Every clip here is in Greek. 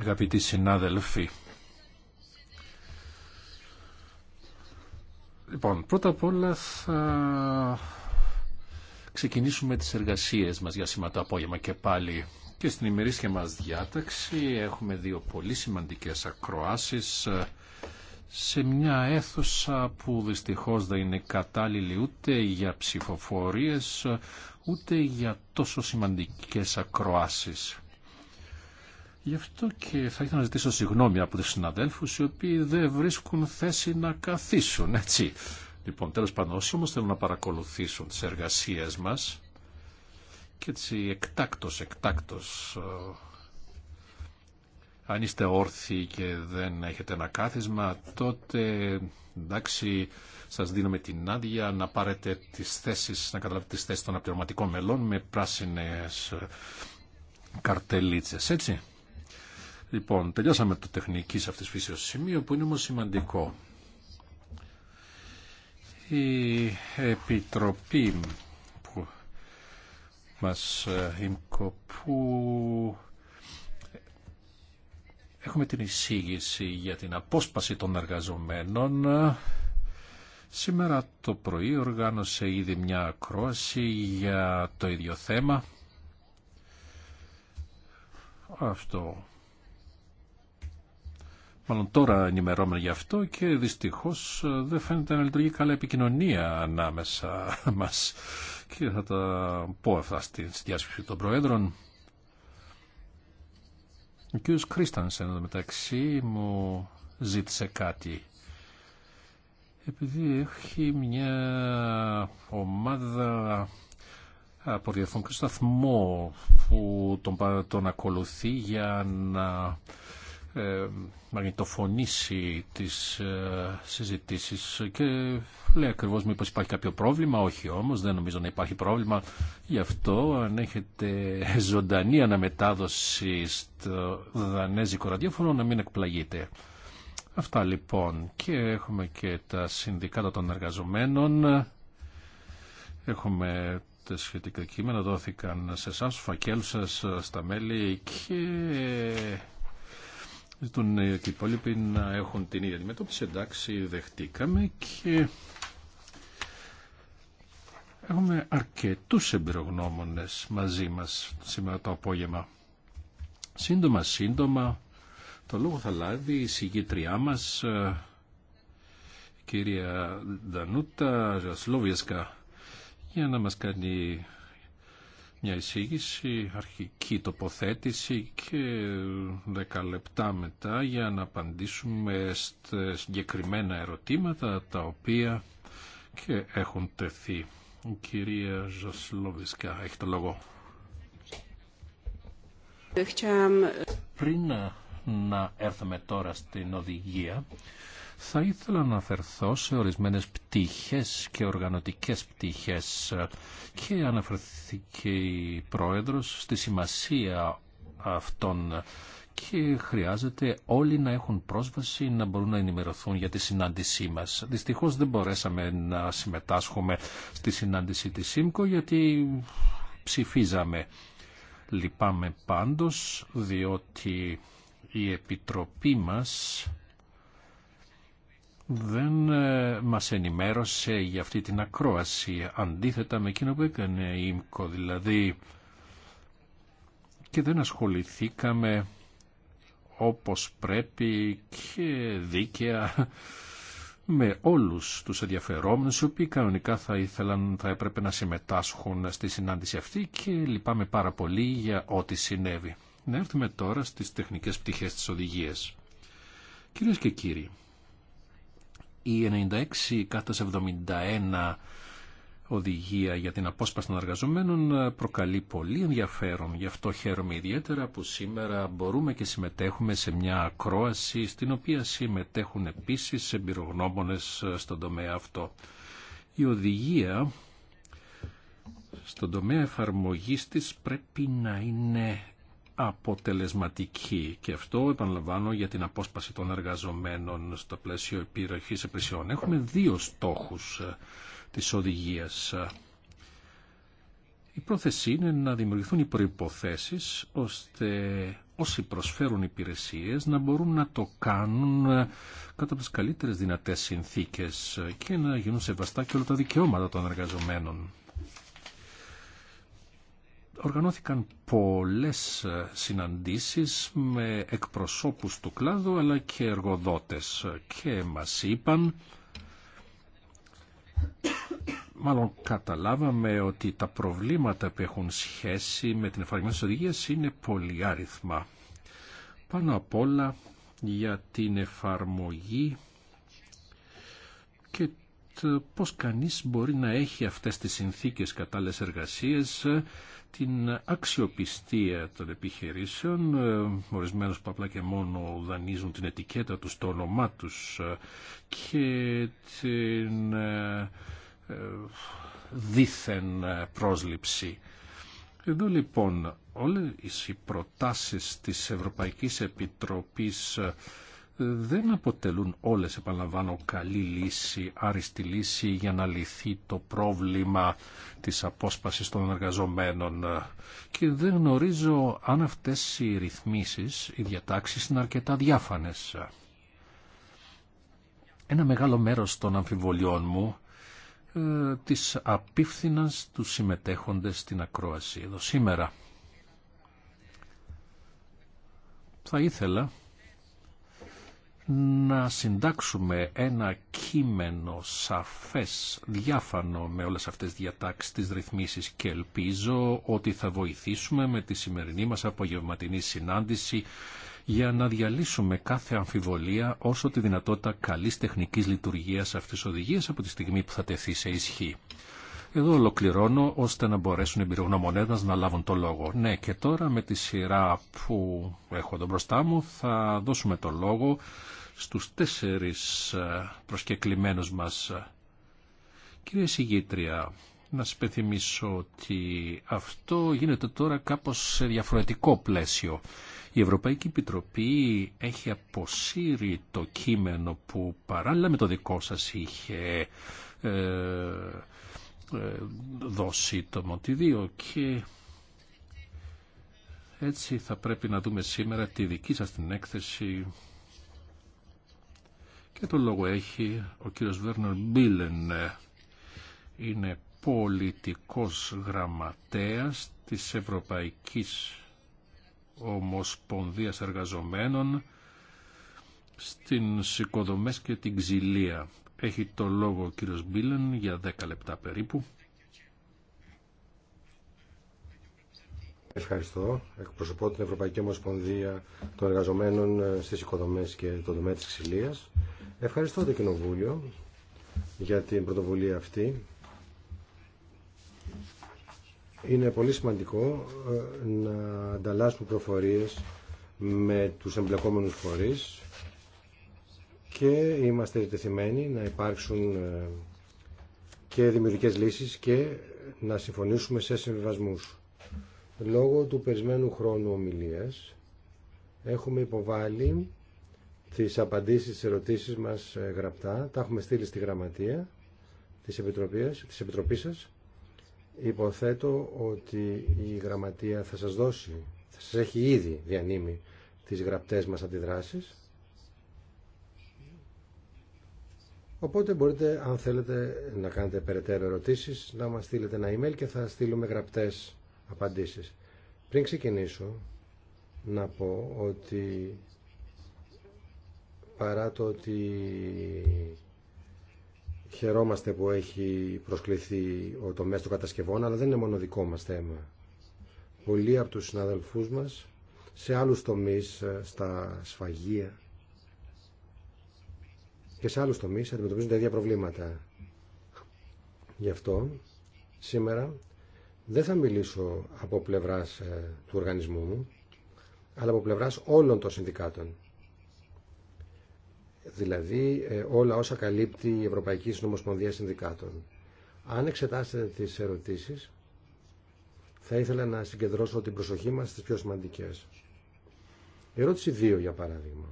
Αγαπητοί συνάδελφοι, λοιπόν, πρώτα απ' όλα θα ξεκινήσουμε τις εργασίες μας για σήμερα το απόγευμα και πάλι. Και στην ημερήσια μας διάταξη έχουμε δύο πολύ σημαντικές ακροάσεις ε, σε μια αίθουσα που δυστυχώς δεν είναι κατάλληλη ούτε για ψηφοφορίες ε, ούτε για τόσο σημαντικές ακροάσεις. Γι' αυτό και θα ήθελα να ζητήσω συγγνώμη από τους συναδέλφους οι οποίοι δεν βρίσκουν θέση να καθίσουν, έτσι. Λοιπόν, τέλος πάντων, όσοι όμως θέλουν να παρακολουθήσουν τις εργασίες μας και έτσι εκτάκτο, εκτάκτο. Ε, αν είστε όρθιοι και δεν έχετε ένα κάθισμα, τότε εντάξει, σας δίνουμε την άδεια να πάρετε τις θέσεις, να καταλάβετε τις θέσεις των απτυρωματικών μελών με πράσινες ε, καρτελίτσες, έτσι. Λοιπόν, τελειώσαμε το τεχνική σε αυτής φύσεως σημείο που είναι όμως σημαντικό. Η Επιτροπή που μας ε, που έχουμε την εισήγηση για την απόσπαση των εργαζομένων Σήμερα το πρωί οργάνωσε ήδη μια ακρόαση για το ίδιο θέμα. Αυτό Μάλλον τώρα ενημερώμενοι γι' αυτό και δυστυχώς ε, δεν φαίνεται να λειτουργεί καλά επικοινωνία ανάμεσα μας. Και θα τα πω αυτά στη διάσκεψη των Προέδρων. Ο κ. Κρίστανσεν ενώ μεταξύ μου ζήτησε κάτι. Επειδή έχει μια ομάδα από διαφωνικό σταθμό που τον, τον ακολουθεί για να ε, μαγνητοφωνήσει τις ε, συζητήσεις και λέει ακριβώς μήπως υπάρχει κάποιο πρόβλημα, όχι όμως δεν νομίζω να υπάρχει πρόβλημα γι' αυτό αν έχετε ζωντανή αναμετάδοση στο δανέζικο ραδιόφωνο να μην εκπλαγείτε. Αυτά λοιπόν και έχουμε και τα συνδικάτα των εργαζομένων έχουμε τα σχετικά κείμενα δόθηκαν σε εσά, σας, στα μέλη και Ζητούν και οι υπόλοιποι να έχουν την ίδια αντιμετώπιση. Εντάξει, δεχτήκαμε και έχουμε αρκετούς εμπειρογνώμονες μαζί μας σήμερα το απόγευμα. Σύντομα, σύντομα, το λόγο θα λάβει η συγκήτριά μας, ε, κυρία Δανούτα Ζασλόβιασκα, για να μας κάνει μια εισήγηση, αρχική τοποθέτηση και δέκα λεπτά μετά για να απαντήσουμε στα συγκεκριμένα ερωτήματα τα οποία και έχουν τεθεί. Η κυρία Ζασλόβισκα έχει το λόγο. Πριν να έρθουμε τώρα στην οδηγία, θα ήθελα να αναφερθώ σε ορισμένες πτυχές και οργανωτικές πτυχές και αναφερθήκε η Πρόεδρος στη σημασία αυτών και χρειάζεται όλοι να έχουν πρόσβαση να μπορούν να ενημερωθούν για τη συνάντησή μας. Δυστυχώς δεν μπορέσαμε να συμμετάσχουμε στη συνάντηση της ΣΥΜΚΟ γιατί ψηφίζαμε. Λυπάμαι πάντως διότι η Επιτροπή μας δεν ε, μας ενημέρωσε για αυτή την ακρόαση αντίθετα με εκείνο που έκανε η ΙΜΚΟ δηλαδή και δεν ασχοληθήκαμε όπως πρέπει και δίκαια με όλους τους ενδιαφερόμενους οι οποίοι κανονικά θα ήθελαν, θα έπρεπε να συμμετάσχουν στη συνάντηση αυτή και λυπάμαι πάρα πολύ για ό,τι συνέβη. Να έρθουμε τώρα στις τεχνικές πτυχές της οδηγίας. Κυρίες και κύριοι, η 96 κάτω 71 οδηγία για την απόσπαση των εργαζομένων προκαλεί πολύ ενδιαφέρον. Γι' αυτό χαίρομαι ιδιαίτερα που σήμερα μπορούμε και συμμετέχουμε σε μια ακρόαση στην οποία συμμετέχουν επίσης εμπειρογνώμονες στον τομέα αυτό. Η οδηγία στον τομέα εφαρμογής της πρέπει να είναι αποτελεσματική και αυτό επαναλαμβάνω για την απόσπαση των εργαζομένων στο πλαίσιο επιρροχής επισιών. Έχουμε δύο στόχους ε, της οδηγίας. Η πρόθεση είναι να δημιουργηθούν οι προϋποθέσεις ώστε όσοι προσφέρουν υπηρεσίες να μπορούν να το κάνουν ε, κατά από τις καλύτερες δυνατές συνθήκες ε, και να γίνουν σεβαστά και όλα τα δικαιώματα των εργαζομένων. Οργανώθηκαν πολλές ε, συναντήσεις με εκπροσώπους του κλάδου αλλά και εργοδότες ε, και μας είπαν μάλλον καταλάβαμε ότι τα προβλήματα που έχουν σχέση με την εφαρμογή της οδηγίας είναι πολυάριθμα. Πάνω απ' όλα για την εφαρμογή και πώς κανείς μπορεί να έχει αυτές τις συνθήκες κατάλληλες εργασίες ε, την αξιοπιστία των επιχειρήσεων. Ε, ορισμένους που απλά και μόνο δανείζουν την ετικέτα τους, το όνομά τους ε, και την ε, δίθεν πρόσληψη. Εδώ λοιπόν όλες οι προτάσεις της Ευρωπαϊκής Επιτροπής δεν αποτελούν όλες, επαναλαμβάνω, καλή λύση, άριστη λύση για να λυθεί το πρόβλημα της απόσπασης των εργαζομένων. Και δεν γνωρίζω αν αυτές οι ρυθμίσεις, οι διατάξεις είναι αρκετά διάφανες. Ένα μεγάλο μέρος των αμφιβολιών μου ε, της απίφθηνας του συμμετέχοντες στην ακρόαση εδώ σήμερα. Θα ήθελα να συντάξουμε ένα κείμενο σαφές, διάφανο με όλες αυτές τις διατάξεις, τις ρυθμίσεις και ελπίζω ότι θα βοηθήσουμε με τη σημερινή μας απογευματινή συνάντηση για να διαλύσουμε κάθε αμφιβολία όσο τη δυνατότητα καλής τεχνικής λειτουργίας αυτής της οδηγίας από τη στιγμή που θα τεθεί σε ισχύ. Εδώ ολοκληρώνω ώστε να μπορέσουν οι να λάβουν το λόγο. Ναι, και τώρα με τη σειρά που έχω εδώ μπροστά μου θα δώσουμε το λόγο στους τέσσερις ε, προσκεκλημένους μας. Κύριε Συγήτρια, να σας υπενθυμίσω ότι αυτό γίνεται τώρα κάπως σε διαφορετικό πλαίσιο. Η Ευρωπαϊκή Επιτροπή έχει αποσύρει το κείμενο που παράλληλα με το δικό σας είχε ε, ε, δώσει το Μοντιδίο και έτσι θα πρέπει να δούμε σήμερα τη δική σας την έκθεση και το λόγο έχει ο κύριος Βέρνερ Μπίλεν. Είναι πολιτικός γραμματέας της Ευρωπαϊκής Ομοσπονδίας Εργαζομένων στην Σικοδομές και την Ξυλία. Έχει το λόγο ο κύριος Μπίλεν για 10 λεπτά περίπου. Ευχαριστώ. Εκπροσωπώ την Ευρωπαϊκή Ομοσπονδία των Εργαζομένων ε, στις οικοδομές και το τομέα της ξυλίας. Ευχαριστώ το Κοινοβούλιο για την πρωτοβουλία αυτή. Είναι πολύ σημαντικό ε, να ανταλλάσσουμε προφορίες με τους εμπλεκόμενους φορείς και είμαστε ρητεθειμένοι να υπάρξουν ε, και δημιουργικές λύσεις και να συμφωνήσουμε σε συμβιβασμού. Λόγω του περισμένου χρόνου ομιλίας έχουμε υποβάλει τις απαντήσεις στις ερωτήσεις μας ε, γραπτά. Τα έχουμε στείλει στη γραμματεία της Επιτροπής, της Επιτροπής σας. Υποθέτω ότι η γραμματεία θα σας δώσει, θα σας έχει ήδη διανύμει τις γραπτές μας αντιδράσεις. Οπότε μπορείτε, αν θέλετε, να κάνετε περαιτέρω ερωτήσεις, να μας στείλετε ένα email και θα στείλουμε γραπτές απαντήσεις. Πριν ξεκινήσω, να πω ότι παρά το ότι χαιρόμαστε που έχει προσκληθεί ο τομέας των κατασκευών, αλλά δεν είναι μόνο δικό μας θέμα. Πολλοί από τους συναδελφούς μας σε άλλους τομείς, ε, στα σφαγεία και σε άλλους τομείς αντιμετωπίζουν τα ίδια προβλήματα. Γι' αυτό σήμερα δεν θα μιλήσω από πλευράς ε, του οργανισμού μου, αλλά από πλευράς όλων των συνδικάτων. Δηλαδή ε, όλα όσα καλύπτει η Ευρωπαϊκή Συνομοσπονδία Συνδικάτων. Αν εξετάσετε τις ερωτήσεις, θα ήθελα να συγκεντρώσω την προσοχή μας στις πιο σημαντικές. ερώτηση 2, για παράδειγμα.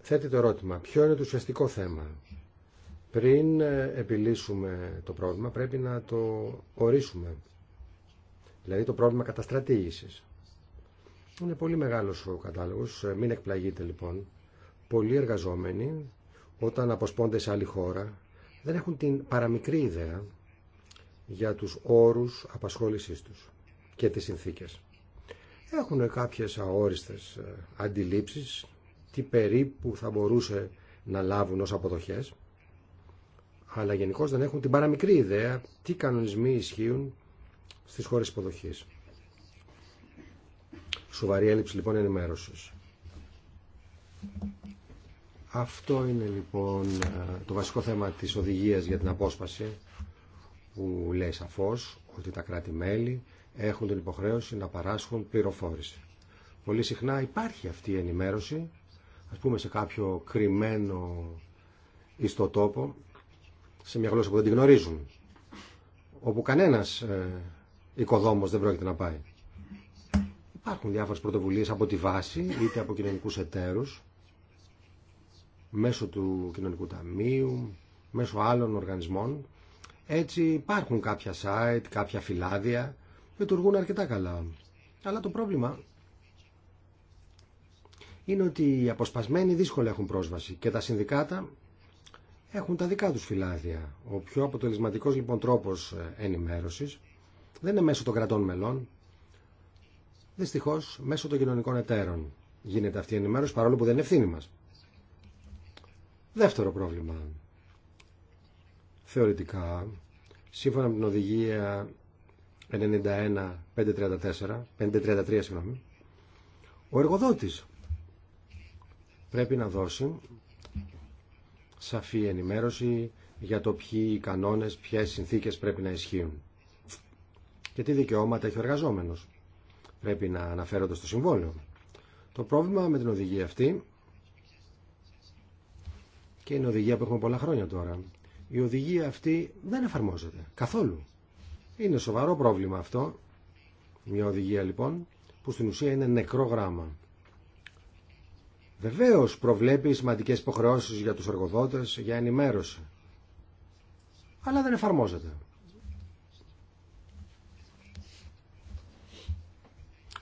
Θέτει το ερώτημα, ποιο είναι το ουσιαστικό θέμα πριν ε, επιλύσουμε το πρόβλημα πρέπει να το ορίσουμε. Δηλαδή το πρόβλημα καταστρατήγησης. Είναι πολύ μεγάλος ο κατάλογος, ε, μην εκπλαγείτε λοιπόν. Πολλοί εργαζόμενοι όταν αποσπώνται σε άλλη χώρα δεν έχουν την παραμικρή ιδέα για τους όρους απασχόλησής τους και τις συνθήκες. Έχουν κάποιες αόριστες ε, αντιλήψεις τι περίπου θα μπορούσε να λάβουν ως αποδοχές αλλά γενικώ δεν έχουν την παραμικρή ιδέα τι κανονισμοί ισχύουν στις χώρες υποδοχή. Σοβαρή έλλειψη λοιπόν ενημέρωση. Αυτό είναι λοιπόν το βασικό θέμα της οδηγίας για την απόσπαση που λέει σαφώς ότι τα κράτη-μέλη έχουν την υποχρέωση να παράσχουν πληροφόρηση. Πολύ συχνά υπάρχει αυτή η ενημέρωση, ας πούμε σε κάποιο κρυμμένο ιστοτόπο, σε μια γλώσσα που δεν την γνωρίζουν, όπου κανένας ε, οικοδόμος δεν πρόκειται να πάει. Υπάρχουν διάφορες πρωτοβουλίες από τη βάση, είτε από κοινωνικούς εταίρους, μέσω του κοινωνικού ταμείου, μέσω άλλων οργανισμών. Έτσι υπάρχουν κάποια site, κάποια φυλάδια, λειτουργούν αρκετά καλά. Αλλά το πρόβλημα είναι ότι οι αποσπασμένοι δύσκολα έχουν πρόσβαση και τα συνδικάτα έχουν τα δικά τους φυλάδια. Ο πιο αποτελεσματικός λοιπόν τρόπος ε, ενημέρωσης δεν είναι μέσω των κρατών μελών, δυστυχώς μέσω των κοινωνικών εταίρων γίνεται αυτή η ενημέρωση παρόλο που δεν είναι ευθύνη μας. Δεύτερο πρόβλημα. Θεωρητικά, σύμφωνα με την οδηγία 91-534, 533 ο εργοδότης πρέπει να δώσει σαφή ενημέρωση για το ποιοι οι κανόνες, ποιες συνθήκες πρέπει να ισχύουν και τι δικαιώματα έχει ο εργαζόμενος. Πρέπει να αναφέρονται στο συμβόλαιο. Το πρόβλημα με την οδηγία αυτή και είναι οδηγία που έχουμε πολλά χρόνια τώρα. Η οδηγία αυτή δεν εφαρμόζεται καθόλου. Είναι σοβαρό πρόβλημα αυτό. Μια οδηγία λοιπόν που στην ουσία είναι νεκρό γράμμα. Βεβαίω προβλέπει σημαντικέ υποχρεώσει για του εργοδότες, για ενημέρωση. Αλλά δεν εφαρμόζεται.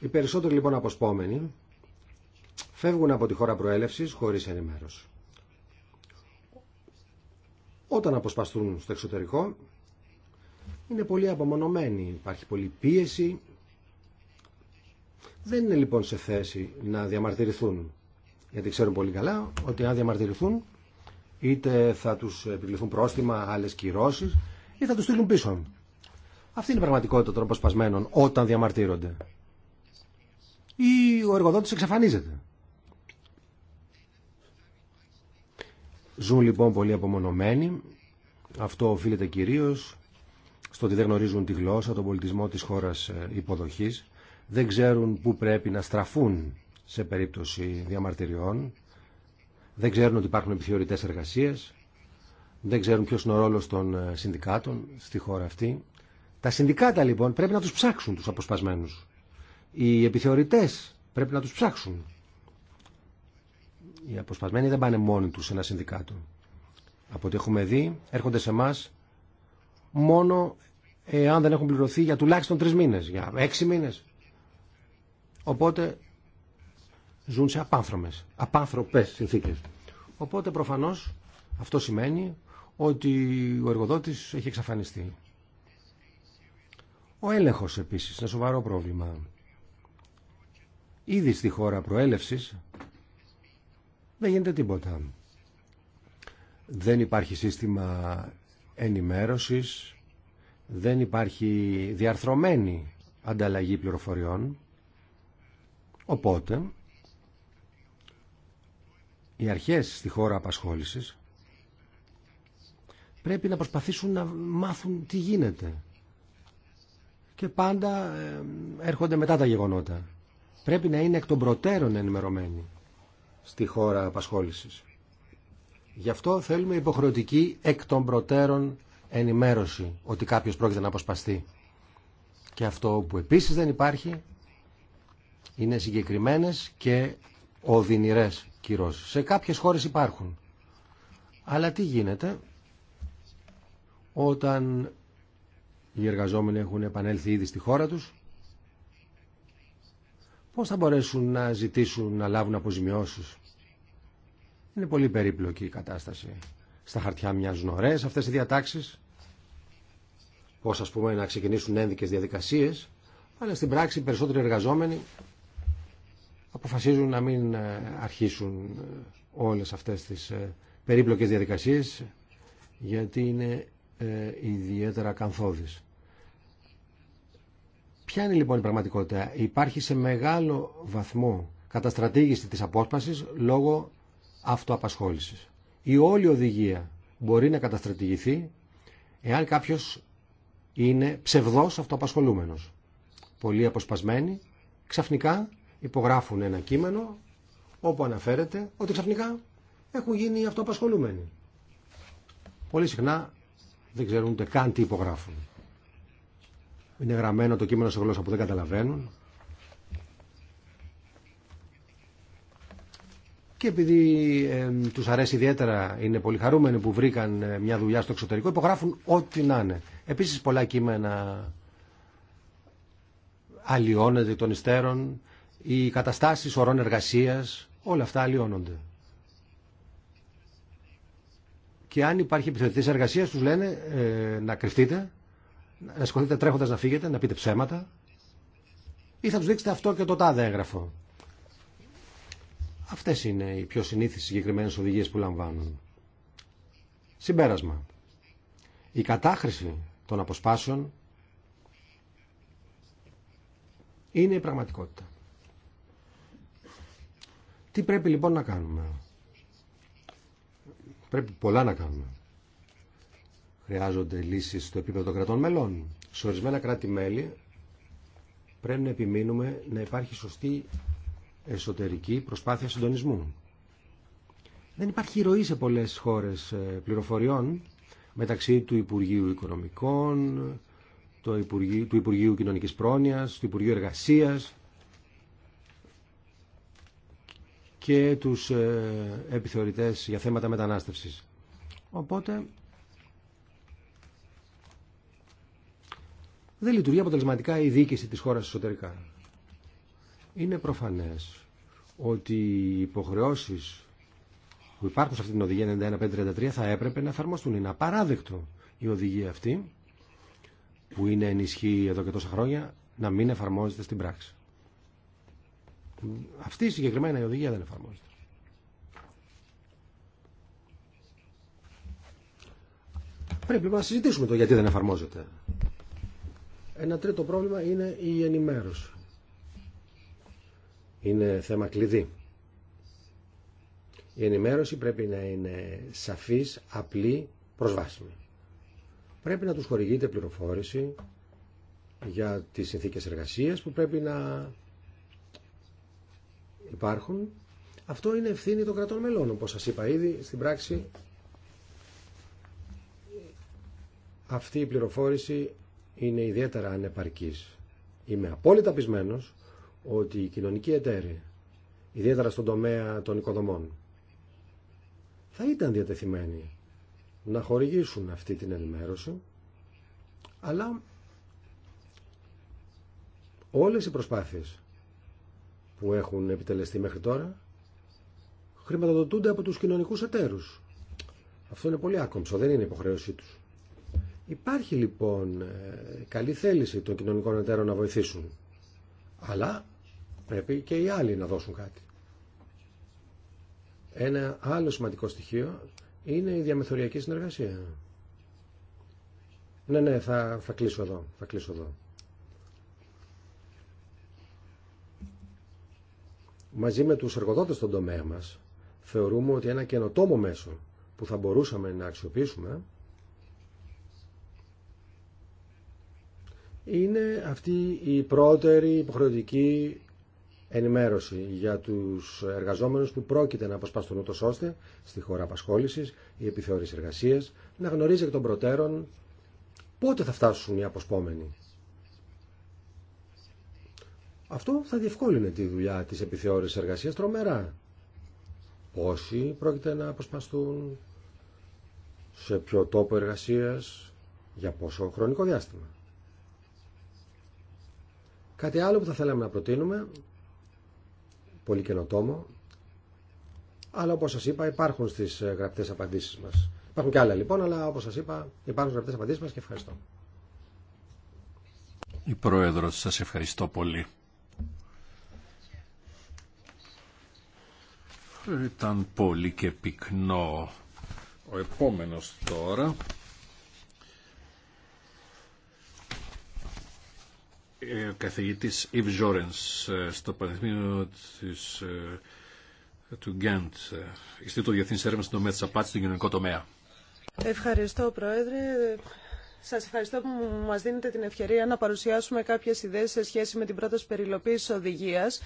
Οι περισσότεροι λοιπόν αποσπόμενοι φεύγουν από τη χώρα προέλευση χωρίς ενημέρωση. Όταν αποσπαστούν στο εξωτερικό είναι πολύ απομονωμένοι, υπάρχει πολλή πίεση. Δεν είναι λοιπόν σε θέση να διαμαρτυρηθούν γιατί ξέρουν πολύ καλά ότι αν διαμαρτυρηθούν είτε θα τους επιβληθούν πρόστιμα, άλλες κυρώσεις ή θα τους στείλουν πίσω. Αυτή είναι η πραγματικότητα των αποσπασμένων όταν διαμαρτύρονται. Ή ο εργοδότης εξαφανίζεται. Ζουν λοιπόν πολύ απομονωμένοι. Αυτό οφείλεται κυρίως στο ότι δεν γνωρίζουν τη γλώσσα, τον πολιτισμό της χώρας ε, υποδοχής. Δεν ξέρουν πού πρέπει να στραφούν σε περίπτωση διαμαρτυριών, δεν ξέρουν ότι υπάρχουν επιθεωρητές εργασίες, δεν ξέρουν ποιος είναι ο ρόλος των ε, συνδικάτων στη χώρα αυτή. Τα συνδικάτα λοιπόν πρέπει να τους ψάξουν τους αποσπασμένους. Οι επιθεωρητές πρέπει να τους ψάξουν. Οι αποσπασμένοι δεν πάνε μόνοι τους σε ένα συνδικάτο. Από ό,τι έχουμε δει έρχονται σε εμά μόνο εάν δεν έχουν πληρωθεί για τουλάχιστον τρει μήνες, για έξι μήνες. Οπότε ζουν σε απάνθρωπες, απάνθρωπες συνθήκες. Οπότε προφανώς αυτό σημαίνει ότι ο εργοδότης έχει εξαφανιστεί. Ο έλεγχος επίσης είναι σοβαρό πρόβλημα. Ήδη στη χώρα προέλευσης δεν γίνεται τίποτα. Δεν υπάρχει σύστημα ενημέρωσης, δεν υπάρχει διαρθρωμένη ανταλλαγή πληροφοριών, οπότε οι αρχές στη χώρα απασχόλησης πρέπει να προσπαθήσουν να μάθουν τι γίνεται. Και πάντα ε, έρχονται μετά τα γεγονότα. Πρέπει να είναι εκ των προτέρων ενημερωμένοι στη χώρα απασχόλησης. Γι' αυτό θέλουμε υποχρεωτική εκ των προτέρων ενημέρωση ότι κάποιος πρόκειται να αποσπαστεί. Και αυτό που επίσης δεν υπάρχει είναι συγκεκριμένες και οδυνηρές σε κάποιες χώρες υπάρχουν. Αλλά τι γίνεται όταν οι εργαζόμενοι έχουν επανέλθει ήδη στη χώρα τους, πώς θα μπορέσουν να ζητήσουν να λάβουν αποζημιώσεις. Είναι πολύ περίπλοκη η κατάσταση. Στα χαρτιά μοιάζουν ωραίες αυτές οι διατάξεις, πώς ας πούμε να ξεκινήσουν ένδικες διαδικασίες, αλλά στην πράξη περισσότεροι εργαζόμενοι αποφασίζουν να μην ε, αρχίσουν ε, όλες αυτές τις ε, περίπλοκες διαδικασίες γιατί είναι ιδιαίτερα κανθόδης. Ποια είναι λοιπόν η πραγματικότητα. Υπάρχει σε μεγάλο βαθμό καταστρατήγηση της απόσπασης λόγω αυτοαπασχόλησης. Η όλη οδηγία μπορεί να καταστρατηγηθεί εάν κάποιος είναι ψευδός αυτοαπασχολούμενος. Πολύ αποσπασμένοι ξαφνικά υπογράφουν ένα κείμενο όπου αναφέρεται ότι ξαφνικά έχουν γίνει αυτοαπασχολούμενοι. Πολύ συχνά δεν ξέρουν ούτε καν τι υπογράφουν. Είναι γραμμένο το κείμενο σε γλώσσα που δεν καταλαβαίνουν. Και επειδή ε, του αρέσει ιδιαίτερα, είναι πολύ χαρούμενοι που βρήκαν ε, μια δουλειά στο εξωτερικό, υπογράφουν ό,τι να είναι. Επίση πολλά κείμενα αλλοιώνεται των υστέρων οι καταστάσεις ορών εργασίας, όλα αυτά αλλοιώνονται. Και αν υπάρχει επιθετητής εργασία, τους λένε ε, να κρυφτείτε, να σηκωθείτε τρέχοντας να φύγετε, να πείτε ψέματα ή θα τους δείξετε αυτό και το τάδε έγγραφο. Αυτές είναι οι πιο συνήθει συγκεκριμένε οδηγίες που λαμβάνουν. Συμπέρασμα. Η κατάχρηση των αποσπάσεων είναι η πραγματικότητα. Τι πρέπει λοιπόν να κάνουμε. Πρέπει πολλά να κάνουμε. Χρειάζονται λύσεις στο επίπεδο των κρατών μελών. Σε ορισμένα κράτη-μέλη πρέπει να επιμείνουμε να υπάρχει σωστή εσωτερική προσπάθεια συντονισμού. Δεν υπάρχει ροή σε πολλές χώρες ε, πληροφοριών μεταξύ του Υπουργείου Οικονομικών, του Υπουργείου Κοινωνικής Πρόνοιας, του Υπουργείου Εργασίας, και τους ε, επιθεωρητές για θέματα μετανάστευσης. Οπότε δεν λειτουργεί αποτελεσματικά η διοίκηση της χώρας εσωτερικά. Είναι προφανές ότι οι υποχρεώσεις που υπάρχουν σε αυτή την οδηγία 91533 θα έπρεπε να εφαρμοστούν. Είναι απαράδεκτο η οδηγία αυτή που είναι ενισχύει εδώ και τόσα χρόνια να μην εφαρμόζεται στην πράξη αυτή η η οδηγία δεν εφαρμόζεται. Πρέπει να συζητήσουμε το γιατί δεν εφαρμόζεται. Ένα τρίτο πρόβλημα είναι η ενημέρωση. Είναι θέμα κλειδί. Η ενημέρωση πρέπει να είναι σαφής, απλή, προσβάσιμη. Πρέπει να τους χορηγείται πληροφόρηση για τις συνθήκες εργασίας που πρέπει να υπάρχουν, αυτό είναι ευθύνη των κρατών μελών, όπως σας είπα ήδη, στην πράξη αυτή η πληροφόρηση είναι ιδιαίτερα ανεπαρκής. Είμαι απόλυτα πισμένος ότι οι κοινωνικοί εταίροι, ιδιαίτερα στον τομέα των οικοδομών, θα ήταν διατεθειμένοι να χορηγήσουν αυτή την ενημέρωση, αλλά όλες οι προσπάθειες που έχουν επιτελεστεί μέχρι τώρα χρηματοδοτούνται από τους κοινωνικούς εταίρους. Αυτό είναι πολύ άκομψο, δεν είναι υποχρέωσή τους. Υπάρχει λοιπόν ε, καλή θέληση των κοινωνικών εταίρων να βοηθήσουν. Αλλά πρέπει και οι άλλοι να δώσουν κάτι. Ένα άλλο σημαντικό στοιχείο είναι η διαμεθοριακή συνεργασία. Ναι, ναι, θα, θα κλείσω εδώ. Θα κλείσω εδώ. μαζί με τους εργοδότες στον τομέα μας θεωρούμε ότι ένα καινοτόμο μέσο που θα μπορούσαμε να αξιοποιήσουμε είναι αυτή η πρώτερη υποχρεωτική ενημέρωση για τους εργαζόμενους που πρόκειται να αποσπαστούν ούτως ώστε στη χώρα απασχόλησης η επιθεώρηση εργασίας να γνωρίζει εκ των προτέρων πότε θα φτάσουν οι αποσπόμενοι αυτό θα διευκόλυνε τη δουλειά της επιθεώρησης εργασίας τρομερά. Πόσοι πρόκειται να αποσπαστούν, σε ποιο τόπο εργασίας, για πόσο χρονικό διάστημα. Κάτι άλλο που θα θέλαμε να προτείνουμε, πολύ καινοτόμο, αλλά όπως σας είπα υπάρχουν στις ε, γραπτές απαντήσεις μας. Υπάρχουν και άλλα λοιπόν, αλλά όπως σας είπα υπάρχουν γραπτές απαντήσεις μας και ευχαριστώ. Η Πρόεδρος, σας ευχαριστώ πολύ. Ήταν πολύ και πυκνό. Ο επόμενος τώρα. Ε, ο καθηγητής Ιβ Ζόρενς στο Πανεπιστήμιο της, ε, του Γκέντ, ε, Ιστιτούτο Διεθνής Έρευνας στην τομέα της Απάτης, στην κοινωνικό τομέα. Ευχαριστώ, Πρόεδρε. Σας ευχαριστώ που μας δίνετε την ευκαιρία να παρουσιάσουμε κάποιες ιδέες σε σχέση με την πρόταση περιλοποίησης οδηγίας.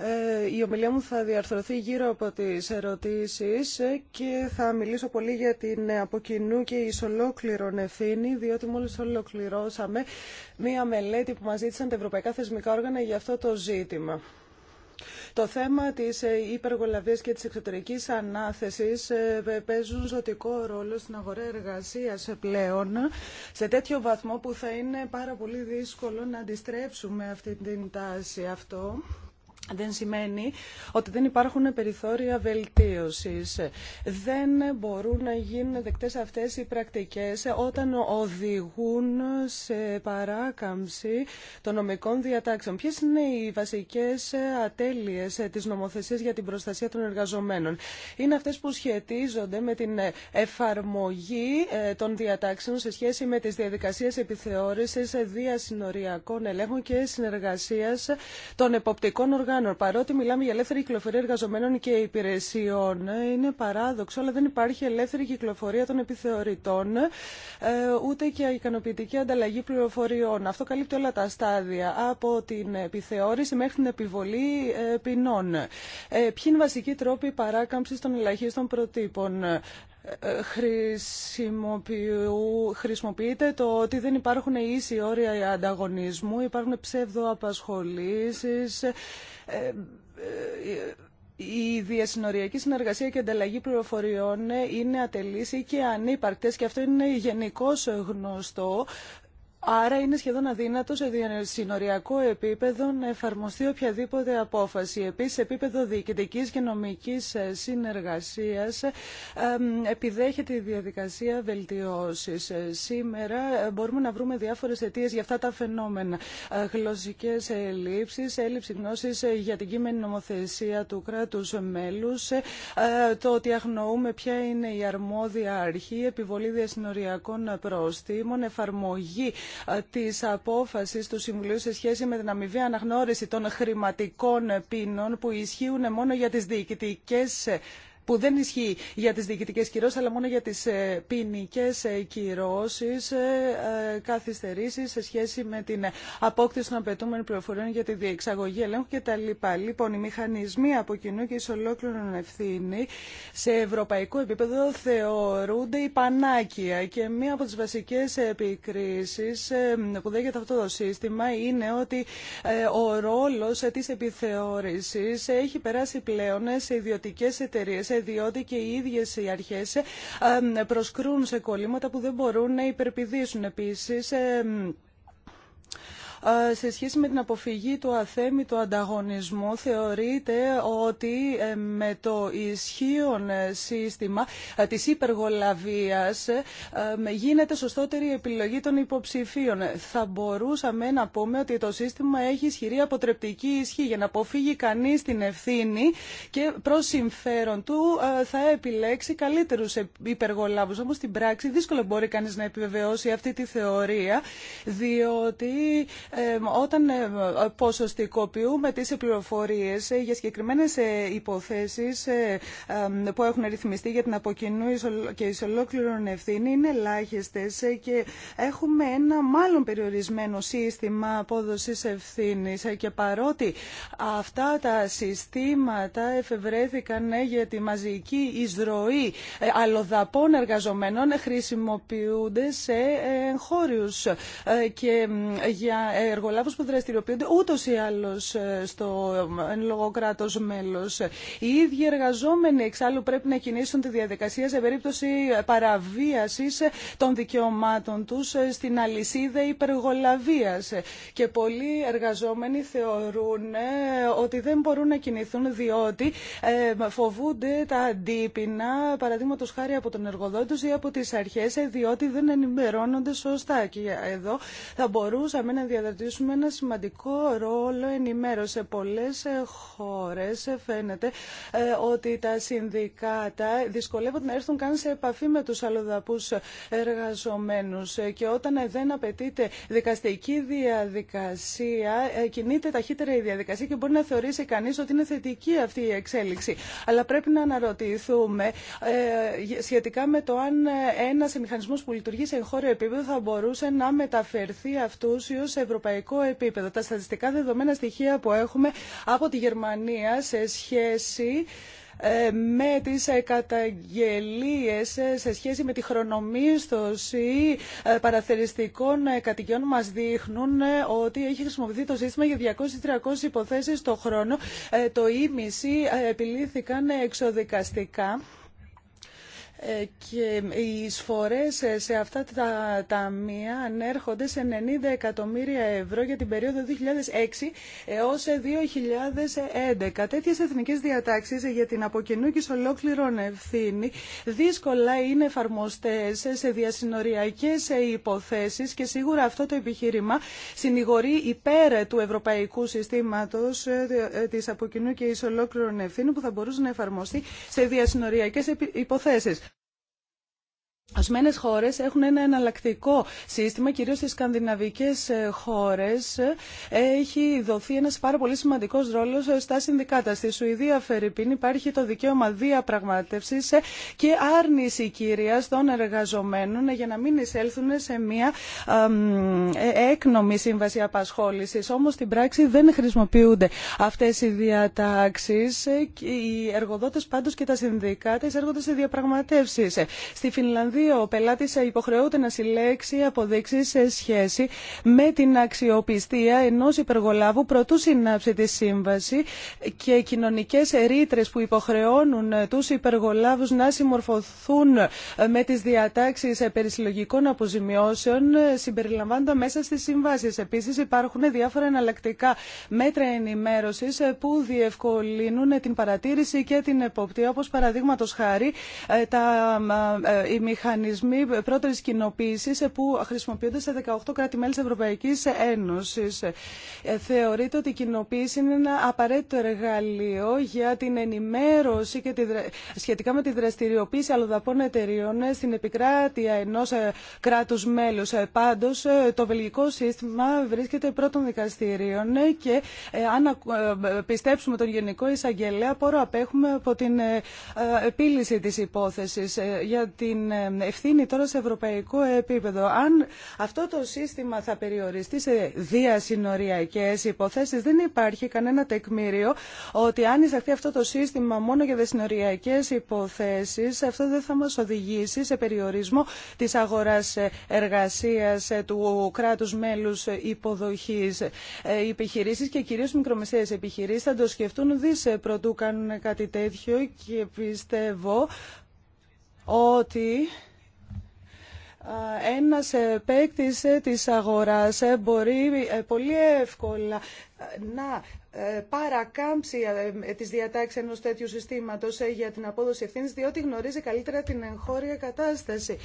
Ε, η ομιλία μου θα διαρθρωθεί γύρω από τις ερωτήσεις ε, και θα μιλήσω πολύ για την ε, από κοινού και ισολόκληρον ευθύνη, διότι μόλις ολοκληρώσαμε μία μελέτη που μας ζήτησαν τα ευρωπαϊκά θεσμικά όργανα για αυτό το ζήτημα. Το θέμα της υπεργολαβίας και της εξωτερικής ανάθεσης παίζουν ζωτικό ρόλο στην αγορά εργασίας πλέον σε τέτοιο βαθμό που θα είναι πάρα πολύ δύσκολο να αντιστρέψουμε αυτή την τάση αυτό δεν σημαίνει ότι δεν υπάρχουν περιθώρια βελτίωσης. Δεν μπορούν να γίνουν δεκτές αυτές οι πρακτικές όταν οδηγούν σε παράκαμψη των νομικών διατάξεων. Ποιες είναι οι βασικές ατέλειες της νομοθεσίας για την προστασία των εργαζομένων. Είναι αυτές που σχετίζονται με την εφαρμογή ε, των διατάξεων σε σχέση με τις διαδικασίες επιθεώρησης διασυνοριακών ελέγχων και συνεργασίας των εποπτικών οργάνων Παρότι μιλάμε για ελεύθερη κυκλοφορία εργαζομένων και υπηρεσιών, ε, είναι παράδοξο, αλλά δεν υπάρχει ελεύθερη κυκλοφορία των επιθεωρητών, ε, ούτε και ικανοποιητική ανταλλαγή πληροφοριών. Αυτό καλύπτει όλα τα στάδια, από την επιθεώρηση μέχρι την επιβολή ε, ποινών. Ποιοι είναι βασικοί τρόποι παράκαμψη των ελαχίστων προτύπων χρησιμοποιείται το ότι δεν υπάρχουν ίσοι όρια ανταγωνισμού, υπάρχουν ψευδοαπασχολήσεις, η διασυνοριακή συνεργασία και ανταλλαγή πληροφοριών είναι ατελής και ανύπαρκτες και αυτό είναι γενικώ γνωστό. Άρα είναι σχεδόν αδύνατο σε διασυνοριακό επίπεδο να εφαρμοστεί οποιαδήποτε απόφαση. Επίση, σε επίπεδο διοικητική και νομική ε, συνεργασία ε, επιδέχεται η διαδικασία βελτιώσει. Σήμερα ε, μπορούμε να βρούμε διάφορε αιτίε για αυτά τα φαινόμενα. Γλωσσικέ ελλείψει, έλλειψη γνώση για την κείμενη νομοθεσία του κράτου μέλου, το ότι αγνοούμε ποια είναι η αρμόδια αρχή, επιβολή διασυνοριακών προστήμων, εφαρμογή Τη απόφαση του Συμβουλίου σε σχέση με την αμοιβή αναγνώριση των χρηματικών πίνων που ισχύουν μόνο για τι διοικητικές που δεν ισχύει για τις διοικητικές κυρώσεις αλλά μόνο για τις ε, ποινικέ ε, κυρώσεις ε, καθυστερήσεις σε σχέση με την απόκτηση των απαιτούμενων πληροφοριών για τη διεξαγωγή ελέγχου κτλ. Λοιπόν, οι μηχανισμοί από κοινού και εις ολόκληρον ευθύνη σε ευρωπαϊκό επίπεδο θεωρούνται υπανάκια και μία από τις βασικές επικρίσεις που δέχεται αυτό το σύστημα είναι ότι ο ρόλος της επιθεώρησης έχει περάσει πλέον σε ιδιωτικές εταιρείες διότι και οι ίδιε οι αρχέ ε, ε, προσκρούν σε κολλήματα που δεν μπορούν να υπερπηδήσουν επίσης. Ε, ε, σε σχέση με την αποφυγή του αθέμητου ανταγωνισμού θεωρείται ότι ε, με το ισχύον ε, σύστημα της υπεργολαβίας γίνεται σωστότερη η επιλογή των υποψηφίων. Θα μπορούσαμε να πούμε ότι το σύστημα έχει ισχυρή αποτρεπτική ισχύ για να αποφύγει κανείς την ευθύνη και προς συμφέρον του θα επιλέξει καλύτερους υπεργολάβους. Όμως στην πράξη δύσκολο μπορεί κανείς να επιβεβαιώσει αυτή τη θεωρία διότι όταν ε, ποσοστικοποιούμε τις πληροφορίες ε, για συγκεκριμένες ε, υποθέσεις που έχουν ρυθμιστεί για την αποκοινού και εις ολόκληρον ευθύνη είναι ελάχιστες και έχουμε ένα μάλλον περιορισμένο σύστημα απόδοσης ευθύνης και παρότι αυτά τα συστήματα εφευρέθηκαν για τη μαζική εισρωή αλλοδαπών εργαζομένων χρησιμοποιούνται σε χώριους και για εργολάβους που δραστηριοποιούνται ούτως ή άλλω ε, στο ε, εν λόγω κράτο μέλος. Οι ίδιοι εργαζόμενοι εξάλλου πρέπει να κινήσουν τη διαδικασία σε περίπτωση παραβίαση των δικαιωμάτων του ε, στην αλυσίδα υπεργολαβία. Και πολλοί εργαζόμενοι θεωρούν ότι δεν μπορούν να κινηθούν διότι φοβούνται τα αντίπεινα, παραδείγματο χάρη από τον εργοδότη ή από τι αρχέ, διότι δεν ενημερώνονται σωστά. Και εδώ θα μπορούσαμε να κρατήσουμε ένα σημαντικό ρόλο ενημέρωση. Σε πολλές ε, χώρες ε, φαίνεται ε, ότι τα συνδικάτα δυσκολεύονται να έρθουν καν σε επαφή με τους αλλοδαπούς εργαζομένους και όταν δεν απαιτείται δικαστική διαδικασία κινείται ταχύτερα η διαδικασία και μπορεί να θεωρήσει κανείς ότι είναι θετική αυτή η εξέλιξη. Αλλά πρέπει να αναρωτηθούμε σχετικά με το αν ένας μηχανισμός που λειτουργεί σε χώρο επίπεδο θα μπορούσε να μεταφερθεί αυτούς ή ως ευρωπαϊκό επίπεδο. Τα στατιστικά δεδομένα στοιχεία που έχουμε από τη Γερμανία σε σχέση ε, με τις καταγγελίες ε, σε σχέση με τη χρονομίσθωση ε, παραθεριστικών κατοικιών μας δείχνουν ότι έχει χρησιμοποιηθεί το σύστημα για 200-300 υποθέσεις το χρόνο. Το ίμιση επιλήθηκαν εξοδικαστικά. Ε, και οι εισφορές σε αυτά τα ταμεία ανέρχονται σε 90 εκατομμύρια ευρώ για την περίοδο 2006 έως 2011. Τέτοιες εθνικές διατάξεις για την αποκοινού και ευθύνη δύσκολα είναι εφαρμοστές σε διασυνοριακές υποθέσεις και σίγουρα αυτό το επιχείρημα συνηγορεί υπέρ του ευρωπαϊκού συστήματος ε, ε, της αποκοινού και ευθύνη που θα μπορούσε να εφαρμοστεί σε διασυνοριακές υποθέσεις. Ασμένες χώρες έχουν ένα εναλλακτικό σύστημα, κυρίως στις σκανδιναβικέ ε, χώρες. Έχει δοθεί ένας πάρα πολύ σημαντικός ρόλος ε, στα συνδικάτα. Στη Σουηδία, Φερρυπίν, υπάρχει το δικαίωμα διαπραγμάτευση ε, και άρνηση κυρία των εργαζομένων για να μην εισέλθουν σε μια έκνομη σύμβαση απασχόληση. Όμως στην πράξη δεν χρησιμοποιούνται αυτέ οι διατάξει. Οι εργοδότες πάντως και τα συνδικάτα εισέρχονται σε διαπραγματεύσει. Στη Φινλανδία, δύο, ο πελάτης υποχρεούται να συλλέξει αποδείξει σε σχέση με την αξιοπιστία ενό υπεργολάβου προτού συνάψει τη σύμβαση και κοινωνικέ ρήτρε που υποχρεώνουν του υπεργολάβου να συμμορφωθούν με τι διατάξει περί συλλογικών αποζημιώσεων συμπεριλαμβάνονται μέσα στι συμβάσει. Επίση, υπάρχουν διάφορα εναλλακτικά μέτρα ενημέρωση που διευκολύνουν την παρατήρηση και την εποπτεία όπω παραδείγματο χάρη ε, τα, ε, ε, μηχανισμοί πρώτερης κοινοποίησης ε, που χρησιμοποιούνται σε 18 κράτη-μέλη τη Ευρωπαϊκής Ένωσης. Ε, θεωρείται ότι η κοινοποίηση είναι ένα απαραίτητο εργαλείο για την ενημέρωση και τη, σχετικά με τη δραστηριοποίηση αλλοδαπών εταιριών ε, στην επικράτεια ενός κράτου μέλους. Πάντω, το βελγικό σύστημα βρίσκεται πρώτων δικαστηρίων και αν πιστέψουμε τον Γενικό Εισαγγελέα, πόρο απέχουμε από την επίλυση τη υπόθεση Για την ευθύνη τώρα σε ευρωπαϊκό επίπεδο. Αν αυτό το σύστημα θα περιοριστεί σε διασυνοριακέ υποθέσεις, δεν υπάρχει κανένα τεκμήριο ότι αν εισαχθεί αυτό το σύστημα μόνο για διασυνοριακές υποθέσεις, αυτό δεν θα μας οδηγήσει σε περιορισμό της αγοράς εργασίας του κράτου μέλους υποδοχής. Ε, οι και κυρίω μικρομεσαίες θα το σκεφτούν δις ε, πρωτού κάνουν κάτι τέτοιο και πιστεύω ότι ένας παίκτης της αγοράς ε, μπορεί ε, πολύ εύκολα να ε, παρακάμψει ε, ε, τις διατάξεις ενός τέτοιου συστήματος για την απόδοση ευθύνης, διότι γνωρίζει καλύτερα την εγχώρια κατάσταση.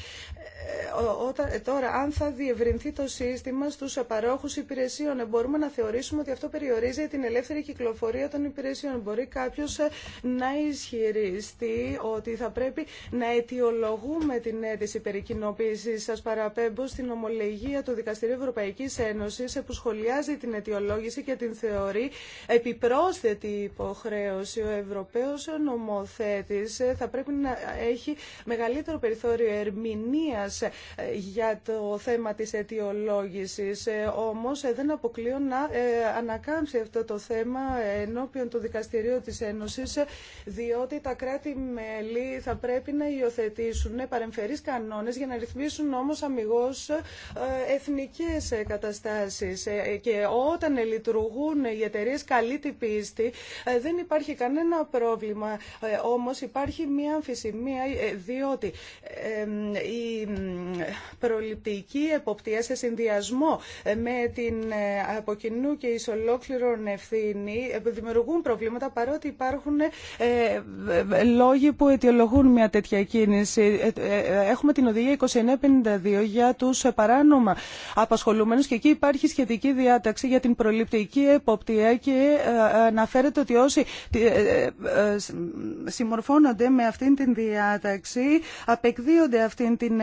Τώρα, αν θα διευρυνθεί το σύστημα στους παρόχους υπηρεσιών, μπορούμε να θεωρήσουμε ότι αυτό περιορίζει την ελεύθερη κυκλοφορία των υπηρεσιών. Μπορεί κάποιος να ισχυριστεί ότι θα πρέπει να αιτιολογούμε την αίτηση περί κοινοποίησης. Σας παραπέμπω στην ομολογία του Δικαστηρίου Ευρωπαϊκής Ένωσης που σχολιάζει την αιτιολόγηση και την θεωρεί επιπρόσθετη υποχρέωση. Ο Ευρωπαίος νομοθέτης θα πρέπει να έχει μεγαλύτερο περιθώριο ερμηνείας ε, για το θέμα της αιτιολόγησης. Ε, όμως ε, δεν αποκλείω να ανακάμψει αυτό το θέμα ενώπιον του Δικαστηρίου της Ένωσης, διότι τα κράτη-μέλη θα πρέπει να υιοθετήσουν παρεμφερείς κανόνες για να ρυθμίσουν όμως αμυγός εθνικές καταστάσεις. Και όταν λειτουργούν οι εταιρείε καλή την πίστη. Ε, δεν υπάρχει κανένα πρόβλημα. Ε, όμως υπάρχει μία αμφισημία, ε, διότι η προληπτική εποπτεία σε συνδυασμό με την από κοινού και εις ολόκληρον ευθύνη δημιουργούν προβλήματα παρότι υπάρχουν λόγοι που αιτιολογούν μια τέτοια κίνηση. Έχουμε την οδηγία 2952 για τους παράνομα απασχολούμενους και εκεί υπάρχει σχετική διάταξη για την προληπτική εποπτεία και και ε, αναφέρεται ότι όσοι ε, ε, συμμορφώνονται με αυτήν την διάταξη απεκδίονται αυτήν την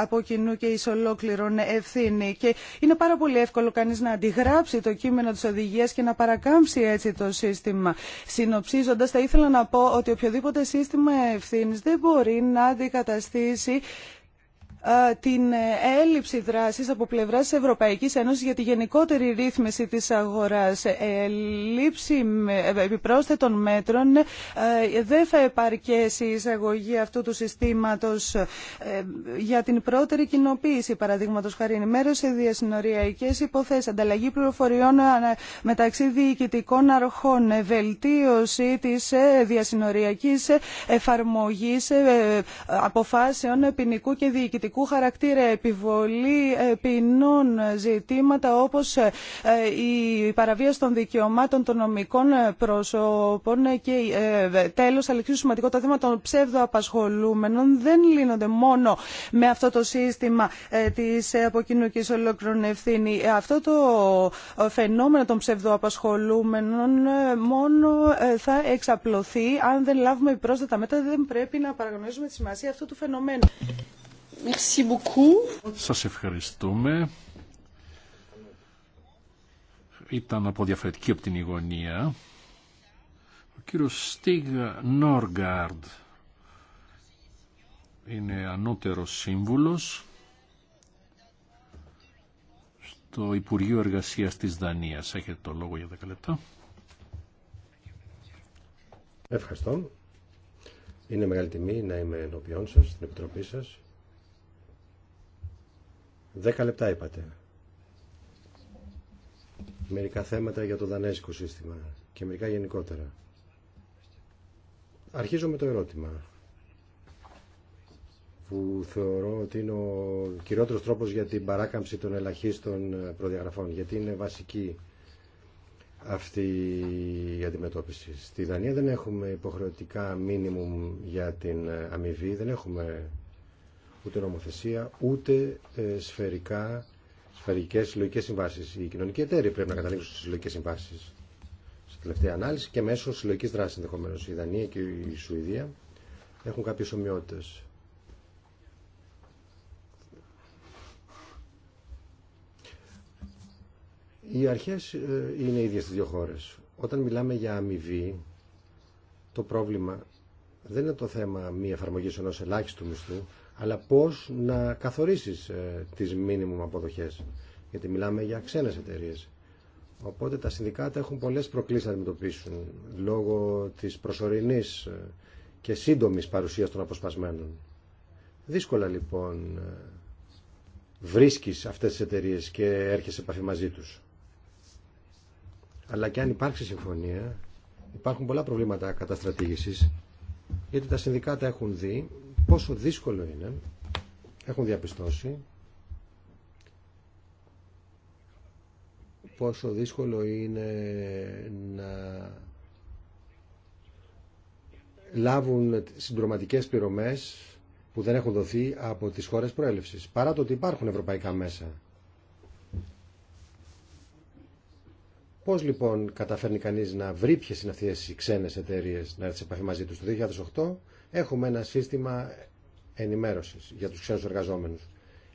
από κοινού και ισολόκληρον ευθύνη και είναι πάρα πολύ εύκολο κανείς να αντιγράψει το κείμενο της οδηγίας και να παρακάμψει έτσι το σύστημα. Συνοψίζοντας θα ήθελα να πω ότι οποιοδήποτε σύστημα ευθύνης δεν μπορεί να αντικαταστήσει ε, την έλλειψη δράσης από πλευράς της Ευρωπαϊκής Ένωσης για τη γενικότερη ρύθμιση της αγοράς. Έλλειψη ε, ε, επιπρόσθετων μέτρων δεν θα επαρκέσει η εισαγωγή αυτού του συστήματος για την πρώτερη κοινοποίηση, παραδείγματος χαρήν. ενημέρωση σε διασυνοριακές υποθέσεις, ανταλλαγή πληροφοριών μεταξύ διοικητικών αρχών, βελτίωση της διασυνοριακής εφαρμογής αποφάσεων ποινικού και διοικητικού χαρακτήρα, επιβολή ε, ποινών, ζητήματα όπως ε, η παραβίαση των δικαιωμάτων των νομικών ε, προσώπων και τέλος, αλλά και σημαντικό το θέμα των ψευδοαπασχολούμενων δεν λύνονται μόνο με αυτό το σύστημα της αποκοινωνικής ολόκληρων ευθύνη. Αυτό το φαινόμενο των ψευδοαπασχολούμενων μόνο θα εξαπλωθεί αν δεν λάβουμε πρόσθετα μέτρα. Δεν πρέπει να παραγνωρίζουμε τη σημασία αυτού του φαινομένου. Σας ευχαριστούμε. Ήταν από διαφορετική από την γωνία. Ο κύριος Στίγ Νόργαρντ είναι ανώτερος σύμβουλος στο Υπουργείο Εργασίας της Δανίας. Έχετε το λόγο για 10 λεπτά. Ευχαριστώ. Είναι μεγάλη τιμή να είμαι ενώπιόν σας, στην Επιτροπή σας Δέκα λεπτά είπατε. Μερικά θέματα για το δανέζικο σύστημα και μερικά γενικότερα. Αρχίζω με το ερώτημα που θεωρώ ότι είναι ο κυριότερος τρόπος για την παράκαμψη των ελαχίστων προδιαγραφών, γιατί είναι βασική αυτή η αντιμετώπιση. Στη Δανία δεν έχουμε υποχρεωτικά μίνιμουμ για την αμοιβή, δεν έχουμε ούτε νομοθεσία, ούτε ε, σφαιρικά, σφαιρικές συλλογικές συμβάσεις. Οι κοινωνικοί εταίροι πρέπει να καταλήξουν στις συλλογικές συμβάσεις στη τελευταία ανάλυση και μέσω συλλογικής δράσης ενδεχομένω Η Δανία και η Σουηδία έχουν κάποιες ομοιότητες. Οι αρχές ε, είναι ίδιες στις δύο χώρες. Όταν μιλάμε για αμοιβή, το πρόβλημα δεν είναι το θέμα μη εφαρμογή ενό ελάχιστου μισθού, αλλά πώς να καθορίσεις ε, τις μίνιμουμ αποδοχές, γιατί μιλάμε για ξένες εταιρείε. Οπότε τα συνδικάτα έχουν πολλές προκλήσεις να αντιμετωπίσουν λόγω της προσωρινής ε, και σύντομης παρουσίας των αποσπασμένων. Δύσκολα λοιπόν ε, βρίσκεις αυτές τις εταιρείε και έρχεσαι σε επαφή μαζί τους. Αλλά και αν υπάρξει συμφωνία, υπάρχουν πολλά προβλήματα καταστρατήγησης, γιατί τα συνδικάτα έχουν δει πόσο δύσκολο είναι, έχουν διαπιστώσει, πόσο δύσκολο είναι να λάβουν συντροματικές πληρωμές που δεν έχουν δοθεί από τις χώρες προέλευσης, παρά το ότι υπάρχουν ευρωπαϊκά μέσα. Πώς λοιπόν καταφέρνει κανείς να βρει ποιες είναι αυτές οι ξένες εταιρείες να έρθει σε επαφή μαζί τους. Το 2008 Έχουμε ένα σύστημα ενημέρωσης για τους ξένους εργαζόμενους.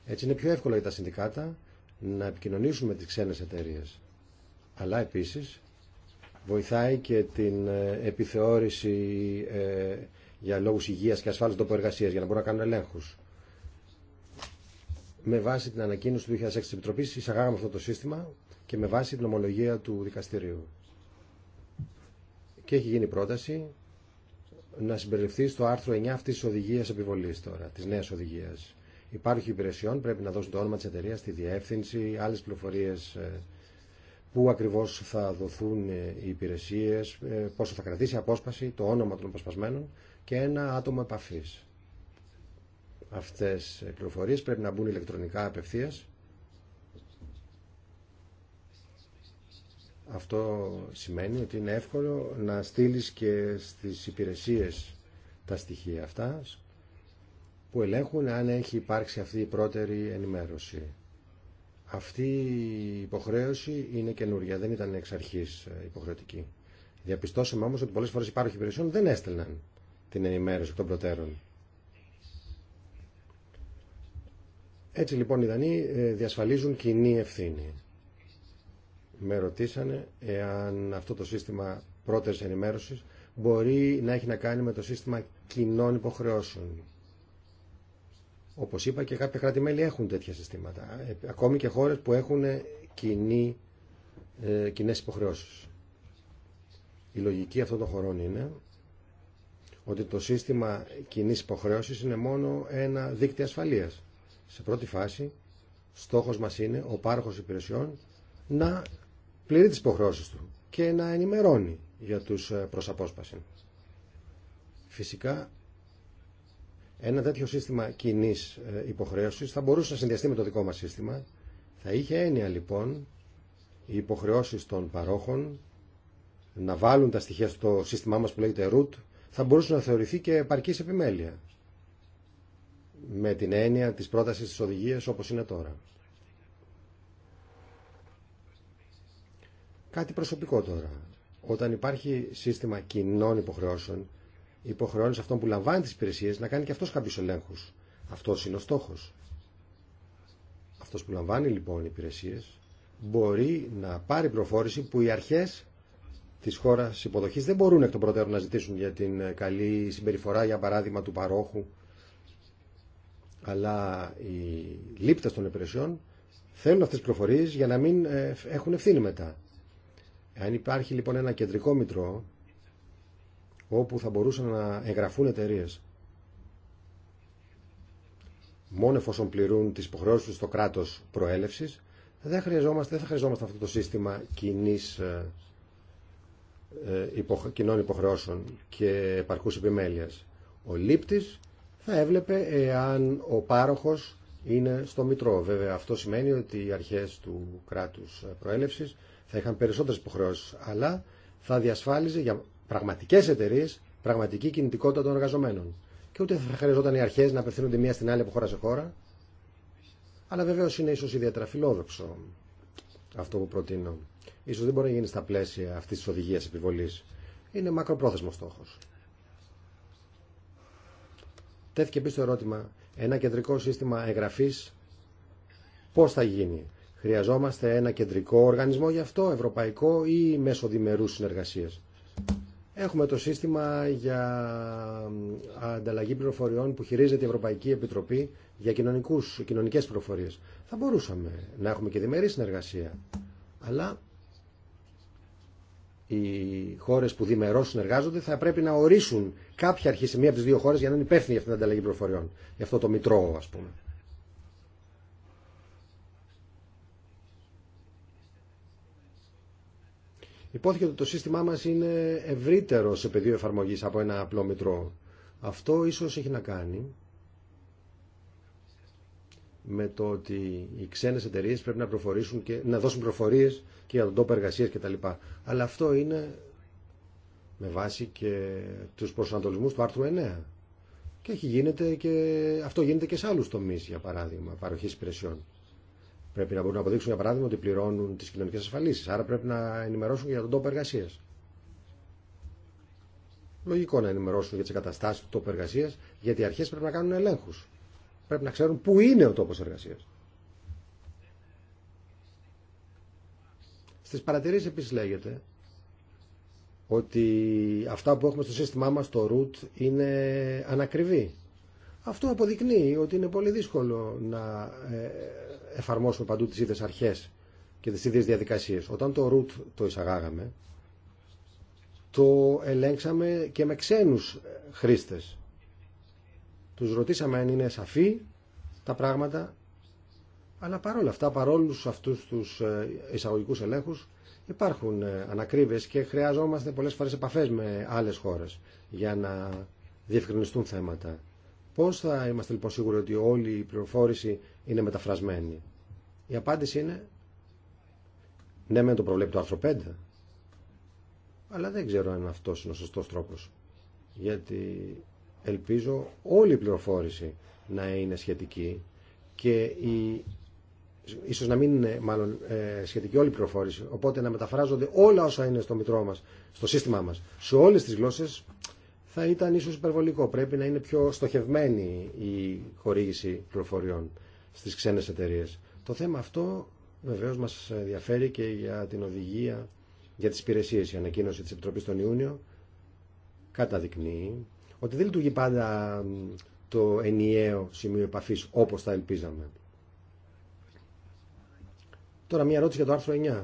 Έτσι είναι πιο εύκολο για τα συνδικάτα να επικοινωνήσουν με τις ξένες εταιρείε. Αλλά επίσης βοηθάει και την ε, επιθεώρηση ε, για λόγους υγείας και ασφάλειας τοποεργασίας για να μπορούν να κάνουν ελέγχους. Με βάση την ανακοίνωση του 2006 της Επιτροπής εισαγάγαμε αυτό το σύστημα και με βάση την ομολογία του δικαστηρίου. Και έχει γίνει πρόταση να συμπεριληφθεί στο άρθρο 9 αυτής τη οδηγίας επιβολή τώρα, τη νέα οδηγία. Υπάρχει υπηρεσιών, πρέπει να δώσουν το όνομα της εταιρεία, τη διεύθυνση, άλλες πληροφορίες ε, πού ακριβώς θα δοθούν ε, οι υπηρεσίες, ε, πόσο θα κρατήσει η απόσπαση, το όνομα των αποσπασμένων και ένα άτομο επαφή. Αυτές οι πληροφορίε πρέπει να μπουν ηλεκτρονικά απευθεία Αυτό σημαίνει ότι είναι εύκολο να στείλεις και στις υπηρεσίες τα στοιχεία αυτά που ελέγχουν αν έχει υπάρξει αυτή η πρώτερη ενημέρωση. Αυτή η υποχρέωση είναι καινούρια, δεν ήταν εξ αρχής ε, υποχρεωτική. Διαπιστώσαμε όμως ότι πολλές φορές υπάρχουν υπηρεσιών δεν έστελναν την ενημέρωση των προτέρων. Έτσι λοιπόν οι Δανείοι ε, διασφαλίζουν κοινή ευθύνη με ρωτήσανε εάν αυτό το σύστημα πρώτερης ενημέρωσης μπορεί να έχει να κάνει με το σύστημα κοινών υποχρεώσεων. Όπως είπα και κάποια κράτη-μέλη έχουν τέτοια συστήματα. Ε, ακόμη και χώρες που έχουν κοινή, ε, υποχρεώσεις. Η λογική αυτών των χωρών είναι ότι το σύστημα κοινή υποχρέωση είναι μόνο ένα δίκτυο ασφαλείας. Σε πρώτη φάση, στόχος μας είναι ο πάροχος υπηρεσιών να πληρεί τις υποχρεώσεις του και να ενημερώνει για τους ε, προς απόσπαση. Φυσικά, ένα τέτοιο σύστημα κοινή ε, υποχρέωση θα μπορούσε να συνδυαστεί με το δικό μας σύστημα. Θα είχε έννοια λοιπόν οι υποχρεώσει των παρόχων να βάλουν τα στοιχεία στο σύστημά μας που λέγεται root θα μπορούσε να θεωρηθεί και επαρκή επιμέλεια με την έννοια της πρότασης της οδηγίας όπως είναι τώρα. Κάτι προσωπικό τώρα. Όταν υπάρχει σύστημα κοινών υποχρεώσεων, υποχρεώνει αυτόν που λαμβάνει τι υπηρεσίε να κάνει και αυτό κάποιου ελέγχου. Αυτό είναι ο στόχο. Αυτό που λαμβάνει λοιπόν υπηρεσίε μπορεί να πάρει προφόρηση που οι αρχέ τη χώρα υποδοχή δεν μπορούν εκ των προτέρων να ζητήσουν για την καλή συμπεριφορά, για παράδειγμα, του παρόχου. Αλλά οι λήπτε των υπηρεσιών θέλουν αυτέ τι προφορίε για να μην ε, έχουν ευθύνη μετά. Αν υπάρχει λοιπόν ένα κεντρικό μητρό όπου θα μπορούσαν να εγγραφούν εταιρείε μόνο εφόσον πληρούν τις υποχρεώσεις του στο κράτος προέλευσης, δεν, χρειαζόμαστε, δεν θα χρειαζόμαστε αυτό το σύστημα ε, ε, κοινών υποχρεώσεων και επαρκούς επιμέλειας. Ο λήπτης θα έβλεπε εάν ο πάροχος είναι στο Μητρό. Βέβαια αυτό σημαίνει ότι οι αρχές του κράτους ε, προέλευσης θα είχαν περισσότερε υποχρεώσει, αλλά θα διασφάλιζε για πραγματικέ εταιρείε πραγματική κινητικότητα των εργαζομένων. Και ούτε θα χρειαζόταν οι αρχέ να απευθύνονται μία στην άλλη από χώρα σε χώρα, αλλά βεβαίω είναι ίσω ιδιαίτερα φιλόδοξο αυτό που προτείνω. Σω δεν μπορεί να γίνει στα πλαίσια αυτή τη οδηγία επιβολή. Είναι μακροπρόθεσμο στόχο. Τέθηκε επίση το ερώτημα, ένα κεντρικό σύστημα εγγραφή πώ θα γίνει. Χρειαζόμαστε ένα κεντρικό οργανισμό γι' αυτό, ευρωπαϊκό ή μέσω διμερού συνεργασίας. Έχουμε το σύστημα για ανταλλαγή πληροφοριών που χειρίζεται η μεσω διμερου συνεργασια Επιτροπή για κοινωνικούς, κοινωνικές πληροφορίες. Θα μπορούσαμε να έχουμε και διμερή συνεργασία, αλλά οι χώρε που διμερώ συνεργάζονται θα πρέπει να ορίσουν κάποια αρχή σε μία από τι δύο χώρε για να είναι υπεύθυνη για αυτήν την ανταλλαγή πληροφοριών. Γι' αυτό το μητρό, α πούμε. Υπόθηκε ότι το σύστημά μας είναι ευρύτερο σε πεδίο εφαρμογή από ένα απλό μητρό. Αυτό ίσως έχει να κάνει με το ότι οι ξένες εταιρείε πρέπει να, προφορήσουν και, να δώσουν προφορίες και για τον τόπο εργασία κτλ. Αλλά αυτό είναι με βάση και τους προσανατολισμούς του άρθρου 9. Και, έχει γίνεται και αυτό γίνεται και σε άλλου τομεί, για παράδειγμα, παροχή υπηρεσιών. Πρέπει να μπορούν να αποδείξουν, για παράδειγμα, ότι πληρώνουν τι κοινωνικέ ασφαλίσει. Άρα πρέπει να ενημερώσουν για τον τόπο εργασία. Λογικό να ενημερώσουν για τι εγκαταστάσει του τόπου εργασία, γιατί οι αρχέ πρέπει να κάνουν ελέγχου. Πρέπει να ξέρουν πού είναι ο τόπο εργασία. Στι παρατηρήσει επίση λέγεται ότι αυτά που έχουμε στο σύστημά μα το root, είναι ανακριβή. Αυτό αποδεικνύει ότι είναι πολύ δύσκολο να ε, εφαρμόσουμε παντού τις ίδιες αρχές και τις ίδιες διαδικασίες. Όταν το root το εισαγάγαμε, το ελέγξαμε και με ξένους χρήστες. Τους ρωτήσαμε αν είναι σαφή τα πράγματα, αλλά παρόλα αυτά, παρόλους αυτούς τους ε, εισαγωγικούς ελέγχους, υπάρχουν ε, ανακρίβες και χρειαζόμαστε πολλές φορές επαφές με άλλες χώρες για να διευκρινιστούν θέματα. Πώς θα είμαστε λοιπόν σίγουροι ότι όλη η πληροφόρηση είναι μεταφρασμένη. Η απάντηση είναι ναι με το προβλέπει το άρθρο 5 αλλά δεν ξέρω αν αυτός είναι ο σωστός τρόπος. Γιατί ελπίζω όλη η πληροφόρηση να είναι σχετική και η ίσως να μην είναι μάλλον ε, σχετική όλη η πληροφόρηση, οπότε να μεταφράζονται όλα όσα είναι στο μητρό μας, στο σύστημά μας, σε όλες τις γλώσσες θα ήταν ίσως υπερβολικό. Πρέπει να είναι πιο στοχευμένη η χορήγηση πληροφοριών στις ξένες εταιρείε. Το θέμα αυτό βεβαίως μας ενδιαφέρει και για την οδηγία για τις υπηρεσίες. Η ανακοίνωση της Επιτροπής τον Ιούνιο καταδεικνύει ότι δεν λειτουργεί πάντα το ενιαίο σημείο επαφής όπως θα ελπίζαμε. Τώρα μια ερώτηση για το άρθρο 9.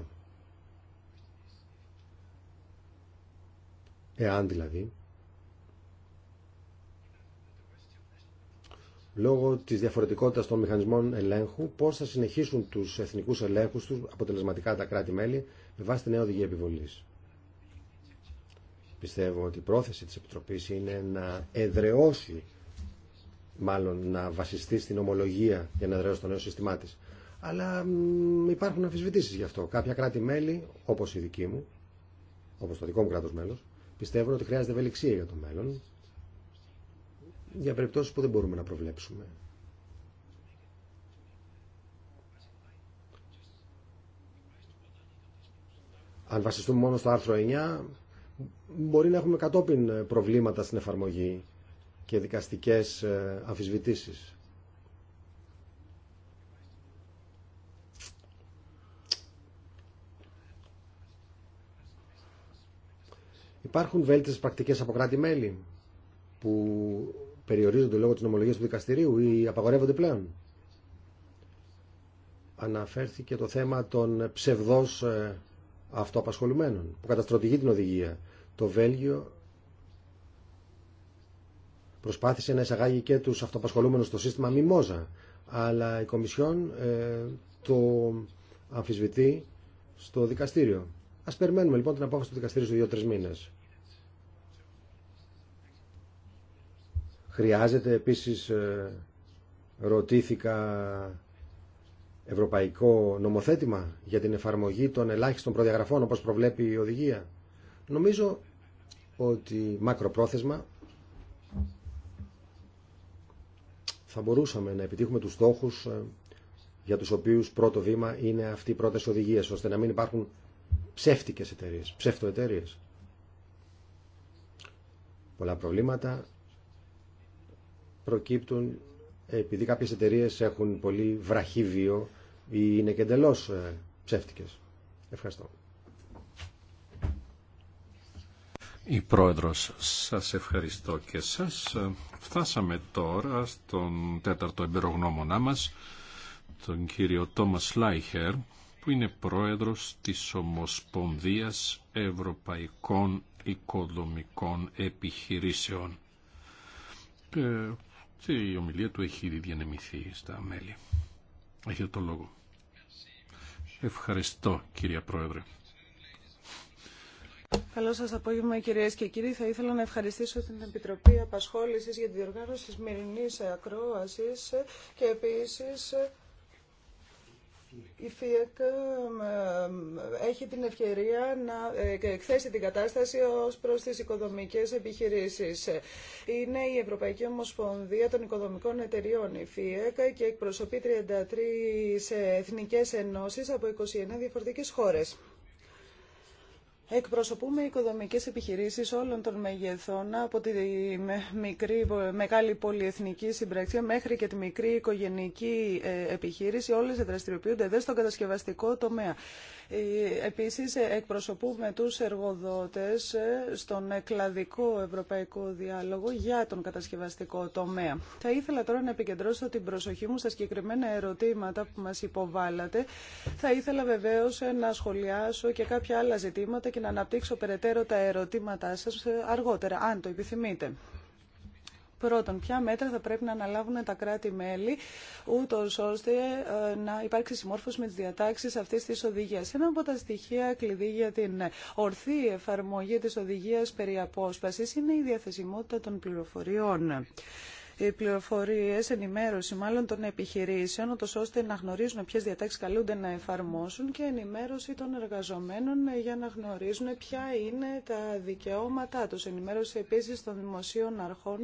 Εάν δηλαδή λόγω τη διαφορετικότητα των μηχανισμών ελέγχου, πώ θα συνεχίσουν του εθνικού ελέγχου του αποτελεσματικά τα κράτη-μέλη με βάση τη νέα οδηγία επιβολή. Πιστεύω ότι η πρόθεση τη επιτροπή είναι να εδρεώσει, μάλλον να βασιστεί στην ομολογία για να εδρεώσει το νέο σύστημά τη. Αλλά μ, υπάρχουν αμφισβητήσει γι' αυτό. Κάποια κράτη-μέλη, όπω η δική μου, όπω το δικό μου κράτο μέλο, πιστεύουν ότι χρειάζεται ευελιξία για το μέλλον για περιπτώσεις που δεν μπορούμε να προβλέψουμε. Αν βασιστούμε μόνο στο άρθρο 9, μπορεί να έχουμε κατόπιν ε, προβλήματα στην εφαρμογή και δικαστικές ε, αμφισβητήσεις. Υπάρχουν βέλτιστες πρακτικές από κράτη-μέλη που περιορίζονται λόγω της νομολογίας του δικαστηρίου ή απαγορεύονται πλέον. Αναφέρθηκε το θέμα των ψευδώς ε, αυτοαπασχολουμένων που καταστροτηγεί την οδηγία. Το Βέλγιο προσπάθησε να εισαγάγει και τους αυτοαπασχολούμενους στο σύστημα Μιμόζα, αλλά η Κομισιόν ε, το αμφισβητεί στο δικαστήριο. Ας περιμένουμε λοιπόν την απόφαση του δικαστήριου σε δύο-τρει μήνες. Χρειάζεται επίσης, ε, ρωτήθηκα, ευρωπαϊκό νομοθέτημα για την εφαρμογή των ελάχιστων προδιαγραφών όπως προβλέπει η οδηγία. Νομίζω ότι μακροπρόθεσμα θα μπορούσαμε να επιτύχουμε τους στόχους ε, για τους οποίους πρώτο βήμα είναι αυτή οι πρώτες οδηγίες, ώστε να μην υπάρχουν ψεύτικες εταιρείες, ψεύτοεταιρείες. Πολλά προβλήματα προκύπτουν επειδή κάποιες εταιρείες έχουν εταιρείε βίο ή είναι και εντελώ ε, Η Πρόεδρος, σας ευχαριστώ και σας. Ε, φτάσαμε τώρα στον τέταρτο εμπειρογνώμονά μας, τον κύριο Τόμας Λάιχερ, που είναι Πρόεδρος της Ομοσπονδίας Ευρωπαϊκών Οικοδομικών Επιχειρήσεων. Ε, και η ομιλία του έχει ήδη διανεμηθεί στα μέλη. Έχετε το λόγο. Ευχαριστώ κυρία Πρόεδρε. Καλό σας απόγευμα κυρίες και κύριοι. Θα ήθελα να ευχαριστήσω την Επιτροπή Απασχόλησης για τη διοργάνωση της σημερινή ακρόασης και επίσης η ΦΙΕΚ έχει την ευκαιρία να ε, εκθέσει την κατάσταση ως προς τις οικοδομικές επιχειρήσεις. Είναι η Ευρωπαϊκή Ομοσπονδία των Οικοδομικών Εταιριών, η ΦΙΕΚ, και εκπροσωπεί 33 εθνικές ενώσεις από 29 διαφορετικές χώρες. Εκπροσωπούμε οικοδομικές επιχειρήσεις όλων των μεγεθών, από τη μικρή, μεγάλη πολυεθνική συμπραξία μέχρι και τη μικρή οικογενική ε, επιχείρηση. Όλες δραστηριοποιούνται εδώ στον κατασκευαστικό τομέα. Ε, επίσης εκπροσωπούμε τους εργοδότες ε, στον κλαδικό ευρωπαϊκό διάλογο για τον κατασκευαστικό τομέα. Θα ήθελα τώρα να επικεντρώσω την προσοχή μου στα συγκεκριμένα ερωτήματα που μας υποβάλλατε. Θα ήθελα βεβαίως ε, να σχολιάσω και κάποια άλλα ζητήματα και να αναπτύξω περαιτέρω τα ερωτήματά σας αργότερα, αν το επιθυμείτε. Πρώτον, ποια μέτρα θα πρέπει να αναλάβουν τα κράτη-μέλη, ούτω ώστε ε, να υπάρξει συμμόρφωση με τι διατάξει αυτή τη οδηγία. Ένα από τα στοιχεία κλειδί για την ορθή εφαρμογή τη οδηγία περί απόσπαση είναι η διαθεσιμότητα των πληροφοριών οι πληροφορίες, ενημέρωση μάλλον των επιχειρήσεων, ώστε να γνωρίζουν ποιες διατάξεις καλούνται να εφαρμόσουν και ενημέρωση των εργαζομένων για να γνωρίζουν ποια είναι τα δικαιώματά τους. Ενημέρωση επίσης των δημοσίων αρχών,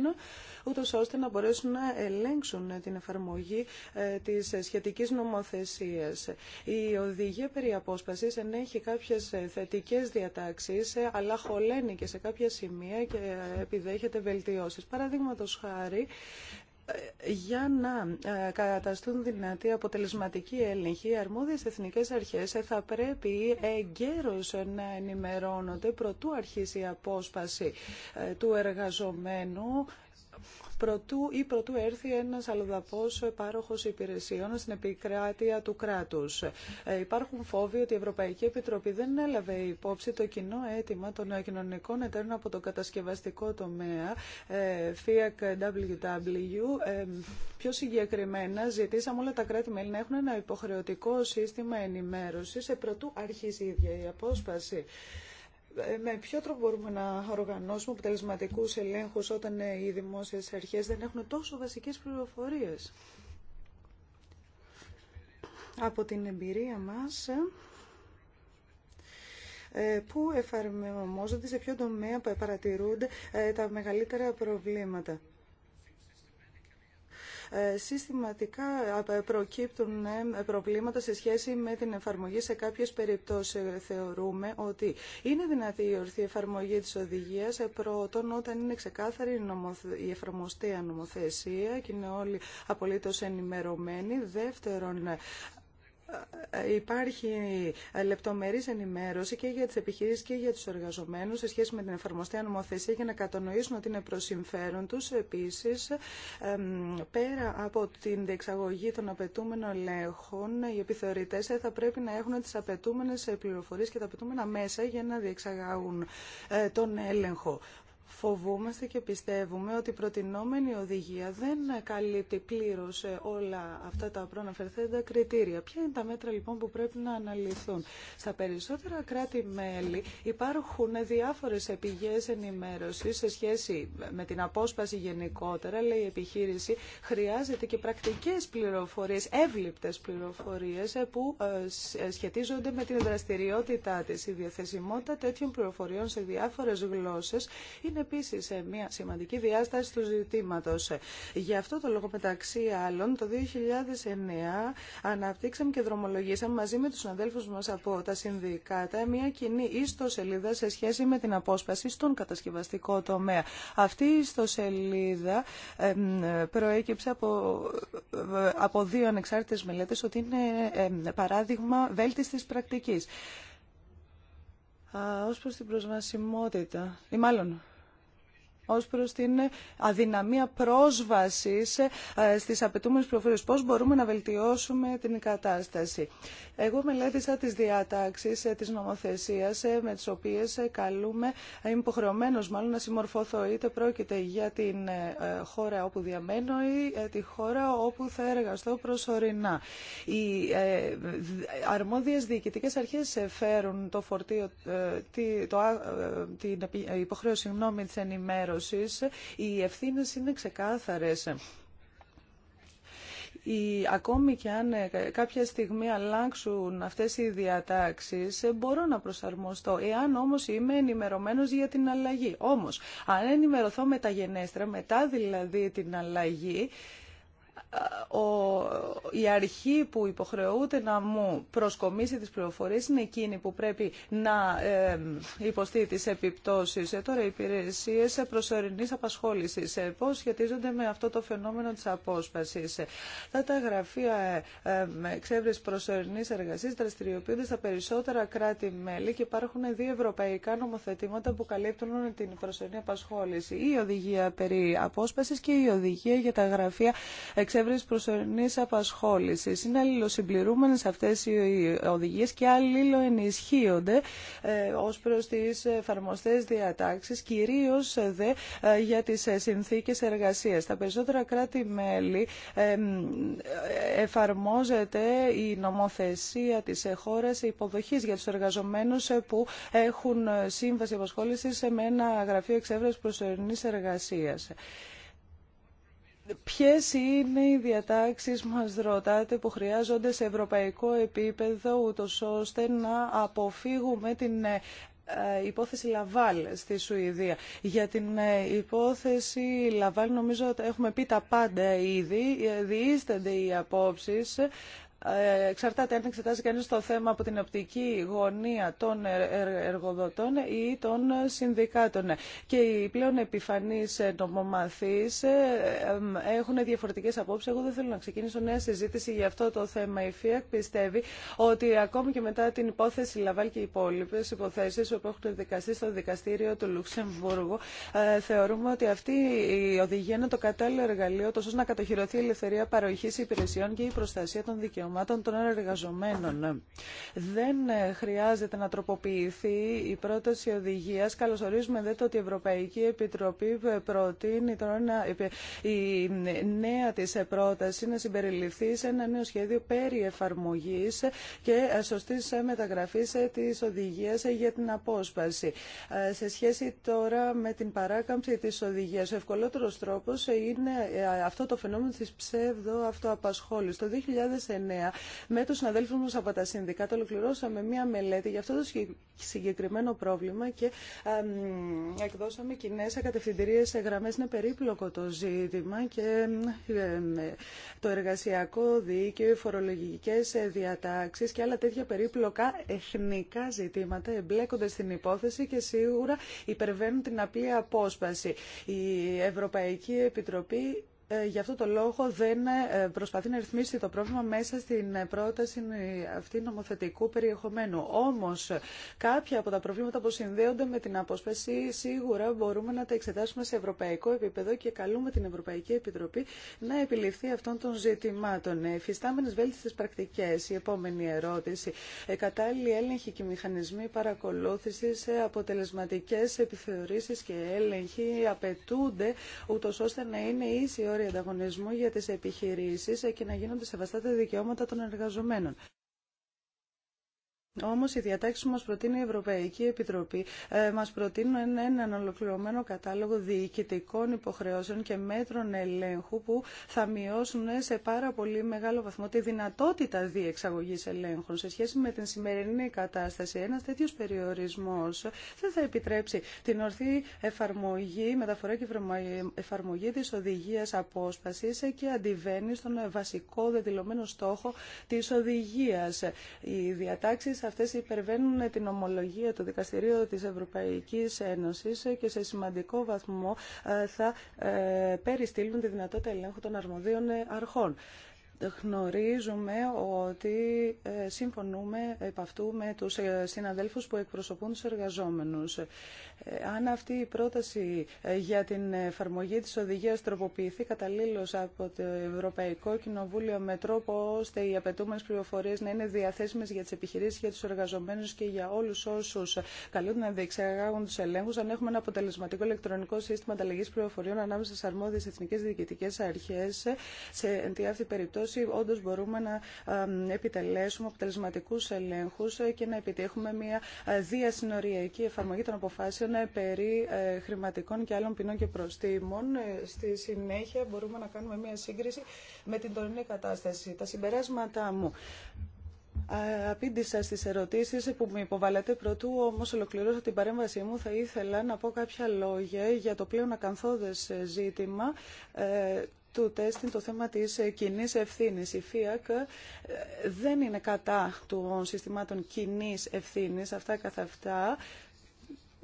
ούτως ώστε να μπορέσουν να ελέγξουν την εφαρμογή ε, της σχετικής νομοθεσίας. Η οδηγία περί απόσπασης ενέχει κάποιες ε, θετικές διατάξεις, ε, αλλά χωλαίνει και σε κάποια σημεία και επιδέχεται βελτιώσεις. χάρη, ε, για να ε, καταστούν δυνατή αποτελεσματική έλεγχοι, οι αρμόδιε εθνικές αρχές ε, θα πρέπει εγκαίρω να ενημερώνονται προτού αρχίσει η απόσπαση του εργαζομένου προτού ή προτού έρθει ένας αλλοδαπός πάροχος υπηρεσιών στην επικράτεια του κράτους. Ε, υπάρχουν φόβοι ότι η Ευρωπαϊκή Επιτροπή δεν έλαβε υπόψη το κοινό αίτημα των κοινωνικών εταίρων από το κατασκευαστικό τομέα ε, FIAC WW. Ε, πιο συγκεκριμένα ζητήσαμε όλα τα κράτη-μέλη να έχουν ένα υποχρεωτικό σύστημα ενημέρωσης σε προτού η ίδια η απόσπαση με ποιο τρόπο μπορούμε να οργανώσουμε αποτελεσματικού ελέγχους όταν ε, οι δημόσιε αρχές δεν έχουν τόσο βασικές πληροφορίε. Από την εμπειρία μας ε, ε, που εφαρμόζονται, σε ποιο τομέα παρατηρούνται τα μεγαλύτερα προβλήματα. Ε, συστηματικά ε, ε, προκύπτουν προβλήματα σε σχέση με την εφαρμογή σε κάποιες περιπτώσεις. Θεωρούμε ότι είναι δυνατή η ορθή εφαρμογή της οδηγίας πρώτον όταν είναι ξεκάθαρη η εφαρμοστέα νομοθεσία και είναι όλοι απολύτως ενημερωμένοι. Δεύτερον, υπάρχει λεπτομερής ενημέρωση και για τις επιχειρήσεις και για τους εργαζομένους σε σχέση με την εφαρμοστή νομοθεσία για να κατανοήσουν ότι είναι προς συμφέρον τους. Επίσης, πέρα από την διεξαγωγή των απαιτούμενων ελέγχων, οι επιθεωρητές θα πρέπει να έχουν τις απαιτούμενες πληροφορίες και τα απαιτούμενα μέσα για να διεξαγάγουν ε, τον έλεγχο. Φοβούμαστε και πιστεύουμε ότι η προτινόμενη οδηγία δεν καλύπτει πλήρω ε, όλα αυτά τα προαναφερθέντα κριτήρια. Ποια είναι τα μέτρα λοιπόν που πρέπει να αναλυθούν. Στα περισσότερα κράτη-μέλη υπάρχουν διάφορε πηγέ ενημέρωση σε σχέση με την απόσπαση γενικότερα, αλλά η επιχείρηση χρειάζεται και πρακτικέ πληροφορίε, εύληπτε πληροφορίε ε, που ε, σχετίζονται με την δραστηριότητά τη. Η διαθεσιμότητα τέτοιων πληροφοριών σε διάφορε γλώσσε είναι επίση μια σημαντική διάσταση του ζητήματο. Γι' αυτό το λόγο μεταξύ άλλων το 2009 αναπτύξαμε και δρομολογήσαμε μαζί με του συναδέλφου μα από τα συνδικάτα μια κοινή ιστοσελίδα σε σχέση με την απόσπαση στον κατασκευαστικό τομέα. Αυτή η ιστοσελίδα προέκυψε από, από δύο ανεξάρτητε μελέτε, ότι είναι παράδειγμα βέλτιστη πρακτική. Ω προ την προσβασιμότητα, ή μάλλον ως προς την αδυναμία πρόσβασης ε, στις απαιτούμενες πληροφορίες. Πώς μπορούμε να βελτιώσουμε την κατάσταση. Εγώ μελέτησα τις διατάξεις ε, της νομοθεσίας ε, με τις οποίες καλούμε, είμαι μάλλον να συμμορφωθώ είτε πρόκειται για την χώρα όπου διαμένω ή τη χώρα όπου θα εργαστώ προσωρινά. Οι αρμόδιες διοικητικές αρχές φέρουν το φορτίο, την υποχρέωση γνώμη της ενημέρωσης οι ευθύνες είναι ξεκάθαρες. Η, ακόμη και αν ε, κάποια στιγμή αλλάξουν αυτές οι διατάξεις, ε, μπορώ να προσαρμοστώ, εάν όμως είμαι ενημερωμένος για την αλλαγή. Όμως, αν ενημερωθώ μεταγενέστερα, μετά δηλαδή την αλλαγή, η αρχή που υποχρεούται να μου προσκομίσει τις πληροφορίες είναι εκείνη που πρέπει να υποστεί τις επιπτώσεις. Ε, τώρα οι υπηρεσίες προσωρινής απασχόλησης ε, πώς σχετίζονται με αυτό το φαινόμενο της απόσπασης. Τα ε, τα γραφεία εξέβρεση προσωρινής εργασίας δραστηριοποιούνται στα περισσότερα κράτη-μέλη και υπάρχουν δύο ευρωπαϊκά νομοθετήματα που καλύπτουν την προσωρινή απασχόληση. Η οδηγία περί απόσπασης και η οδηγία για τα γραφεία εξέβρεση προσωρινής απασχόλησης. Είναι αλληλοσυμπληρούμενε αυτέ οι οδηγίε και αλληλοενισχύονται ε, ως προς τις εφαρμοστέ διατάξεις, κυρίως ε, δε ε, για τις συνθήκε εργασίας. Τα περισσότερα κράτη-μέλη εφαρμόζεται η νομοθεσία της χώρα υποδοχή για τους εργαζομένους που έχουν σύμβαση απασχόληση με ένα γραφείο εξέβρεση προσωρινής εργασία. Ποιες είναι οι διατάξεις μας ρωτάτε που χρειάζονται σε ευρωπαϊκό επίπεδο ούτως ώστε να αποφύγουμε την ε, ε, υπόθεση Λαβάλ στη Σουηδία. Για την ε, υπόθεση Λαβάλ νομίζω ότι έχουμε πει τα πάντα ήδη, διείστανται οι απόψεις εξαρτάται αν εξετάζει κανείς το θέμα από την οπτική γωνία των ε, ε, εργοδοτών ή των συνδικάτων. Και οι πλέον επιφανείς νομομαθείς ε, έχουν διαφορετικές απόψεις. Εγώ δεν θέλω να ξεκινήσω νέα συζήτηση για αυτό το θέμα. Η ΦΙΑΚ πιστεύει ότι ακόμη και μετά την υπόθεση Λαβάλ και οι υπόλοιπε υποθέσεις που έχουν δικαστεί στο δικαστήριο του Λουξεμβούργου θεωρούμε ότι αυτή η οδηγία είναι το κατάλληλο εργαλείο τόσο να κατοχυρωθεί η ελευθερία παροχής υπηρεσιών και η προστασία των δικαιωμάτων δικαιωμάτων των εργαζομένων. Δεν ε, χρειάζεται να τροποποιηθεί η πρόταση οδηγία. Καλωσορίζουμε δε το ότι η Ευρωπαϊκή Επιτροπή ε, προτείνει τώρα ε, η νέα τη πρόταση να συμπεριληφθεί σε ένα νέο σχέδιο περί εφαρμογή και σωστή μεταγραφή τη οδηγία για την απόσπαση. Σε σχέση τώρα με την παράκαμψη τη οδηγία. ο ευκολότερο τρόπο είναι αυτό το φαινόμενο τη της αυτοαπασχόληση. Το 2009 με του συναδέλφου μας από τα συνδικάτα ολοκληρώσαμε μία μελέτη για αυτό το συγκεκριμένο πρόβλημα και εκδώσαμε κοινέ ακατευθυντηρίες σε γραμμές. Είναι περίπλοκο το ζήτημα και ε, το εργασιακό δίκαιο, οι φορολογικέ ε, διατάξεις και άλλα τέτοια περίπλοκα εθνικά ζητήματα εμπλέκονται στην υπόθεση και σίγουρα υπερβαίνουν την απλή απόσπαση. Η Ευρωπαϊκή Επιτροπή ε, γι' αυτό το λόγο δεν ε, προσπαθεί να ρυθμίσει το πρόβλημα μέσα στην ε, πρόταση αυτή νομοθετικού περιεχομένου. Όμως κάποια από τα προβλήματα που συνδέονται με την απόσπαση σίγουρα μπορούμε να τα εξετάσουμε σε ευρωπαϊκό επίπεδο και καλούμε την Ευρωπαϊκή Επιτροπή να επιληφθεί αυτών των ζητημάτων. Εφιστάμενε βέλτιστε πρακτικέ. Η επόμενη ερώτηση. Κατάλληλοι έλεγχοι και μηχανισμοί παρακολούθηση, αποτελεσματικέ επιθεωρήσει και έλεγχοι απαιτούνται ούτω ώστε να είναι ίση η ανταγωνισμού για τις επιχειρήσεις και να γίνονται σεβαστά τα δικαιώματα των εργαζομένων. Όμω οι διατάξει που μα προτείνει η Ευρωπαϊκή Επιτροπή ε, μα προτείνουν έναν ολοκληρωμένο κατάλογο διοικητικών υποχρεώσεων και μέτρων ελέγχου που θα μειώσουν σε πάρα πολύ μεγάλο βαθμό τη δυνατότητα διεξαγωγή ελέγχων. Σε σχέση με την σημερινή κατάσταση, ένα τέτοιο περιορισμό δεν θα επιτρέψει την ορθή εφαρμογή, μεταφορά και εφαρμογή τη οδηγία απόσπαση και αντιβαίνει στον βασικό δεδηλωμένο στόχο τη οδηγία. Οι διατάξει αυτές υπερβαίνουν την ομολογία του Δικαστηρίου της Ευρωπαϊκής Ένωσης και σε σημαντικό βαθμό ε, θα ε, περιστήλουν τη δυνατότητα ελέγχου των αρμοδίων ε, αρχών γνωρίζουμε ότι ε, συμφωνούμε επ' αυτού με τους ε, συναδέλφους που εκπροσωπούν τους εργαζόμενους. Ε, αν αυτή η πρόταση για την εφαρμογή της οδηγίας τροποποιηθεί καταλήλως από το Ευρωπαϊκό Κοινοβούλιο με τρόπο ώστε οι απαιτούμενε πληροφορίες να είναι διαθέσιμες για τις επιχειρήσεις, για τους εργαζομένους και για όλους όσους καλούνται να διεξαγάγουν τους ελέγχους, αν έχουμε ένα αποτελεσματικό ηλεκτρονικό σύστημα ανταλλαγής πληροφοριών ανάμεσα στις αρμόδιες εθνικές διοικητικές αρχές, σε αυτή περιπτώσει περιπτώσει όντω μπορούμε να επιτελέσουμε αποτελεσματικού ελέγχου ε, και να επιτύχουμε μια ε, διασυνοριακή εφαρμογή των αποφάσεων ε, περί χρηματικών και άλλων ποινών και προστήμων. Στη συνέχεια μπορούμε να κάνουμε μια σύγκριση με την τωρινή κατάσταση. Τα συμπεράσματά μου. Απήντησα στι ερωτήσει που με υποβάλλατε. Πρωτού όμω ολοκληρώσω την παρέμβασή μου, θα ήθελα να πω κάποια λόγια για το πλέον ακαθόδε ζήτημα του τεστ το θέμα της ε, κοινή ευθύνης. Η ΦΙΑΚ ε, δεν είναι κατά των συστημάτων κοινή ευθύνης, αυτά καθ' αυτά.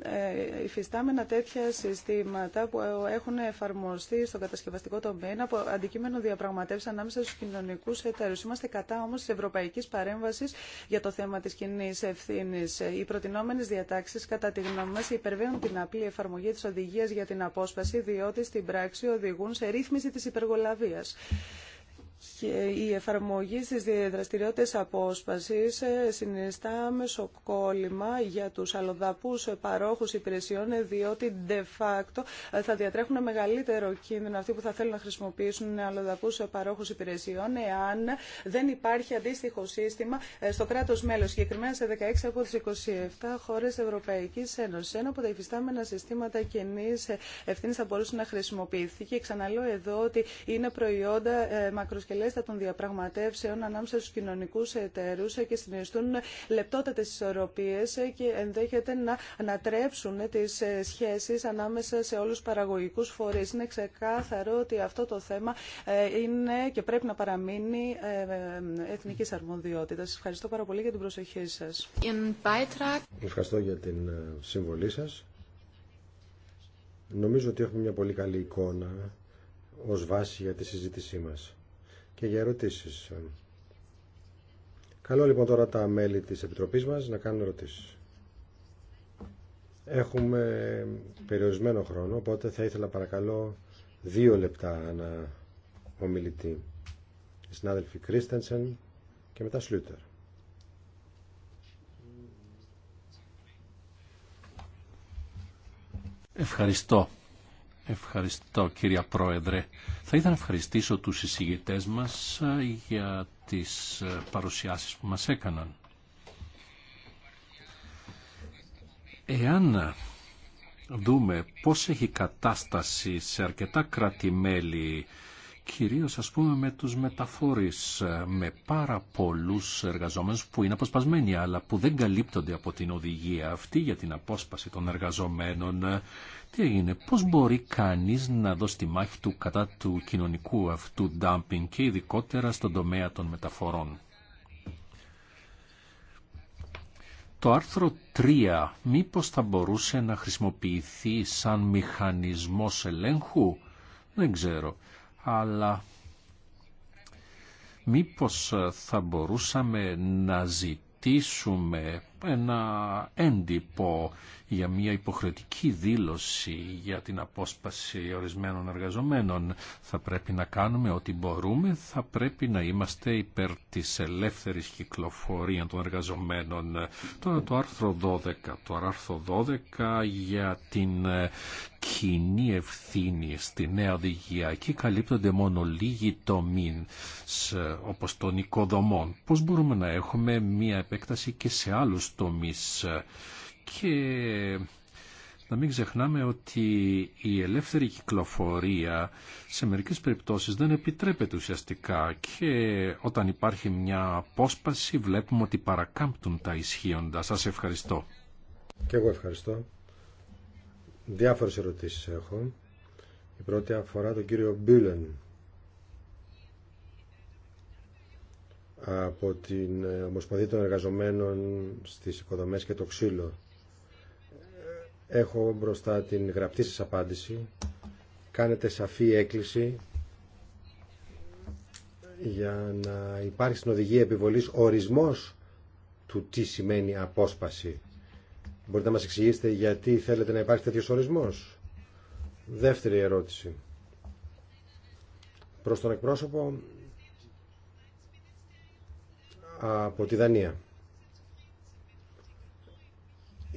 Ε, υφιστάμενα τέτοια συστήματα που έχουν εφαρμοστεί στον κατασκευαστικό τομέα είναι από αντικείμενο διαπραγματεύσει ανάμεσα στου κοινωνικού εταίρου. Είμαστε κατά όμω τη ευρωπαϊκή παρέμβαση για το θέμα τη κοινή ευθύνη. Οι προτινόμενε διατάξει, κατά τη γνώμη μα, υπερβαίνουν την απλή εφαρμογή τη οδηγία για την απόσπαση, διότι στην πράξη οδηγούν σε ρύθμιση τη υπεργολαβία η εφαρμογή στις δραστηριότητες απόσπασης ε, συνιστά μεσοκόλλημα για τους αλλοδαπούς παρόχους υπηρεσιών διότι de facto ε, θα διατρέχουν μεγαλύτερο κίνδυνο αυτοί που θα θέλουν να χρησιμοποιήσουν αλλοδαπούς παρόχους υπηρεσιών εάν δεν υπάρχει αντίστοιχο σύστημα ε, στο κράτος μέλος, συγκεκριμένα σε 16 από τις 27 χώρες Ευρωπαϊκής Ένωσης. Ένα από τα υφιστάμενα συστήματα κοινή ευθύνη θα μπορούσε να χρησιμοποιηθεί και ξαναλέω εδώ ότι είναι προϊόντα των διαπραγματεύσεων ανάμεσα στου κοινωνικού εταίρου και συνιστούν λεπτότατες ισορροπίε και ενδέχεται να ανατρέψουν τις σχέσεις ανάμεσα σε όλους του παραγωγικούς φορείς. Είναι ξεκάθαρο ότι αυτό το θέμα ε, είναι και πρέπει να παραμείνει ε, ε, εθνικής Σα Ευχαριστώ πάρα πολύ για την προσοχή σα. Ευχαριστώ για την συμβολή σα. Νομίζω ότι έχουμε μια πολύ καλή εικόνα ως βάση για τη συζήτησή μας και για ερωτήσεις. Καλό λοιπόν τώρα τα μέλη της Επιτροπής μας να κάνουν ερωτήσεις. Έχουμε περιορισμένο χρόνο, οπότε θα ήθελα παρακαλώ δύο λεπτά να ομιλητή. Οι συνάδελφοι Κρίστενσεν και μετά Σλούτερ. Ευχαριστώ. Ευχαριστώ κύριε Πρόεδρε. Θα ήθελα να ευχαριστήσω τους εισηγητές μας ε, για τις ε, παρουσιάσεις που μας έκαναν. Εάν δούμε πώς έχει κατάσταση σε αρκετά μέλη κυρίως ας πούμε με τους μεταφορείς, ε, με πάρα πολλούς εργαζόμενους που είναι αποσπασμένοι αλλά που δεν καλύπτονται από την οδηγία αυτή για την απόσπαση των εργαζομένων. Ε, τι έγινε, πώς μπορεί κανείς να δώσει τη μάχη του κατά του κοινωνικού αυτού dumping και ειδικότερα στον τομέα των μεταφορών. Το άρθρο 3 μήπως θα μπορούσε να χρησιμοποιηθεί σαν μηχανισμός ελέγχου, δεν ξέρω αλλά μήπως θα μπορούσαμε να ζητήσουμε ένα έντυπο για μια υποχρεωτική δήλωση για την απόσπαση ορισμένων εργαζομένων. Θα πρέπει να κάνουμε ό,τι μπορούμε, θα πρέπει να είμαστε υπέρ της ελεύθερης κυκλοφορίας των εργαζομένων. Τώρα το άρθρο 12, το άρθρο 12 για την ε, κοινή ευθύνη στη νέα οδηγία. Εκεί καλύπτονται μόνο λίγοι τομεί ε, όπως των οικοδομών. Πώς μπορούμε να έχουμε μια επέκταση και σε άλλους τομείς. Ε, και να μην ξεχνάμε ότι η ελεύθερη κυκλοφορία σε μερικές περιπτώσεις δεν επιτρέπεται ουσιαστικά και όταν υπάρχει μια απόσπαση βλέπουμε ότι παρακάμπτουν τα ισχύοντα. Σας ευχαριστώ. Και εγώ ευχαριστώ. Διάφορες ερωτήσεις έχω. Η πρώτη αφορά τον κύριο Μπίλεν από την Ομοσπονδία των Εργαζομένων στις Οικοδομές και το Ξύλο Έχω μπροστά την γραπτή σας απάντηση. Κάνετε σαφή έκκληση για να υπάρχει στην οδηγία επιβολής ορισμός του τι σημαίνει απόσπαση. Μπορείτε να μας εξηγήσετε γιατί θέλετε να υπάρχει τέτοιος ορισμός. Δεύτερη ερώτηση. Προς τον εκπρόσωπο από τη Δανία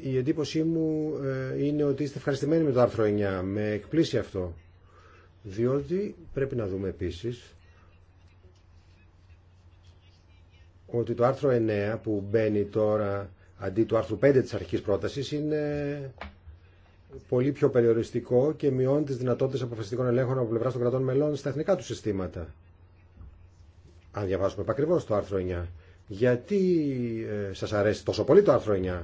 η εντύπωσή μου ε, είναι ότι είστε ευχαριστημένοι με το άρθρο 9. Με εκπλήσει αυτό. Διότι πρέπει να δούμε επίσης ότι το άρθρο 9 που μπαίνει τώρα αντί του άρθρου 5 της αρχικής πρότασης είναι πολύ πιο περιοριστικό και μειώνει τις δυνατότητες αποφασιστικών ελέγχων από πλευρά των κρατών μελών στα εθνικά του συστήματα. Αν διαβάσουμε επακριβώς το άρθρο 9. Γιατί ε, σας αρέσει τόσο πολύ το άρθρο 9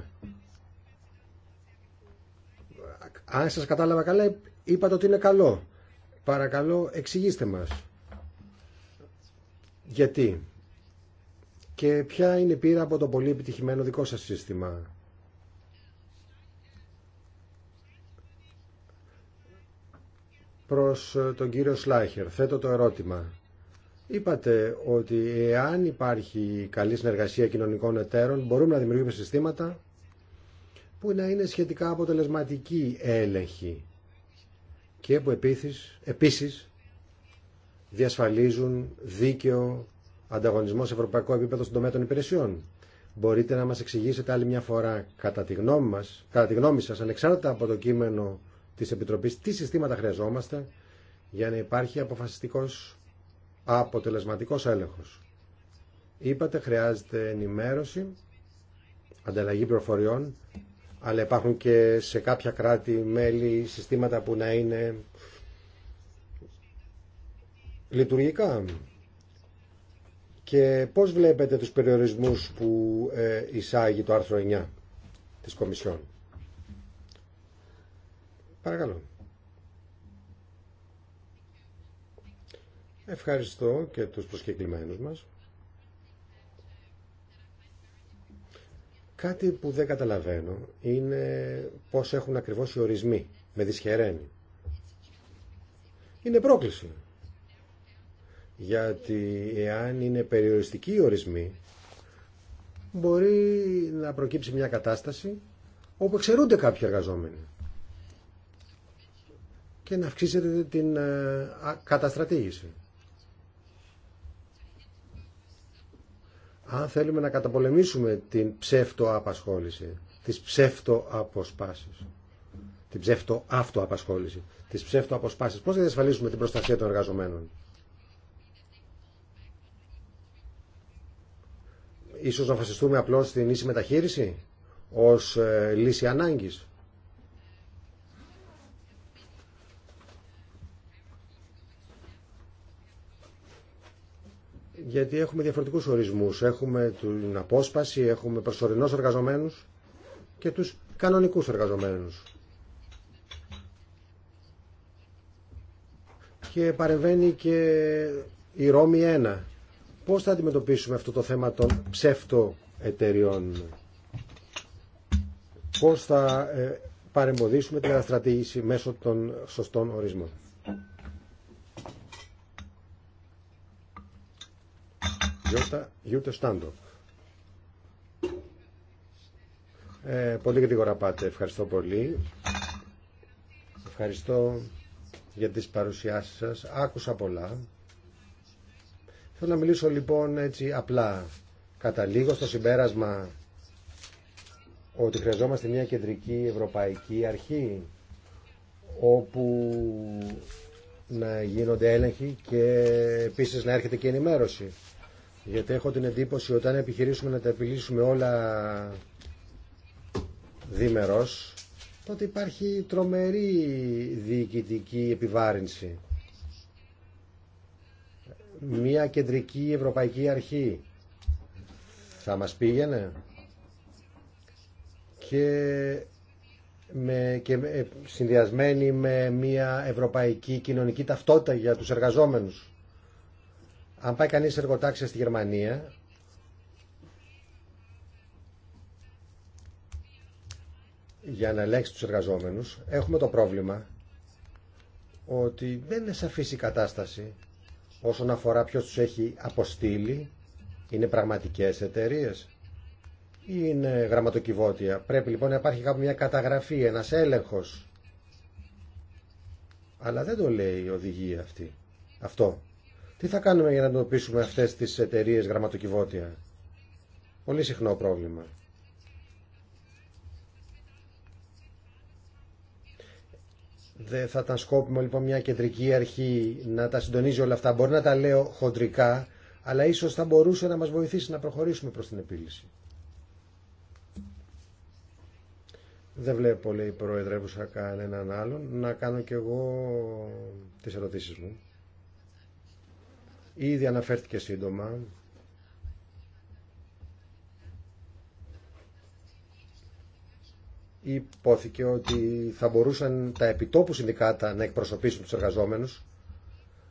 αν σας κατάλαβα καλά, είπατε ότι είναι καλό. Παρακαλώ, εξηγήστε μας. Γιατί και ποια είναι η πείρα από το πολύ επιτυχημένο δικό σας σύστημα. Προς ε, τον κύριο Σλάχερ, θέτω το ερώτημα. Είπατε ότι εάν υπάρχει καλή συνεργασία κοινωνικών εταίρων, μπορούμε να δημιουργούμε συστήματα που να είναι σχετικά αποτελεσματική έλεγχη και που επίσης, διασφαλίζουν δίκαιο ανταγωνισμό σε ευρωπαϊκό επίπεδο στον τομέα των υπηρεσιών. Μπορείτε να μας εξηγήσετε άλλη μια φορά κατά τη γνώμη, μας, κατά τη γνώμη σας, ανεξάρτητα από το κείμενο της Επιτροπής, τι συστήματα χρειαζόμαστε για να υπάρχει αποφασιστικός, αποτελεσματικός έλεγχος. Είπατε χρειάζεται ενημέρωση, ανταλλαγή προφοριών, αλλά υπάρχουν και σε κάποια κράτη μέλη συστήματα που να είναι λειτουργικά. Και πώς βλέπετε τους περιορισμούς που ε, εισάγει το άρθρο 9 της Κομισιόν. Παρακαλώ. Ευχαριστώ και τους προσκεκλημένους μας. Κάτι που δεν καταλαβαίνω είναι πώς έχουν ακριβώς οι ορισμοί. Με δυσχεραίνει. Είναι πρόκληση. Γιατί εάν είναι περιοριστικοί οι ορισμοί, μπορεί να προκύψει μια κατάσταση όπου εξαιρούνται κάποιοι εργαζόμενοι και να αυξήσετε την ε, καταστρατήγηση. αν θέλουμε να καταπολεμήσουμε την απασχόληση, τις αποσπάσεις, την αυτοαπασχόληση, τις αποσπάσεις, Πώς θα διασφαλίσουμε την προστασία των εργαζομένων. Ίσως να φασιστούμε απλώς στην ίση μεταχείριση ως ε, λύση ανάγκης. γιατί έχουμε διαφορετικούς ορισμούς. Έχουμε την απόσπαση, έχουμε προσωρινούς εργαζομένους και τους κανονικούς εργαζομένους. Και παρεμβαίνει και η Ρώμη 1. Πώς θα αντιμετωπίσουμε αυτό το θέμα των ψεύτο εταιριών. Πώς θα ε, παρεμποδίσουμε την αναστρατήγηση μέσω των σωστών ορισμών. Γιώτα Γιούτε Στάντο. Ε, πολύ γρήγορα πάτε. Ευχαριστώ πολύ. Ευχαριστώ για τις παρουσιάσεις σας. Άκουσα πολλά. Θέλω να μιλήσω λοιπόν έτσι απλά. Καταλήγω στο συμπέρασμα ότι χρειαζόμαστε μια κεντρική ευρωπαϊκή αρχή όπου να γίνονται έλεγχοι και επίσης να έρχεται και ενημέρωση γιατί έχω την εντύπωση όταν επιχειρήσουμε να τα επιλύσουμε όλα διμερός τότε υπάρχει τρομερή διοικητική επιβάρυνση. Μία κεντρική ευρωπαϊκή αρχή θα μας πήγαινε και, με, και συνδυασμένη με μία ευρωπαϊκή κοινωνική ταυτότητα για τους εργαζόμενους. Αν πάει κανείς εργοτάξια στη Γερμανία, για να ελέγξει τους εργαζόμενους, έχουμε το πρόβλημα ότι δεν είναι σαφής η κατάσταση όσον αφορά ποιος τους έχει αποστείλει, είναι πραγματικές εταιρείε ή είναι γραμματοκιβώτια. Πρέπει λοιπόν να υπάρχει κάπου μια καταγραφή, ένας έλεγχος. Αλλά δεν το λέει η οδηγία αυτή. Αυτό. Τι θα κάνουμε για να αντιμετωπίσουμε αυτές τις εταιρείες γραμματοκιβώτια. Πολύ συχνό πρόβλημα. Δεν θα τα σκόπιμο λοιπόν μια κεντρική αρχή να τα συντονίζει όλα αυτά. Μπορεί να τα λέω χοντρικά, αλλά ίσως θα μπορούσε να μας βοηθήσει να προχωρήσουμε προς την επίλυση. Δεν βλέπω, λέει η Πρόεδρε, κανέναν άλλον. Να κάνω κι εγώ τις ερωτήσεις μου. Ήδη αναφέρθηκε σύντομα. Υπόθηκε ότι θα μπορούσαν τα επιτόπου συνδικάτα να εκπροσωπήσουν τους εργαζόμενους,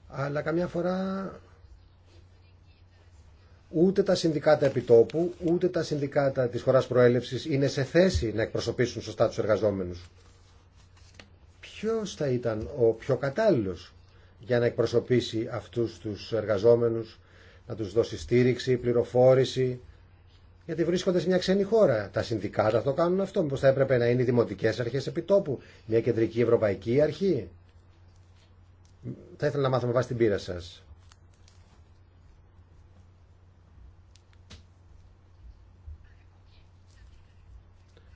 αλλά καμιά φορά ούτε τα συνδικάτα επιτόπου, ούτε τα συνδικάτα της χώρας προέλευσης είναι σε θέση να εκπροσωπήσουν σωστά τους εργαζόμενους. Ποιος θα ήταν ο πιο κατάλληλος για να εκπροσωπήσει αυτούς τους εργαζόμενους, να τους δώσει στήριξη, πληροφόρηση, γιατί βρίσκονται σε μια ξένη χώρα. Τα συνδικάτα το κάνουν αυτό. Μήπως θα έπρεπε να είναι οι δημοτικές αρχές επιτόπου, μια κεντρική ευρωπαϊκή αρχή. Θα ήθελα να μάθω με βάση την πείρα σας.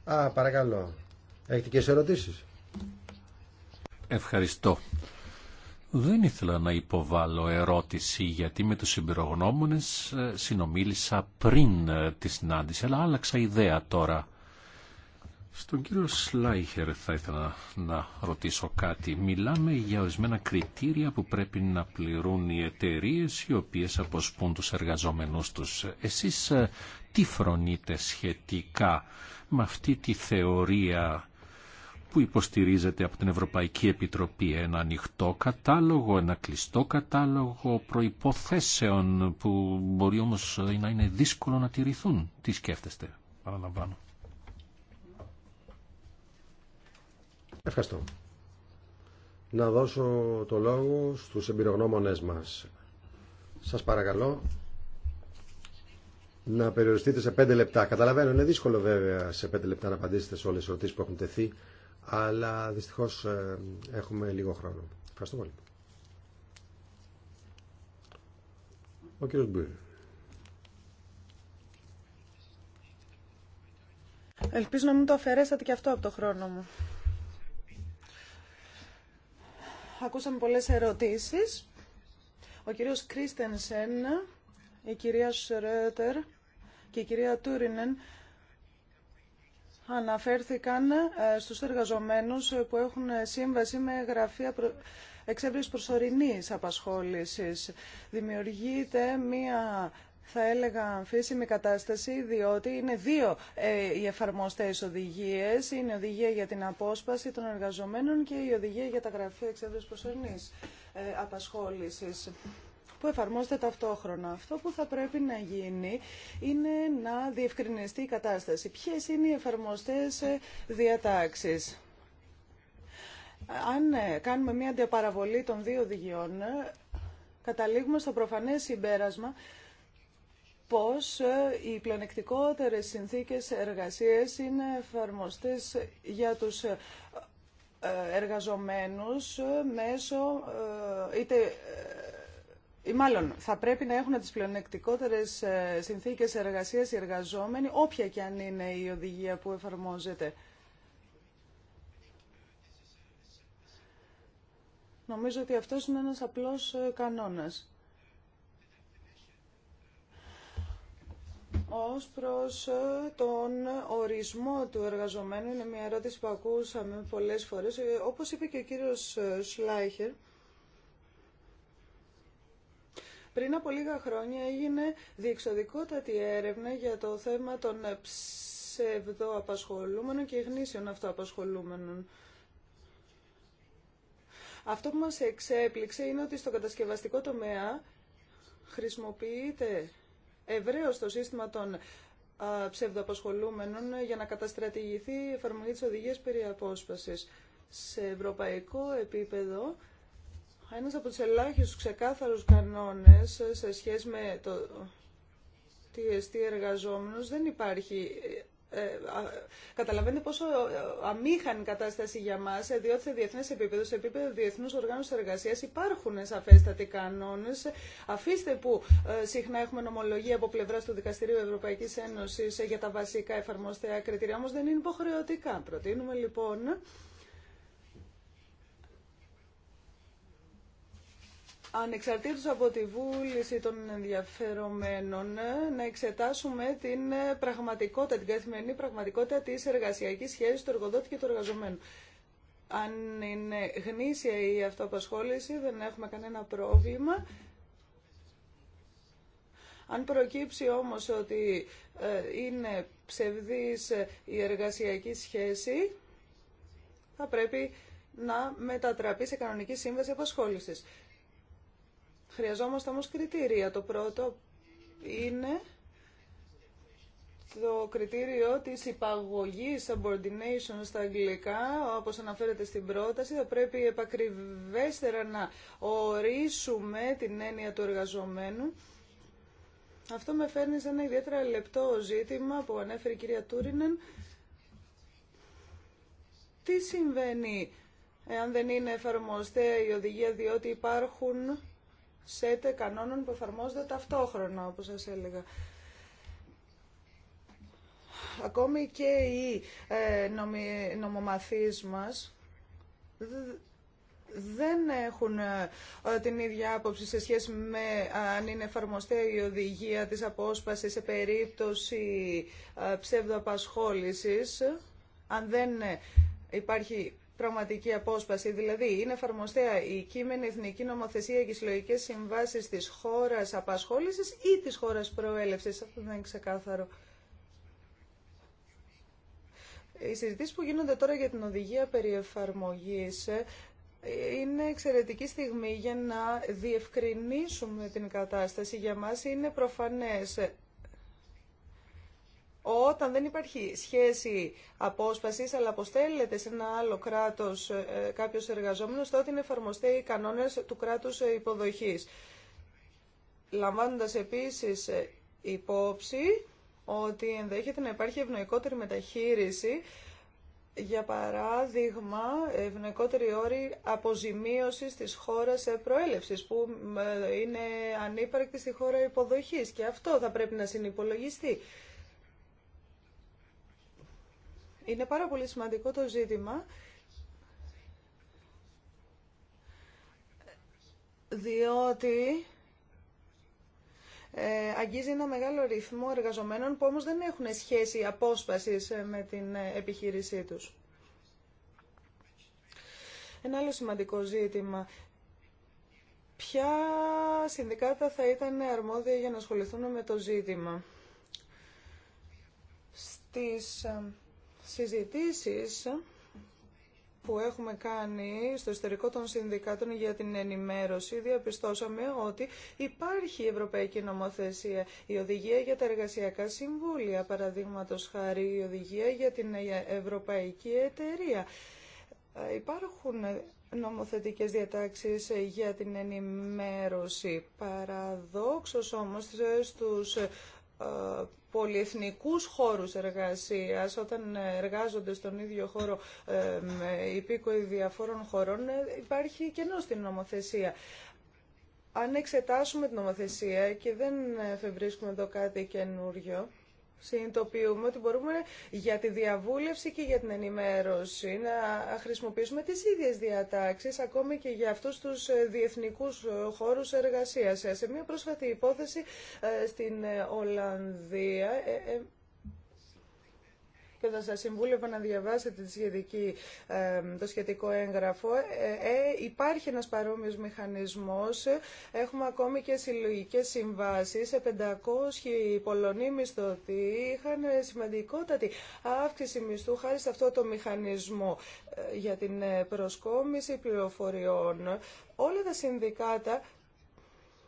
Α, παρακαλώ. Έχετε και σε ερωτήσεις. Ευχαριστώ. Δεν ήθελα να υποβάλω ερώτηση γιατί με τους συμπειρογνώμονες ε, συνομίλησα πριν ε, τη συνάντηση, αλλά άλλαξα ιδέα τώρα. Στον κύριο Σλάιχερ θα ήθελα να ρωτήσω κάτι. Μιλάμε για ορισμένα κριτήρια που πρέπει να πληρούν οι εταιρείε οι οποίες αποσπούν τους εργαζόμενούς τους. Εσείς ε, τι φρονείτε σχετικά με αυτή τη θεωρία που υποστηρίζεται από την Ευρωπαϊκή Επιτροπή ένα ανοιχτό κατάλογο, ένα κλειστό κατάλογο προϋποθέσεων που μπορεί όμως να είναι δύσκολο να τηρηθούν. Τι σκέφτεστε, παραλαμβάνω. Ευχαριστώ. Να δώσω το λόγο στους εμπειρογνώμονές μας. Σας παρακαλώ να περιοριστείτε σε πέντε λεπτά. Καταλαβαίνω, είναι δύσκολο βέβαια σε πέντε λεπτά να απαντήσετε σε όλες τις ερωτήσεις που έχουν τεθεί, αλλά δυστυχώς ε, έχουμε λίγο χρόνο. Ευχαριστώ πολύ. Ο κύριος Μπύρ. Ελπίζω να μην το αφαιρέσατε και αυτό από το χρόνο μου. Ακούσαμε πολλές ερωτήσεις. Ο κύριος Κρίστενσεν, η κυρία Σρέτερ και η κυρία Τούρινεν αναφέρθηκαν ε, στους εργαζομένους που έχουν σύμβαση με γραφεία εξέβρεση προσωρινής απασχόλησης. Δημιουργείται μία θα έλεγα αμφίσιμη κατάσταση, διότι είναι δύο ε, οι εφαρμοστές οδηγίες. Είναι η οδηγία για την απόσπαση των εργαζομένων και η οδηγία για τα γραφεία εξέβρεση προσωρινής ε, απασχόλησης που εφαρμόζεται ταυτόχρονα. Αυτό που θα πρέπει να γίνει είναι να διευκρινιστεί η κατάσταση. Ποιε είναι οι εφαρμοστέ ε, διατάξεις. Αν ε, κάνουμε μια διαπαραβολή των δύο οδηγιών, ε, καταλήγουμε στο προφανές συμπέρασμα πως οι πλανεκτικότερες συνθήκες εργασίας είναι εφαρμοστές για τους εργαζομένους μέσω είτε ή μάλλον θα πρέπει να έχουν τις πλεονεκτικότερες ε, συνθήκες εργασίας οι εργαζόμενοι, όποια και αν είναι η οδηγία που εφαρμόζεται. Νομίζω ότι αυτός είναι ένας απλός ε, κανόνας. Ως προς ε, τον ορισμό του εργαζομένου, είναι μια ερώτηση που ακούσαμε πολλές φορές. Όπως είπε και ο κύριος Σλάιχερ, πριν από λίγα χρόνια έγινε διεξοδικότατη έρευνα για το θέμα των ψευδοαπασχολούμενων και γνήσιων αυτοαπασχολούμενων. Αυτό που μας εξέπληξε είναι ότι στο κατασκευαστικό τομέα χρησιμοποιείται ευρέως το σύστημα των ψευδοαπασχολούμενων για να καταστρατηγηθεί η εφαρμογή της οδηγίας περί Σε ευρωπαϊκό επίπεδο ένα από του ελάχιστου ξεκάθαρου κανόνες σε σχέση με το τι εστί εργαζόμενο δεν υπάρχει ε, ε καταλαβαίνετε πόσο ε, αμήχανη κατάσταση για μα, διότι σε διεθνέ επίπεδο, σε επίπεδο διεθνού οργάνου εργασία υπάρχουν σαφέστατοι κανόνε. Αφήστε που ε, συχνά έχουμε νομολογία από πλευρά του Δικαστηρίου Ευρωπαϊκή Ένωση για τα βασικά εφαρμοστέα κριτήρια, όμω δεν είναι υποχρεωτικά. Προτείνουμε λοιπόν ανεξαρτήτως από τη βούληση των ενδιαφερομένων, ε, να εξετάσουμε την ε, πραγματικότητα, την καθημερινή πραγματικότητα της εργασιακής σχέσης του εργοδότη και του εργαζομένου. Αν είναι γνήσια η αυτοαπασχόληση, δεν έχουμε κανένα πρόβλημα. Αν προκύψει όμως ότι ε, είναι ψευδής η εργασιακή σχέση, θα πρέπει να μετατραπεί σε κανονική σύμβαση απασχόλησης. Χρειαζόμαστε όμως κριτήρια. Το πρώτο είναι το κριτήριο της υπαγωγής subordination στα αγγλικά, όπως αναφέρεται στην πρόταση, θα πρέπει επακριβέστερα να ορίσουμε την έννοια του εργαζομένου. Αυτό με φέρνει σε ένα ιδιαίτερα λεπτό ζήτημα που ανέφερε η κυρία Τούρινεν. Τι συμβαίνει εάν δεν είναι εφαρμοστεία η οδηγία διότι υπάρχουν σετ κανόνων που εφαρμόζονται ταυτόχρονα, όπως σας έλεγα. Ακόμη και ε, οι νομομαθείς μας δεν έχουν ε, την ίδια άποψη σε σχέση με ε, αν είναι εφαρμοστεί η οδηγία της απόσπασης σε περίπτωση ψεύδου αν δεν υπάρχει πραγματική απόσπαση. Δηλαδή, είναι εφαρμοστέα η κείμενη εθνική νομοθεσία και οι συλλογικέ συμβάσει τη χώρα απασχόληση ή τη χώρα προέλευση. Αυτό δεν είναι ξεκάθαρο. Οι συζητήσει που γίνονται τώρα για την οδηγία περί εφαρμογής ε, είναι εξαιρετική στιγμή για να διευκρινίσουμε την κατάσταση. Για μας είναι προφανές όταν δεν υπάρχει σχέση απόσπασης, αλλά αποστέλλεται σε ένα άλλο κράτος ε, κάποιος εργαζόμενος, τότε είναι εφαρμοστεί οι κανόνες του κράτους ε, υποδοχής. Λαμβάνοντας επίσης ε, υπόψη ότι ενδέχεται να υπάρχει ευνοϊκότερη μεταχείριση, για παράδειγμα, ευνοϊκότερη όρη αποζημίωσης της χώρας προέλευσης, που είναι ανύπαρκτη στη χώρα υποδοχής και αυτό θα πρέπει να συνυπολογιστεί. Είναι πάρα πολύ σημαντικό το ζήτημα, διότι ε, αγγίζει ένα μεγάλο ρυθμό εργαζομένων που όμως δεν έχουν σχέση απόσπασης ε, με την ε, επιχείρησή τους. Ένα άλλο σημαντικό ζήτημα. Ποια συνδικάτα θα ήταν αρμόδια για να ασχοληθούν με το ζήτημα. Στις συζητήσεις που έχουμε κάνει στο ιστορικό των συνδικάτων για την ενημέρωση, διαπιστώσαμε ότι υπάρχει ευρωπαϊκή νομοθεσία. Η οδηγία για τα εργασιακά συμβούλια, παραδείγματο χάρη, η οδηγία για την ευρωπαϊκή εταιρεία. Υπάρχουν νομοθετικές διατάξεις για την ενημέρωση. Παραδόξως όμως στους ε, πολυεθνικούς χώρους εργασίας, όταν εργάζονται στον ίδιο χώρο ε, με υπήκοοι διαφόρων χωρών, ε, υπάρχει κενό στην νομοθεσία. Αν εξετάσουμε την νομοθεσία και δεν εφευρίσκουμε εδώ κάτι καινούριο, συνειδητοποιούμε ότι μπορούμε για τη διαβούλευση και για την ενημέρωση να χρησιμοποιήσουμε τις ίδιες διατάξεις ακόμη και για αυτούς τους ε, διεθνικούς ε, χώρους εργασίας. Ε, σε μια πρόσφατη υπόθεση στην Ολλανδία και θα σας συμβούλευα να διαβάσετε τη σχετική, το σχετικό έγγραφο. Ε, ε, υπάρχει ένας παρόμοιος μηχανισμός. Έχουμε ακόμη και συλλογικές συμβάσεις. 500 ε, Πολωνοί μισθωτοί είχαν σημαντικότατη αύξηση μισθού χάρη σε αυτό το μηχανισμό για την προσκόμιση πληροφοριών. Όλα τα συνδικάτα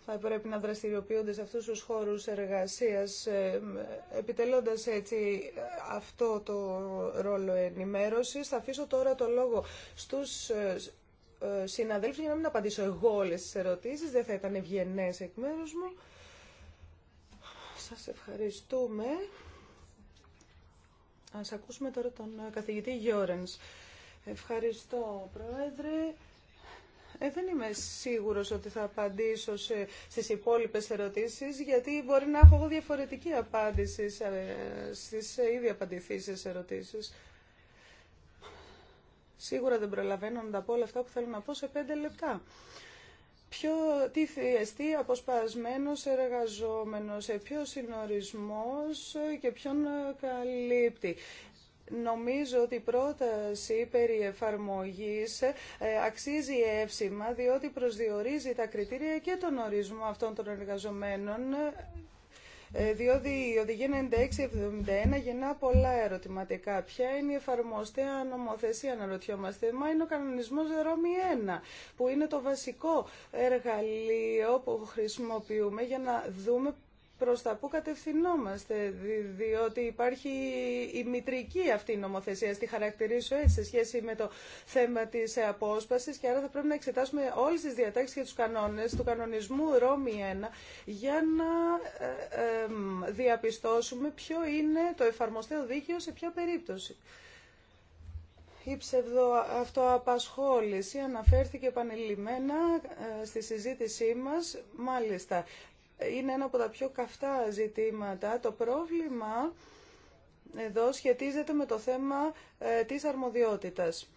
θα πρέπει να δραστηριοποιούνται σε αυτούς τους χώρους εργασίας, ε, επιτελώντας έτσι αυτό το ρόλο ενημέρωσης. Θα αφήσω τώρα το λόγο στους ε, ε, συναδέλφους για να μην απαντήσω εγώ όλες τις ερωτήσεις, δεν θα ήταν ευγενέ εκ μέρους μου. Σας ευχαριστούμε. Ας ακούσουμε τώρα τον καθηγητή Γιόρενς. Ευχαριστώ, Πρόεδρε. Ε, δεν είμαι σίγουρος ότι θα απαντήσω σε, στις υπόλοιπες ερωτήσεις, γιατί μπορεί να έχω διαφορετική απάντηση στις ήδη απαντηθήσεις ερωτήσεις. Σίγουρα δεν προλαβαίνω να τα πω όλα αυτά που θέλω να πω σε πέντε λεπτά. Ποιο, τι θεστεί αποσπασμένος εργαζόμενος, σε ποιο συνορισμός και ποιον καλύπτει. Νομίζω ότι η πρόταση περί εφαρμογής ε, αξίζει εύσημα διότι προσδιορίζει τα κριτήρια και τον ορισμό αυτών των εργαζομένων ε, διότι η Οδηγία γεννά πολλά ερωτηματικά. Ποια είναι η εφαρμοστέα νομοθεσία, αναρωτιόμαστε. Μα είναι ο κανονισμό Ρώμη 1, που είναι το βασικό εργαλείο που χρησιμοποιούμε για να δούμε προς τα που κατευθυνόμαστε, διότι υπάρχει η μητρική αυτή η νομοθεσία, στη χαρακτηρίσω έτσι, σε σχέση με το θέμα της απόσπασης και άρα θα πρέπει να εξετάσουμε όλες τις διατάξεις και τους κανόνες του κανονισμού Ρώμη 1 για να ε, διαπιστώσουμε ποιο είναι το εφαρμοστέο δίκαιο σε ποια περίπτωση. Η ψευδοαυτοαπασχόληση αναφέρθηκε επανειλημμένα ε, στη συζήτησή μας. Μάλιστα, είναι ένα από τα πιο καυτά ζητήματα. Το πρόβλημα εδώ σχετίζεται με το θέμα ε, της αρμοδιότητας.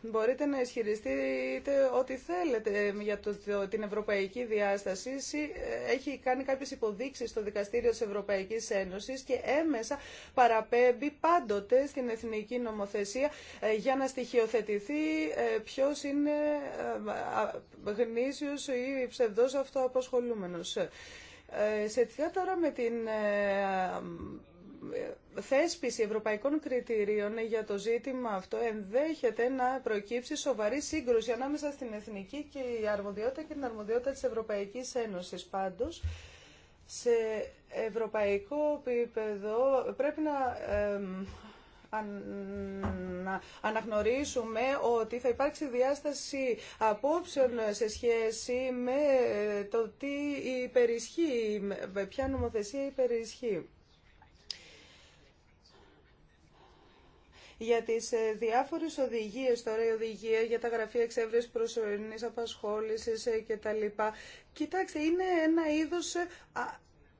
Μπορείτε να ισχυριστείτε ό,τι θέλετε για το, την ευρωπαϊκή διάσταση. Ε, έχει κάνει κάποιες υποδείξεις στο Δικαστήριο της Ευρωπαϊκής Ένωσης και έμεσα παραπέμπει πάντοτε στην εθνική νομοθεσία ε, για να στοιχειοθετηθεί ε, ποιος είναι γνήσιος ή ψευδός αυτοαποσχολούμενος. Σε τώρα με την θέσπιση ευρωπαϊκών κριτηρίων για το ζήτημα αυτό ενδέχεται να προκύψει σοβαρή σύγκρουση ανάμεσα στην εθνική και αρμοδιότητα και την αρμοδιότητα της Ευρωπαϊκής Ένωσης. Πάντως, σε ευρωπαϊκό επίπεδο πρέπει να να αναγνωρίσουμε ότι θα υπάρξει διάσταση απόψεων σε σχέση με ε, το τι υπερισχύει, ποια νομοθεσία υπερισχύει. Για τις ε, διάφορες οδηγίες, τώρα η οδηγία για τα γραφεία εξέβρεση προσωρινής απασχόλησης ε, κτλ. Κοιτάξτε, είναι ένα είδος ε,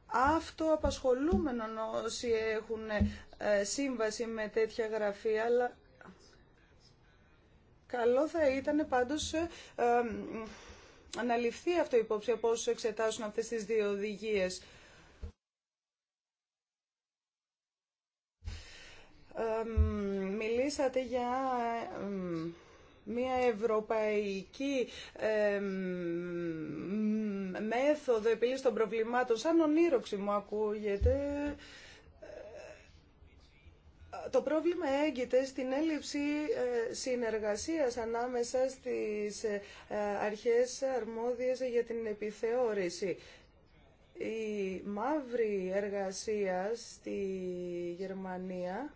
αυτοαπασχολούμενων όσοι έχουν σύμβαση με τέτοια γραφεία, αλλά καλό θα ήταν πάντως να ληφθεί αυτό υπόψη από όσους εξετάσουν αυτές τις δύο οδηγίες. μιλήσατε για μια ευρωπαϊκή μέθοδο επίλυσης των προβλημάτων, σαν ονείροξη μου ακούγεται. Ε, το πρόβλημα έγκυται στην έλλειψη ε, συνεργασίας ανάμεσα στις ε, αρχές αρμόδιες για την επιθεώρηση. Η μαύρη εργασία στη Γερμανία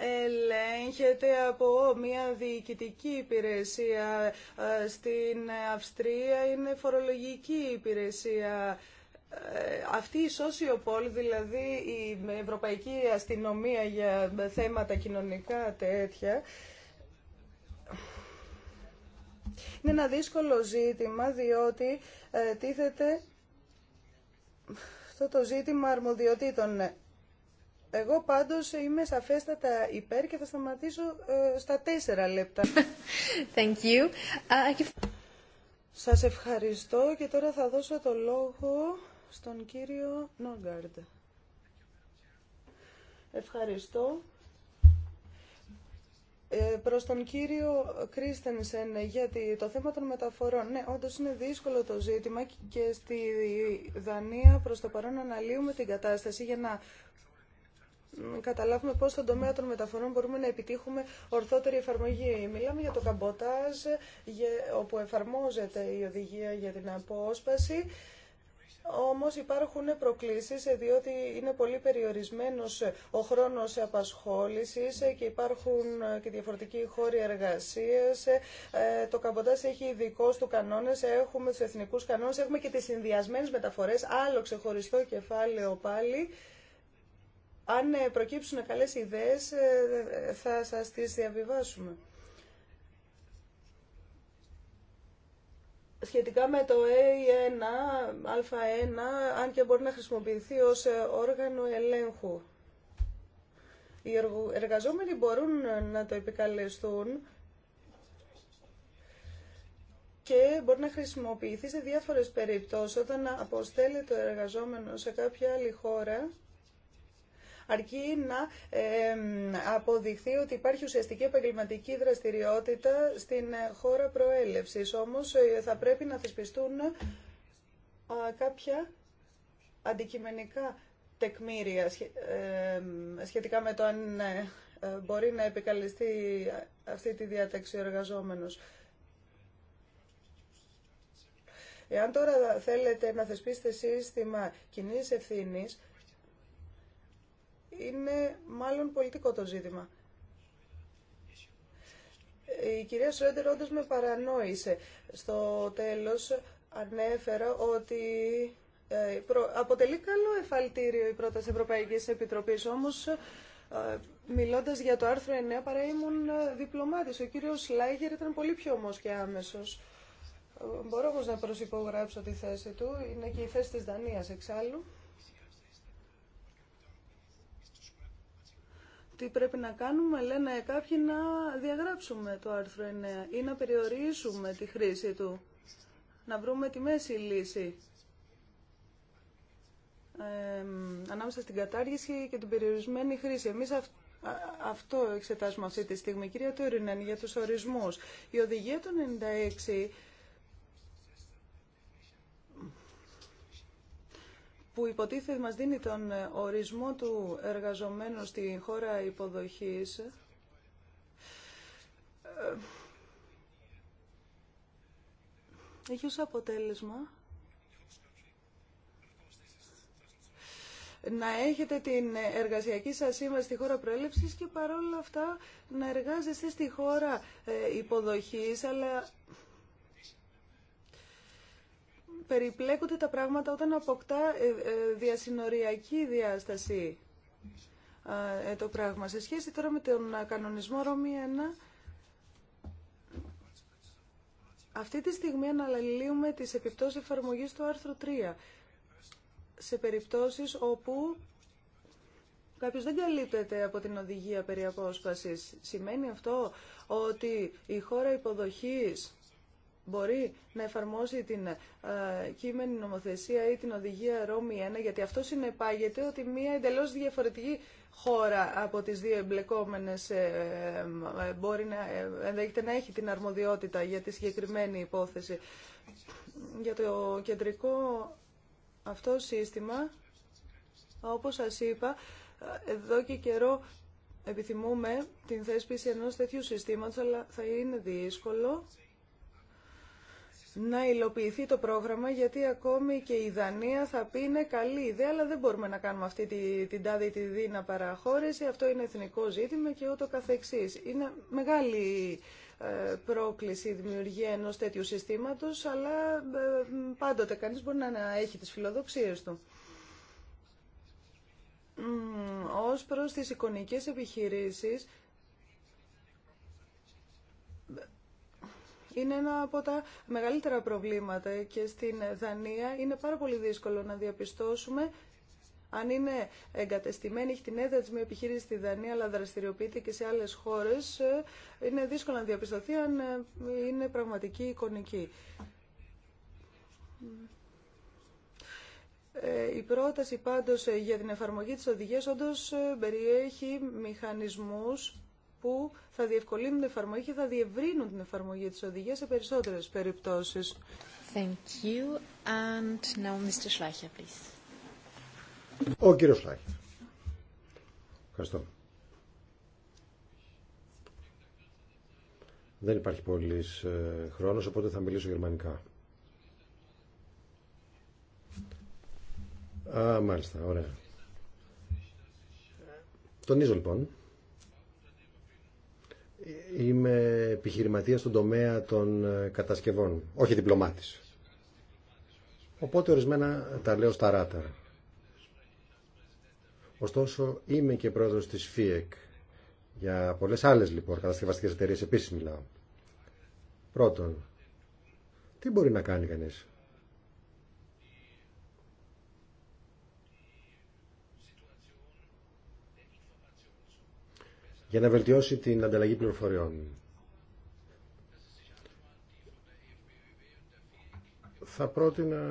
ελέγχεται από μια διοικητική υπηρεσία. Ε, στην Αυστρία είναι φορολογική υπηρεσία. Ε, αυτή η σοσιοπόλη, δηλαδή η Ευρωπαϊκή Αστυνομία για θέματα κοινωνικά τέτοια, είναι ένα δύσκολο ζήτημα διότι ε, τίθεται αυτό το ζήτημα αρμοδιοτήτων εγώ πάντως είμαι σαφέστατα υπέρ και θα σταματήσω ε, στα τέσσερα λεπτά. Thank you. Uh, Σας ευχαριστώ και τώρα θα δώσω το λόγο στον κύριο Νόγκαρντ. Ευχαριστώ. Ε, προς τον κύριο Κρίστενσεν γιατί το θέμα των μεταφορών, ναι, όντως είναι δύσκολο το ζήτημα και στη Δανία προς το παρόν αναλύουμε την κατάσταση για να καταλάβουμε πώς στον τομέα των μεταφορών μπορούμε να επιτύχουμε ορθότερη εφαρμογή. Μιλάμε για το καμποτάζ, όπου εφαρμόζεται η οδηγία για την απόσπαση. Όμως υπάρχουν προκλήσεις διότι είναι πολύ περιορισμένος ο χρόνος απασχόλησης και υπάρχουν και διαφορετικοί χώροι εργασίας. Ε, το καμποτάζ έχει ειδικό του κανόνες, έχουμε τους εθνικούς κανόνες, έχουμε και τις συνδυασμένες μεταφορές, άλλο ξεχωριστό κεφάλαιο πάλι. Αν ε, προκύψουν καλές ιδέες ε, θα σας τις διαβιβάσουμε. Σχετικά με το A1, Α1, αν και μπορεί να χρησιμοποιηθεί ως ε, όργανο ελέγχου. Οι εργαζόμενοι μπορούν να το επικαλεστούν και μπορεί να χρησιμοποιηθεί σε διάφορες περιπτώσεις όταν αποστέλλεται το εργαζόμενος σε κάποια άλλη χώρα αρκεί να αποδειχθεί ότι υπάρχει ουσιαστική επαγγελματική δραστηριότητα στην χώρα προέλευσης. Όμως ε, θα πρέπει να θεσπιστούν κάποια αντικειμενικά τεκμήρια σχετικά με το αν ναι, ε, μπορεί να επικαλεστεί αυτή τη διάταξη ο Εάν τώρα θέλετε να θεσπίσετε σύστημα κοινή ευθύνη, είναι μάλλον πολιτικό το ζήτημα. Η κυρία Σρέντερ όντως με παρανόησε. Στο τέλος ανέφερα ότι ε, αποτελεί καλό εφαλτήριο η πρόταση Ευρωπαϊκής Επιτροπής, όμως ε, μιλώντας για το άρθρο 9 παρά ήμουν ε, διπλωμάτης. Ο κύριος Σλάιγερ ήταν πολύ πιο όμως και άμεσος. Μπορώ όμως να προσυπογράψω τη θέση του, είναι και η θέση της Δανίας εξάλλου. τι πρέπει να κάνουμε, λένε κάποιοι να διαγράψουμε το άρθρο 9 ή να περιορίσουμε τη χρήση του, να βρούμε τη μέση λύση. ανάμεσα στην κατάργηση και την περιορισμένη χρήση. Εμείς αυτό εξετάζουμε αυτή τη στιγμή. Κυρία Τούρινεν, για τους ορισμούς. Η οδηγία των 96 που υποτίθεται μας δίνει τον ε, ορισμό του εργαζομένου στη χώρα υποδοχής ε, έχει ως αποτέλεσμα να έχετε την εργασιακή σας σύμβαση στη χώρα προέλευσης και παρόλα αυτά να εργάζεστε στη χώρα ε, υποδοχής, αλλά περιπλέκονται τα πράγματα όταν αποκτά ε, ε, διασυνοριακή διάσταση ε, το πράγμα. Σε σχέση τώρα με τον κανονισμό Ρώμη 1, αυτή τη στιγμή αναλύουμε τις επιπτώσεις εφαρμογής του άρθρου 3 σε περιπτώσεις όπου κάποιος δεν καλύπτεται από την οδηγία περί απόσπασης. Σημαίνει αυτό ότι η χώρα υποδοχής μπορεί να εφαρμόσει την ε, κείμενη νομοθεσία ή την οδηγία Ρώμη 1, γιατί αυτό συνεπάγεται ότι μια εντελώς διαφορετική χώρα από τις δύο εμπλεκόμενες ε, ε, μπορεί να, ενδέχεται να έχει την αρμοδιότητα για τη συγκεκριμένη υπόθεση. Για το κεντρικό αυτό σύστημα, όπως σας είπα, εδώ και καιρό επιθυμούμε την θέσπιση ενός τέτοιου συστήματος, αλλά θα είναι δύσκολο να υλοποιηθεί το πρόγραμμα γιατί ακόμη και η Δανία θα πει είναι καλή ιδέα αλλά δεν μπορούμε να κάνουμε αυτή τη, την τάδε ή τη δίνα παραχώρηση, αυτό είναι εθνικό ζήτημα και ούτω καθεξής. Είναι μεγάλη ε, πρόκληση δημιουργία ενός τέτοιου συστήματος αλλά ε, πάντοτε τετοιου συστηματος αλλα μπορεί να έχει τις φιλοδοξίες του. Ως προς τις εικονικές επιχειρήσεις, είναι ένα από τα μεγαλύτερα προβλήματα και στην Δανία είναι πάρα πολύ δύσκολο να διαπιστώσουμε αν είναι εγκατεστημένη, έχει την έδρα τη μια επιχείρηση στη Δανία, αλλά δραστηριοποιείται και σε άλλε χώρε, ε, είναι δύσκολο να διαπιστωθεί αν ε, είναι πραγματική εικονική. Ε, η πρόταση πάντως για την εφαρμογή της οδηγίας όντως περιέχει μηχανισμούς που θα διευκολύνουν την εφαρμογή και θα διευρύνουν την εφαρμογή της οδηγίας σε περισσότερες περιπτώσεις. Thank you. And now Mr. Schleicher, please. Ο κύριος Schleicher. Ευχαριστώ. Δεν υπάρχει πολύ ε, χρόνος, οπότε θα μιλήσω γερμανικά. Α, μάλιστα, ωραία. Τονίζω λοιπόν Είμαι επιχειρηματία στον τομέα των ε, κατασκευών, όχι διπλωμάτης. Οπότε ορισμένα τα λέω στα Ωστόσο είμαι και πρόεδρος της ΦΙΕΚ. E Για πολλές άλλες λοιπόν κατασκευαστικές εταιρείες επίσης μιλάω. Πρώτον, τι μπορεί να κάνει κανείς. για να βελτιώσει την ανταλλαγή πληροφοριών. Θα πρότεινα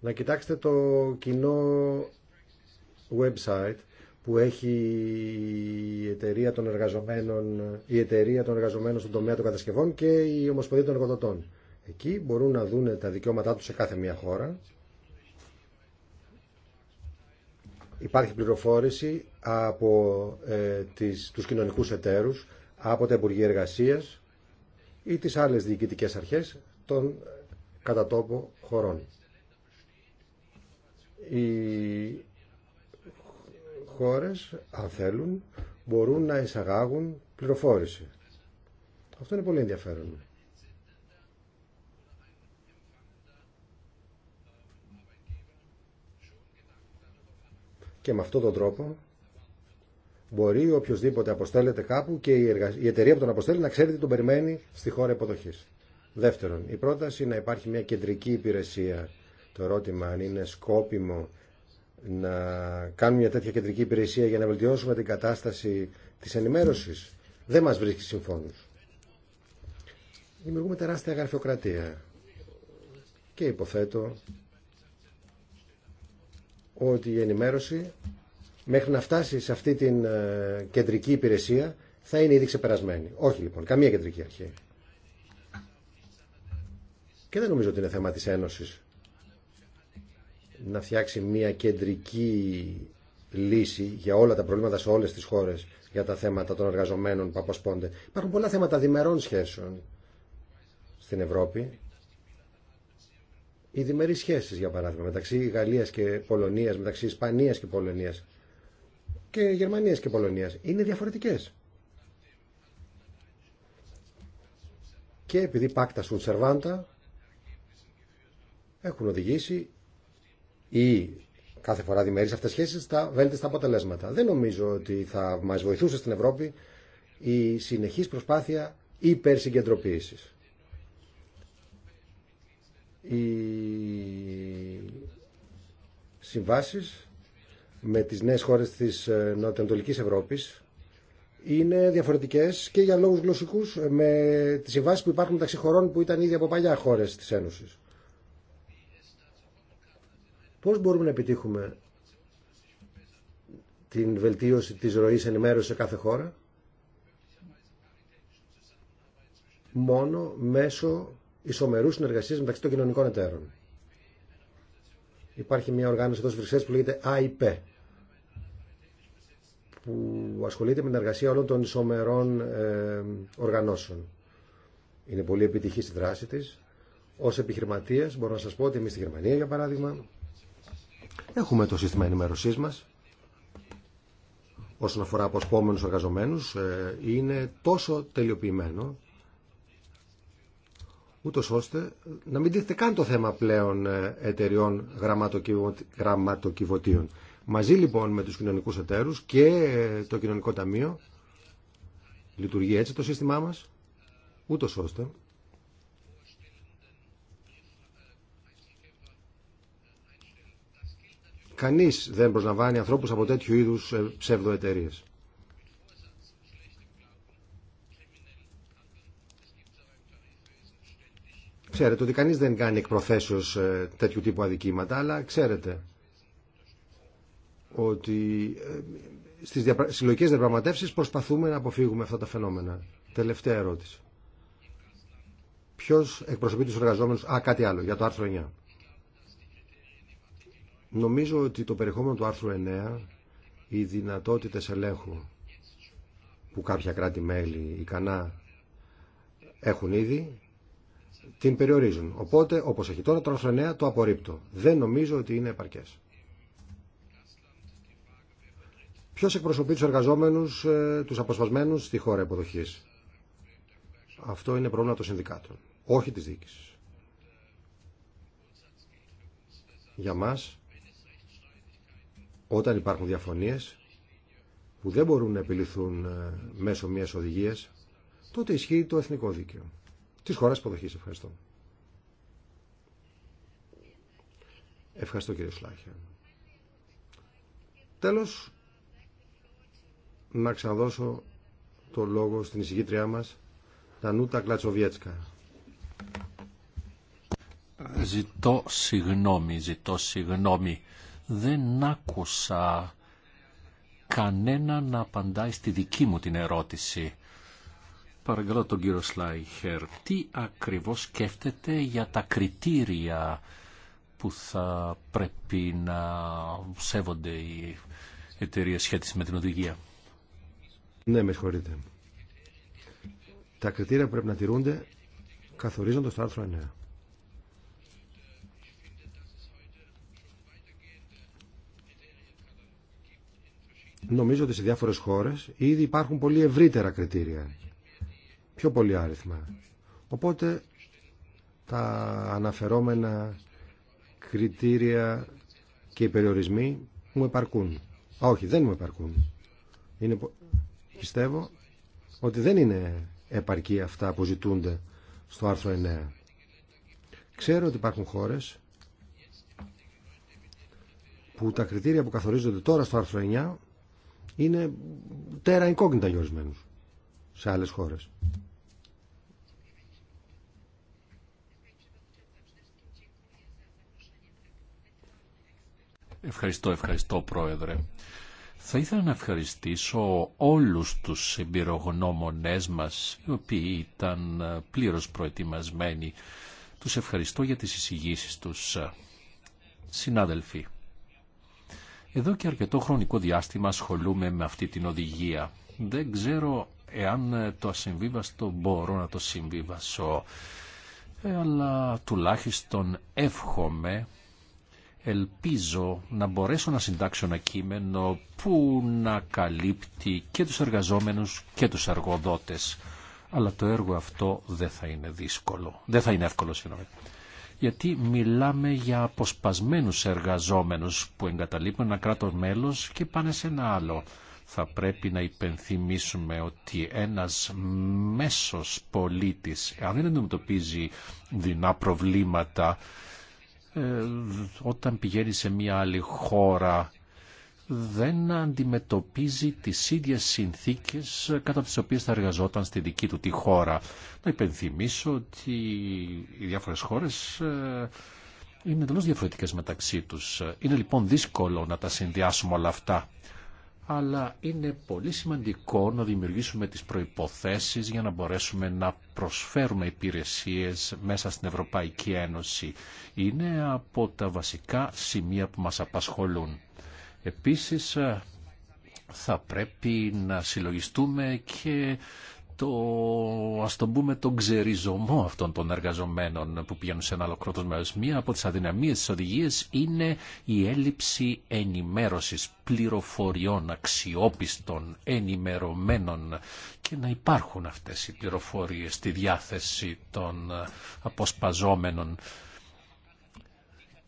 να κοιτάξετε το κοινό website που έχει η εταιρεία των εργαζομένων, η εταιρεία των εργαζομένων στον τομέα των κατασκευών και η Ομοσπονδία των Εργοδοτών. Εκεί μπορούν να δουν τα δικαιώματά τους σε κάθε μια χώρα υπάρχει πληροφόρηση από ε, τις, τους κοινωνικούς εταίρους, από τα Υπουργεία εργασία ή τις άλλες διοικητικές αρχές των κατά χωρών. Οι χώρες, αν θέλουν, μπορούν να εισαγάγουν πληροφόρηση. Αυτό είναι πολύ ενδιαφέρον. και με αυτόν τον τρόπο μπορεί οποιοδήποτε αποστέλλεται κάπου και η, η εταιρεία που τον αποστέλλει να ξέρει τι τον περιμένει στη χώρα υποδοχή. Δεύτερον, η πρόταση να υπάρχει μια κεντρική υπηρεσία. Το ερώτημα αν είναι σκόπιμο να κάνουμε μια τέτοια κεντρική υπηρεσία για να βελτιώσουμε την κατάσταση της ενημέρωσης δεν μας βρίσκει συμφώνους. Δημιουργούμε τεράστια γραφειοκρατία και υποθέτω ότι η ενημέρωση μέχρι να φτάσει σε αυτή την ε, κεντρική υπηρεσία θα είναι ήδη ξεπερασμένη. Όχι λοιπόν, καμία κεντρική αρχή. Και δεν νομίζω ότι είναι θέμα της Ένωσης να φτιάξει μια κεντρική λύση για όλα τα προβλήματα σε όλες τις χώρες για τα θέματα των εργαζομένων που αποσπώνται. Υπάρχουν πολλά θέματα διμερών σχέσεων στην Ευρώπη οι διμερείς σχέσεις για παράδειγμα μεταξύ Γαλλίας και Πολωνίας, μεταξύ Ισπανίας και Πολωνίας και Γερμανίας και Πολωνίας είναι διαφορετικές. Και επειδή πάκτα σουν σερβάντα έχουν οδηγήσει ή κάθε φορά διμερείς αυτές σχέσεις τα βέλτιστα αποτελέσματα. Δεν νομίζω ότι θα μα βοηθούσε στην Ευρώπη η συνεχής προσπάθεια υπερσυγκεντρωποίησης οι συμβάσεις με τις νέες χώρες της ε, Νοτιοανατολικής Ευρώπης είναι διαφορετικές και για λόγους γλωσσικούς ε, με τις συμβάσεις που υπάρχουν μεταξύ χωρών που ήταν ήδη από παλιά χώρες της Ένωσης. Πώς μπορούμε να επιτύχουμε την βελτίωση της ροής ενημέρωσης σε κάθε χώρα μόνο μέσω ισομερού συνεργασία μεταξύ των κοινωνικών εταίρων. Υπάρχει μια οργάνωση εδώ στι που λέγεται AIP, που ασχολείται με την εργασία όλων των ισομερών ε, οργανώσεων. Είναι πολύ επιτυχή στη δράση τη. Ω επιχειρηματία, μπορώ να σα πω ότι εμεί στη Γερμανία, για παράδειγμα, έχουμε το σύστημα ενημέρωσή μα όσον αφορά αποσπόμενους εργαζομένους ε, είναι τόσο τελειοποιημένο ούτω ώστε να μην τίθεται καν το θέμα πλέον ε, εταιριών γραμματοκιβωτίων. Μαζί λοιπόν με τους κοινωνικούς εταίρους και ε, το κοινωνικό ταμείο λειτουργεί έτσι το σύστημά μας, ούτω ώστε κανείς δεν προσλαμβάνει ανθρώπους από τέτοιου είδους ε, ψευδοεταιρείες. Ξέρετε ότι κανείς δεν κάνει εκ προθέσεως ε, τέτοιου τύπου αδικήματα, αλλά ξέρετε ότι ε, στις διαπρα... συλλογικές διαπραγματεύσεις προσπαθούμε να αποφύγουμε αυτά τα φαινόμενα. Τελευταία ερώτηση. Ποιος εκπροσωπεί τους εργαζόμενους... Α, κάτι άλλο, για το άρθρο 9. Νομίζω ότι το περιεχόμενο του άρθρου 9, οι δυνατότητες ελέγχου που κάποια κράτη-μέλη ικανά έχουν ήδη, την περιορίζουν. Οπότε, όπως έχει τώρα, το άρθρο 9 το απορρίπτω. Δεν νομίζω ότι είναι επαρκές. Ποιο εκπροσωπεί τους εργαζόμενους, ε, τους αποσπασμένου στη χώρα υποδοχή, Αυτό είναι πρόβλημα των συνδικάτων, όχι τη διοίκηση. Για μας, όταν υπάρχουν διαφωνίε που δεν μπορούν να επιληθούν ε, μέσω μιας οδηγίας, τότε ισχύει το εθνικό δίκαιο τη χώρα υποδοχή. Ευχαριστώ. Ευχαριστώ κύριε Σλάχια. Τέλος, να ξαναδώσω το λόγο στην εισηγήτριά μας, Τανούτα Κλατσοβιέτσκα. Ζητώ συγγνώμη, ζητώ συγγνώμη. Δεν άκουσα κανένα να απαντάει στη δική μου την ερώτηση. Παρακαλώ τον κύριο Σλάιχερ, τι ακριβώς σκέφτεται για τα κριτήρια που θα πρέπει να σέβονται οι εταιρείε σχέτιση με την οδηγία. Ναι, με συγχωρείτε. Τα κριτήρια που πρέπει να τηρούνται καθορίζονται στο άρθρο 9. Νομίζω ότι σε διάφορες χώρες ήδη υπάρχουν πολύ ευρύτερα κριτήρια πιο πολύ άριθμα. Οπότε τα αναφερόμενα κριτήρια και οι περιορισμοί μου επαρκούν. όχι, δεν μου επαρκούν. Είναι, πιστεύω ότι δεν είναι επαρκή αυτά που ζητούνται στο άρθρο 9. Ξέρω ότι υπάρχουν χώρες που τα κριτήρια που καθορίζονται τώρα στο άρθρο 9 είναι τέρα incognita για σε άλλες χώρες. Ευχαριστώ, ευχαριστώ Πρόεδρε. Θα ήθελα να ευχαριστήσω όλους τους εμπειρογνώμονές μας, οι οποίοι ήταν πλήρως προετοιμασμένοι. Τους ευχαριστώ για τις εισηγήσεις τους. Συνάδελφοι, εδώ και αρκετό χρονικό διάστημα ασχολούμαι με αυτή την οδηγία. Δεν ξέρω εάν το ασυμβίβαστο μπορώ να το συμβίβασω, ε, αλλά τουλάχιστον εύχομαι ελπίζω να μπορέσω να συντάξω ένα κείμενο που να καλύπτει και τους εργαζόμενους και τους εργοδότες. Αλλά το έργο αυτό δεν θα είναι δύσκολο, δεν θα είναι εύκολο συγγνώμη. Γιατί μιλάμε για αποσπασμένους εργαζόμενους που εγκαταλείπουν ένα κράτο μέλος και πάνε σε ένα άλλο. Θα πρέπει να υπενθυμίσουμε ότι ένας μέσος πολίτης, αν δεν αντιμετωπίζει δεινά προβλήματα, ε, όταν πηγαίνει σε μια άλλη χώρα δεν αντιμετωπίζει τις ίδιες συνθήκες κατά τις οποίες θα εργαζόταν στη δική του τη χώρα. Να υπενθυμίσω ότι οι διάφορες χώρες ε, είναι εντελώ διαφορετικές μεταξύ τους. Είναι λοιπόν δύσκολο να τα συνδυάσουμε όλα αυτά αλλά είναι πολύ σημαντικό να δημιουργήσουμε τις προϋποθέσεις για να μπορέσουμε να προσφέρουμε υπηρεσίες μέσα στην Ευρωπαϊκή Ένωση. Είναι από τα βασικά σημεία που μας απασχολούν. Επίσης, θα πρέπει να συλλογιστούμε και το, ας το πούμε, τον ξεριζωμό αυτών των εργαζομένων που πηγαίνουν σε ένα άλλο κρότος Μία από τις αδυναμίες της οδηγίας είναι η έλλειψη ενημέρωσης πληροφοριών αξιόπιστων, ενημερωμένων και να υπάρχουν αυτές οι πληροφορίες στη διάθεση των αποσπαζόμενων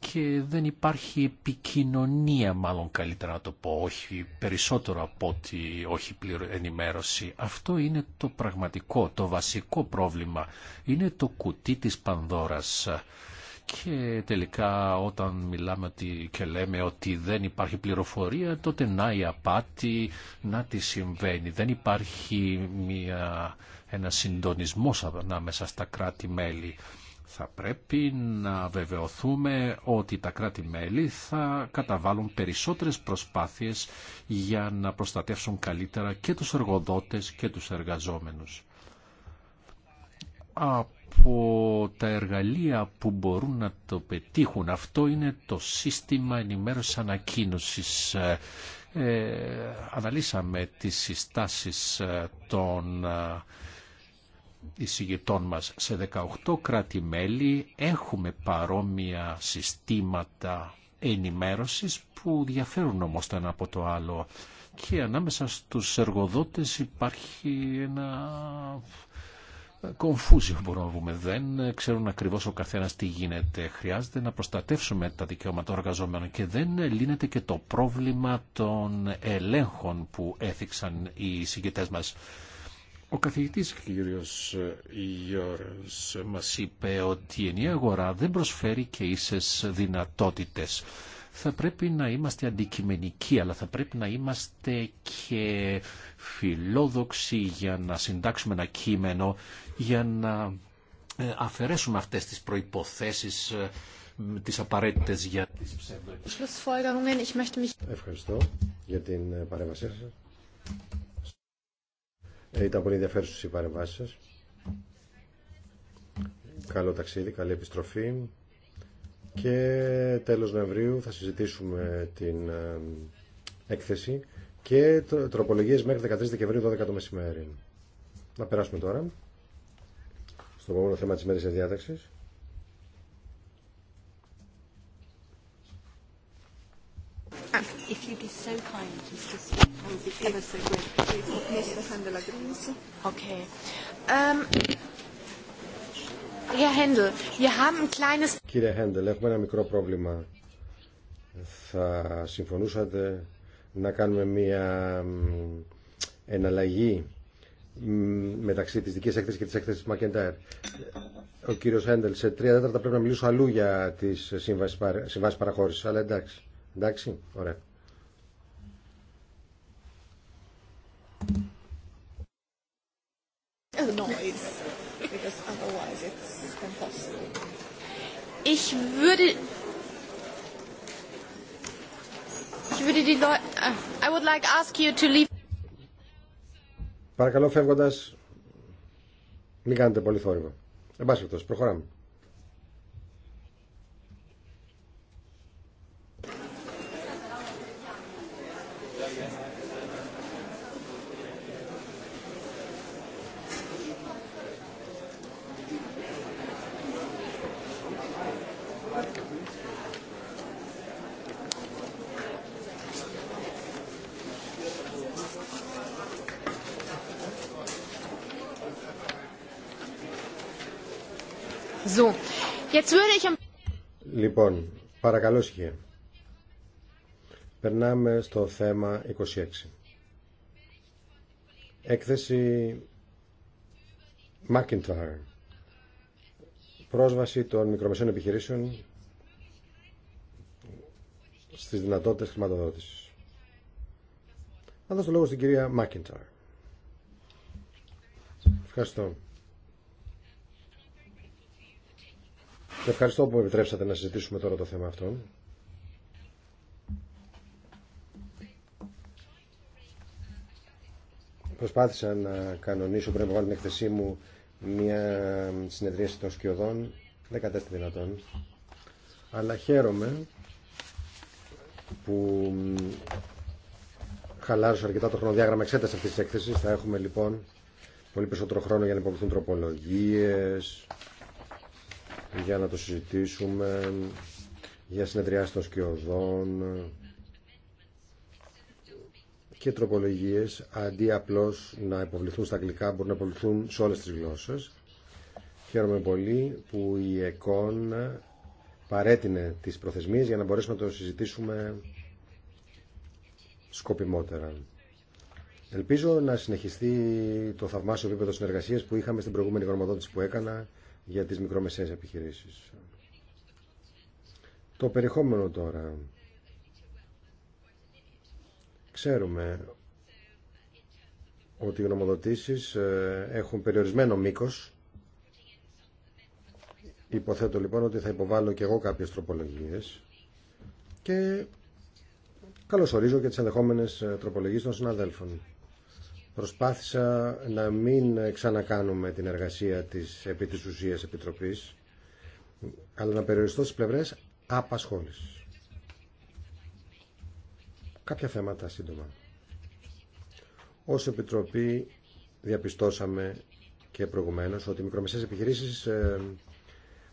και δεν υπάρχει επικοινωνία μάλλον καλύτερα να το πω, όχι περισσότερο από ότι όχι πλήρω ενημέρωση. Αυτό είναι το πραγματικό, το βασικό πρόβλημα. Είναι το κουτί της Πανδώρας. Και τελικά όταν μιλάμε ότι, και λέμε ότι δεν υπάρχει πληροφορία, τότε να η απάτη, να τη συμβαίνει. Δεν υπάρχει μια, ένα συντονισμός ανάμεσα στα κράτη-μέλη. Θα πρέπει να βεβαιωθούμε ότι τα κράτη-μέλη θα καταβάλουν περισσότερες προσπάθειες για να προστατεύσουν καλύτερα και τους εργοδότες και τους εργαζόμενους. Από τα εργαλεία που μπορούν να το πετύχουν αυτό είναι το σύστημα ενημέρωσης ανακοίνωσης ε, ε αναλύσαμε τις συστάσεις ε, των ε, εισηγητών μας. Σε 18 κράτη-μέλη έχουμε παρόμοια συστήματα ενημέρωσης που διαφέρουν όμως το ένα από το άλλο. Και ανάμεσα στους εργοδότες υπάρχει ένα κομφούζιο μπορούμε να πούμε. Δεν ξέρουν ακριβώς ο καθένας τι γίνεται. Χρειάζεται να προστατεύσουμε τα δικαιώματα των εργαζομένων και δεν λύνεται και το πρόβλημα των ελέγχων που έθιξαν οι συγκεκριτές μας. Ο καθηγητής κύριος ε, Γιώργος μας είπε ότι η ενιαία αγορά δεν προσφέρει και ίσες δυνατότητες. Θα πρέπει να είμαστε αντικειμενικοί, αλλά θα πρέπει να είμαστε και φιλόδοξοι για να συντάξουμε ένα κείμενο, για να ε, αφαιρέσουμε αυτές τις προϋποθέσεις ε, τις απαραίτητες για τις ψευδοεπιστήμες. Ευχαριστώ για την παρέμβασή σας. Ε, ήταν πολύ ενδιαφέρουσε οι παρεμβάσει σα. Καλό ταξίδι, καλή επιστροφή. Και τέλος Νοεμβρίου θα συζητήσουμε την ε, έκθεση και τροπολογίες μέχρι 13 Δεκεμβρίου 12 το μεσημέρι. Να περάσουμε τώρα στο επόμενο θέμα της μέρης διάταξης. Um, so kind, Ever so Okay. Um, Herr Händel, wir haben ein kleines... Κύριε Händel, έχουμε ένα μικρό πρόβλημα. Θα συμφωνούσατε να κάνουμε μία εναλλαγή μεταξύ της δικής έκθεσης και της έκθεσης Μακεντάερ. Ο κύριος Χέντελ, σε τρία τέταρτα πρέπει να μιλήσω αλλού για τις συμβάσεις παραχώρησης, αλλά εντάξει. Εντάξει, ωραία. the noise, because otherwise it's impossible. Ich würde ich würde die Leute I would like ask you to leave. Παρακαλώ φεύγοντας μην κάνετε πολύ θόρυβο. Εν πάση προχωράμε. Λοιπόν, παρακαλώ Περνάμε στο θέμα 26. Έκθεση McIntyre. Πρόσβαση των μικρομεσαίων επιχειρήσεων στις δυνατότητες χρηματοδότησης. Θα δώσω λόγο στην κυρία McIntyre. Ευχαριστώ. Ευχαριστώ που επιτρέψατε να συζητήσουμε τώρα το θέμα αυτό. Προσπάθησα να κανονίσω πριν από την εκθεσή μου μια συνεδρίαση των σκιωδών. Δεν κατέστη δυνατόν. Αλλά χαίρομαι που χαλάρωσα αρκετά το χρονοδιάγραμμα εξέταση αυτή τη έκθεση. Θα έχουμε λοιπόν πολύ περισσότερο χρόνο για να υποβληθούν τροπολογίες για να το συζητήσουμε για συνεδριάσεις των σκιωδών και τροπολογίες αντί απλώς να υποβληθούν στα αγγλικά μπορούν να υποβληθούν σε όλες τις γλώσσες. Χαίρομαι πολύ που η ΕΚΟΝ παρέτεινε τις προθεσμίες για να μπορέσουμε να το συζητήσουμε σκοπιμότερα. Ελπίζω να συνεχιστεί το θαυμάσιο επίπεδο συνεργασίας που είχαμε στην προηγούμενη γνωμοδότηση που έκανα για τις μικρομεσαίες επιχειρήσεις. Το περιεχόμενο τώρα. Ξέρουμε ότι οι γνωμοδοτήσεις ε, έχουν περιορισμένο μήκος. Υποθέτω λοιπόν ότι θα υποβάλω και εγώ κάποιες τροπολογίες και ορίζω και τις ενδεχόμενες ε, τροπολογίες των συναδέλφων. Προσπάθησα να μην ξανακάνουμε την εργασία της επί της ουσίας επιτροπής, αλλά να περιοριστώ στις πλευρές απασχόλησης. Κάποια θέματα σύντομα. Ως Επιτροπή διαπιστώσαμε και προηγουμένως ότι οι μικρομεσαίες επιχειρήσεις ε,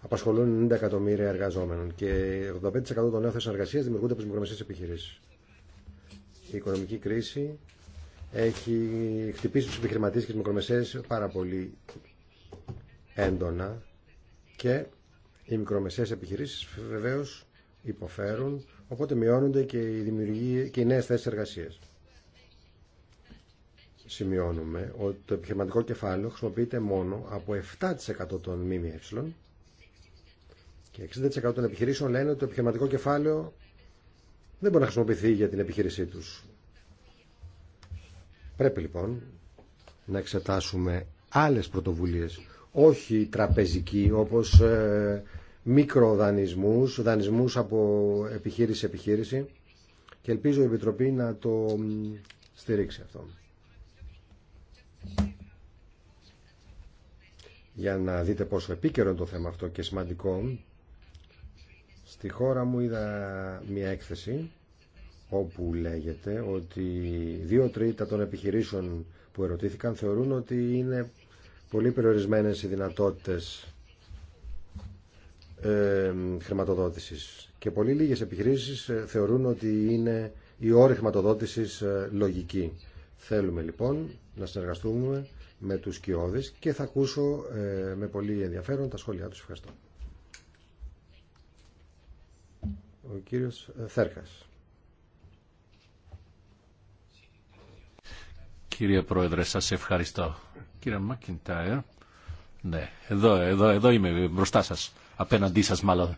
απασχολούν 90 εκατομμύρια εργαζόμενων και 85% των νέων θέσεων εργασία δημιουργούνται από τις μικρομεσαίες επιχειρήσει. Η οικονομική κρίση έχει χτυπήσει τους επιχειρηματίες και τις μικρομεσαίες πάρα πολύ έντονα και οι μικρομεσαίες επιχειρήσεις βεβαίως υποφέρουν, οπότε μειώνονται και οι, δημιουργοί, και οι νέες θέσεις εργασίας. Σημειώνουμε ότι το επιχειρηματικό κεφάλαιο χρησιμοποιείται μόνο από 7% των ΜΜΕ και 60% των επιχειρήσεων λένε ότι το επιχειρηματικό κεφάλαιο δεν μπορεί να χρησιμοποιηθεί για την επιχείρησή τους. Πρέπει λοιπόν να εξετάσουμε άλλες πρωτοβουλίες, όχι τραπεζικοί όπως ε, μικροδανισμούς, από επιχείρηση σε επιχείρηση και ελπίζω η Επιτροπή να το στηρίξει αυτό. Για να δείτε πόσο επίκαιρο είναι το θέμα αυτό και σημαντικό, στη χώρα μου είδα μια έκθεση όπου λέγεται ότι δύο τρίτα των επιχειρήσεων που ερωτήθηκαν θεωρούν ότι είναι πολύ περιορισμένες οι δυνατότητες ε, χρηματοδότησης και πολύ λίγες επιχειρήσεις ε, θεωρούν ότι είναι η όρη χρηματοδότησης ε, λογική. Θέλουμε λοιπόν να συνεργαστούμε με τους κοιόδης και θα ακούσω ε, με πολύ ενδιαφέρον τα σχόλιά τους. Ευχαριστώ. Ο κύριος Θέρκας. Κύριε Πρόεδρε, σα ευχαριστώ. Κύριε Μακιντάιρ, ναι, εδώ, εδώ, εδώ είμαι μπροστά σα, απέναντί σα, μάλλον.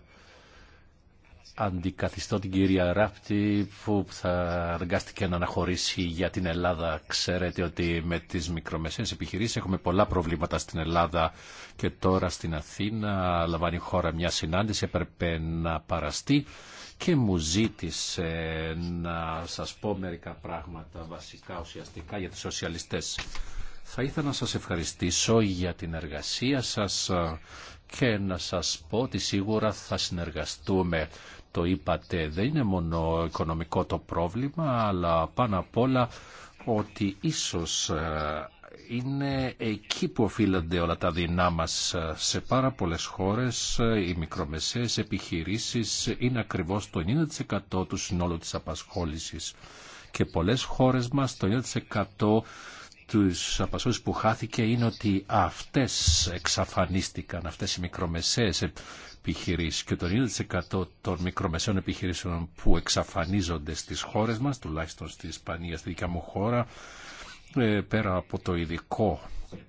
Αντικαθιστώ την κυρία Ράπτη που θα αργάστηκε να αναχωρήσει για την Ελλάδα. Ξέρετε ότι με τις μικρομεσαίες επιχειρήσεις έχουμε πολλά προβλήματα στην Ελλάδα και τώρα στην Αθήνα λαμβάνει η χώρα μια συνάντηση, έπρεπε να παραστεί και μου ζήτησε να σας πω μερικά πράγματα βασικά ουσιαστικά για τους σοσιαλιστές. Θα ήθελα να σας ευχαριστήσω για την εργασία σας και να σας πω ότι σίγουρα θα συνεργαστούμε. Το είπατε, δεν είναι μόνο οικονομικό το πρόβλημα, αλλά πάνω απ' όλα ότι ίσως ε, είναι εκεί που οφείλονται όλα τα δεινά μας ε, σε πάρα πολλές χώρες ε, οι μικρομεσαίες επιχειρήσεις είναι ακριβώς το 90% του συνόλου της απασχόλησης και πολλές χώρες μας το 90% τους απασχόλησης που χάθηκε είναι ότι αυτές εξαφανίστηκαν, αυτές οι μικρομεσαίες επιχειρήσεις και το 90% των μικρομεσαίων επιχειρήσεων που εξαφανίζονται στις χώρες μας, τουλάχιστον στη Ισπανία, στη δικιά μου χώρα, ε, πέρα από το ειδικό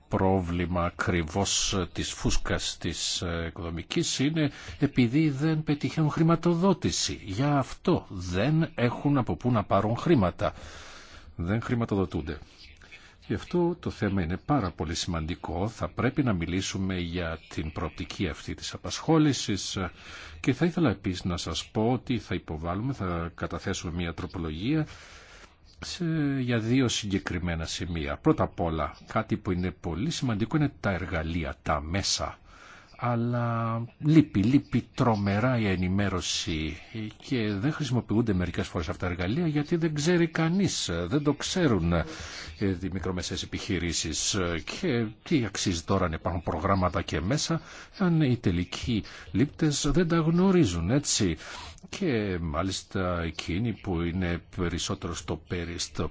πρόβλημα ακριβώ της φούσκας της ε, οικοδομικής είναι επειδή δεν πετυχαίνουν χρηματοδότηση. Για αυτό δεν έχουν από πού να πάρουν χρήματα. Δεν χρηματοδοτούνται. Γι' αυτό το θέμα είναι πάρα πολύ σημαντικό. Θα πρέπει να μιλήσουμε για την προοπτική αυτή της απασχόλησης και θα ήθελα επίσης να σας πω ότι θα υποβάλουμε, θα καταθέσουμε μια τροπολογία ε, για δύο συγκεκριμένα σημεία. Πρώτα απ' όλα, κάτι που είναι πολύ σημαντικό είναι τα εργαλεία, τα μέσα. Αλλά λείπει, λείπει τρομερά η ενημέρωση και δεν χρησιμοποιούνται μερικές φορές αυτά τα εργαλεία γιατί δεν ξέρει κανείς, δεν το ξέρουν ε, οι μικρομεσαίες επιχειρήσεις και τι αξίζει τώρα να υπάρχουν προγράμματα και μέσα αν οι τελικοί λήπτες δεν τα γνωρίζουν έτσι και μάλιστα εκείνοι που είναι περισσότερο στο,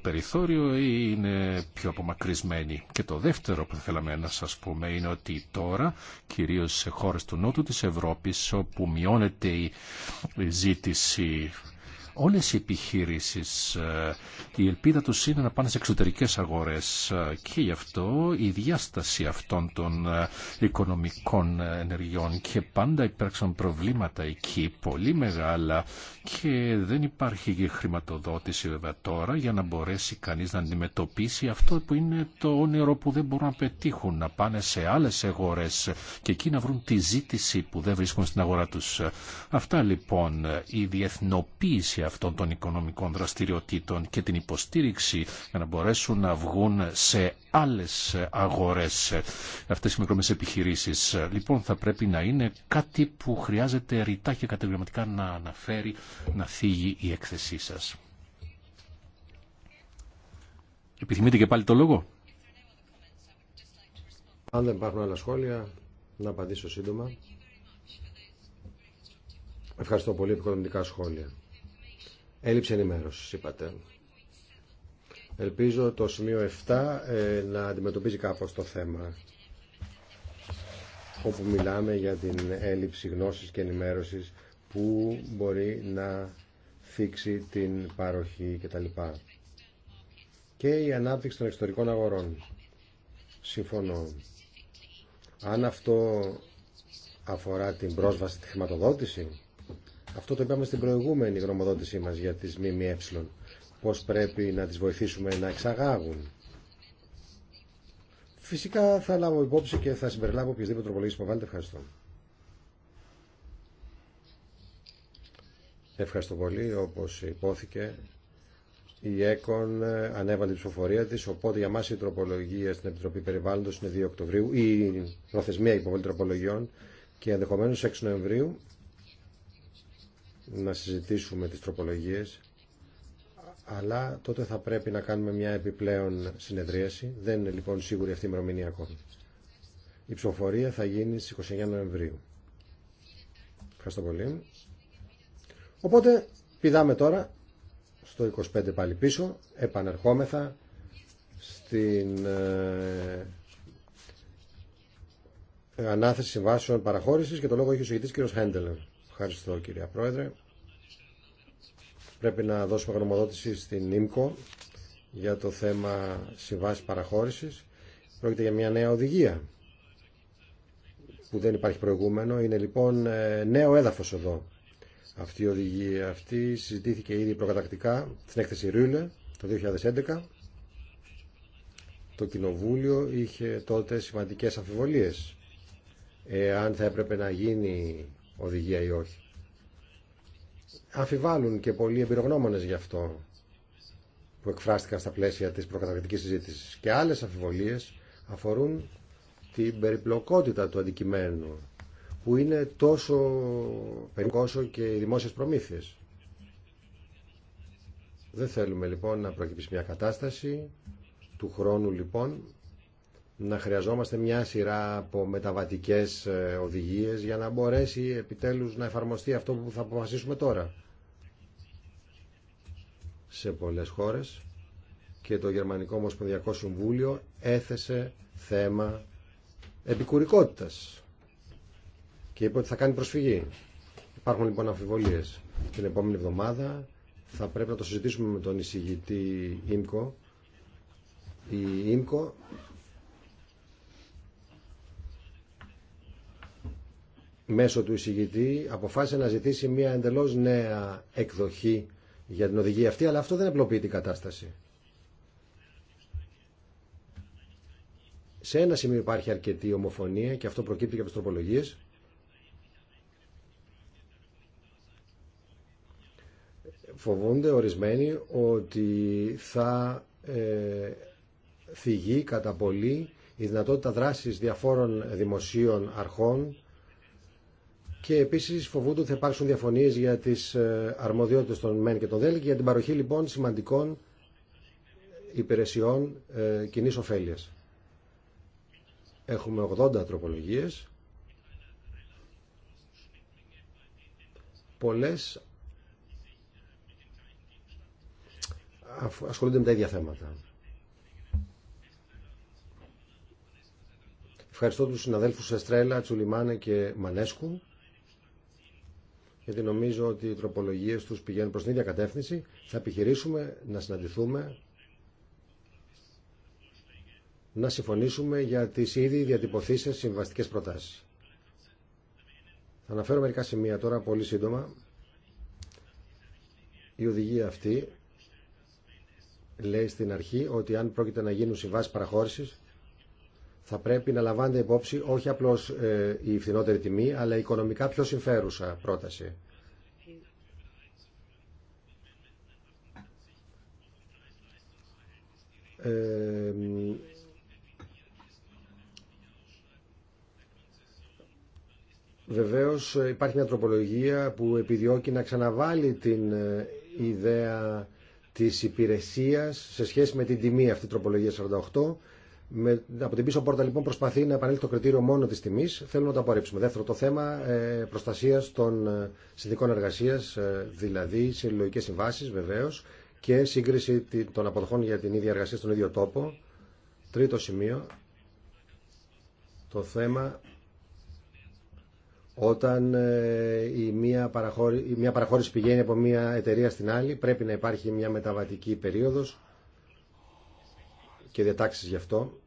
περιθώριο είναι πιο απομακρυσμένοι. Και το δεύτερο που θέλαμε να σας πούμε είναι ότι τώρα, κυρίως σε χώρες του νότου της Ευρώπης, όπου μειώνεται η ζήτηση όλες οι επιχείρησεις, ε, η ελπίδα τους είναι να πάνε σε εξωτερικές αγορές ε, και γι' αυτό η διάσταση αυτών των ε, οικονομικών ενεργειών και πάντα υπέρξαν προβλήματα εκεί πολύ μεγάλα και δεν υπάρχει χρηματοδότηση βέβαια τώρα για να μπορέσει κανείς να αντιμετωπίσει αυτό που είναι το όνειρο που δεν μπορούν να πετύχουν, να πάνε σε άλλες αγορές και εκεί να βρουν τη ζήτηση που δεν βρίσκουν στην αγορά τους. Αυτά λοιπόν η διεθνοποίηση αυτών των οικονομικών δραστηριοτήτων και την υποστήριξη για να μπορέσουν να βγουν σε άλλες αγορές αυτές οι μικρομεσαίες επιχειρήσεις. Λοιπόν, θα πρέπει να είναι κάτι που χρειάζεται ρητά και κατεγραμματικά να αναφέρει, να θίγει η έκθεσή σας. Επιθυμείτε και πάλι το λόγο. Αν δεν υπάρχουν άλλα σχόλια, να απαντήσω σύντομα. Ευχαριστώ πολύ επικοδομητικά σχόλια. Έλλειψη ενημέρωση, είπατε. Ελπίζω το σημείο 7 ε, να αντιμετωπίζει κάπως το θέμα όπου μιλάμε για την έλλειψη γνώσης και ενημέρωσης που μπορεί να θίξει την παροχή κτλ. Και η ανάπτυξη των εξωτερικών αγορών. Συμφωνώ. Αν αυτό αφορά την πρόσβαση στη χρηματοδότηση, αυτό το είπαμε στην προηγούμενη γνωμοδότησή μας για τις ΜΜΕ. Πώς πρέπει να τις βοηθήσουμε να εξαγάγουν. Φυσικά θα λάβω υπόψη και θα συμπεριλάβω οποιασδήποτε τροπολογίες που βάλετε. Ευχαριστώ. Ευχαριστώ πολύ. Όπως υπόθηκε, η ΕΚΟΝ ανέβαλε την ψηφοφορία της, οπότε για μας η τροπολογία στην Επιτροπή Περιβάλλοντος είναι 2 Οκτωβρίου, η προθεσμία υποβολή τροπολογιών και ενδεχομένω 6 Νοεμβρίου να συζητήσουμε τις τροπολογίες αλλά τότε θα πρέπει να κάνουμε μια επιπλέον συνεδρίαση. Δεν είναι λοιπόν σίγουρη αυτή η ημερομηνία ακόμη. Η ψηφοφορία θα γίνει στις 29 Νοεμβρίου. Ευχαριστώ πολύ. Οπότε πηδάμε τώρα στο 25 πάλι πίσω, επανερχόμεθα στην ε, ανάθεση συμβάσεων παραχώρησης και το λόγο έχει ο συγητής κ. Χέντελερ. Ευχαριστώ κύριε Πρόεδρε. Πρέπει να δώσουμε γνωμοδότηση στην ΙΜΚΟ για το θέμα συμβάσης παραχώρησης. Πρόκειται για μια νέα οδηγία που δεν υπάρχει προηγούμενο. Είναι λοιπόν ε, νέο έδαφος εδώ. Αυτή η οδηγία αυτή συζητήθηκε ήδη προκατακτικά στην έκθεση Ρούλε το 2011. Το Κοινοβούλιο είχε τότε σημαντικές αμφιβολίες αν θα έπρεπε να γίνει οδηγία ή όχι. Αμφιβάλλουν και πολλοί εμπειρογνώμονες γι' αυτό που εκφράστηκαν στα πλαίσια της προκαταρκτικής συζήτησης. Και άλλες αφιβολίες αφορούν την περιπλοκότητα του αντικειμένου που είναι τόσο περίπου και οι δημόσιες προμήθειες. Δεν θέλουμε λοιπόν να προκύψει μια κατάσταση του χρόνου λοιπόν να χρειαζόμαστε μια σειρά από μεταβατικές ε, οδηγίες για να μπορέσει επιτέλους να εφαρμοστεί αυτό που θα αποφασίσουμε τώρα σε πολλές χώρες και το Γερμανικό Ομοσπονδιακό Συμβούλιο έθεσε θέμα επικουρικότητας και είπε ότι θα κάνει προσφυγή. Υπάρχουν λοιπόν αμφιβολίες. Την επόμενη εβδομάδα θα πρέπει να το συζητήσουμε με τον εισηγητή Ίμκο. Η Ίμκο μέσω του εισηγητή αποφάσισε να ζητήσει μια εντελώς νέα εκδοχή για την οδηγία αυτή, αλλά αυτό δεν απλοποιεί την κατάσταση. Σε ένα σημείο υπάρχει αρκετή ομοφωνία και αυτό προκύπτει και από τις τροπολογίες. Φοβούνται ορισμένοι ότι θα ε, κατά πολύ η δυνατότητα δράσης διαφόρων δημοσίων αρχών και επίση, φοβούνται ότι θα υπάρξουν διαφωνίε για τις ε, αρμοδιότητε των ΜΕΝ και των ΔΕΛ και για την παροχή λοιπόν σημαντικών υπηρεσιών ε, κοινή ωφέλεια. Έχουμε 80 τροπολογίε. Πολλέ ασχολούνται με τα ίδια θέματα. Ευχαριστώ τους συναδέλφους Εστρέλα, Τσουλιμάνε και Μανέσκου γιατί νομίζω ότι οι τροπολογίε του πηγαίνουν προς την ίδια κατεύθυνση. Θα επιχειρήσουμε να συναντηθούμε, να συμφωνήσουμε για τις ήδη διατυπωθήσεις συμβαστικέ προτάσει. Θα αναφέρω μερικά σημεία τώρα πολύ σύντομα. Η οδηγία αυτή λέει στην αρχή ότι αν πρόκειται να γίνουν συμβάσει παραχώρηση θα πρέπει να λαμβάνεται υπόψη όχι απλώς ε, η φθηνότερη τιμή, αλλά η οικονομικά πιο συμφέρουσα πρόταση. Ε, βεβαίως υπάρχει μια τροπολογία που επιδιώκει να ξαναβάλει την ε, ιδέα της υπηρεσίας σε σχέση με την τιμή αυτή τροπολογία 48 με, από την πίσω πόρτα λοιπόν προσπαθεί να επανέλθει το κριτήριο μόνο τη τιμή. Θέλουμε να το απορρίψουμε. Δεύτερο το θέμα ε, προστασία των ε, συνδικών εργασία, ε, δηλαδή συλλογικέ συμβάσει βεβαίω και σύγκριση των αποδοχών για την ίδια εργασία στον ίδιο τόπο. Τρίτο σημείο, το θέμα όταν ε, η μία, παραχώρη, η μία παραχώρηση πηγαίνει από μία εταιρεία στην άλλη, πρέπει να υπάρχει μία μεταβατική περίοδος και διατάξεις γι' αυτό.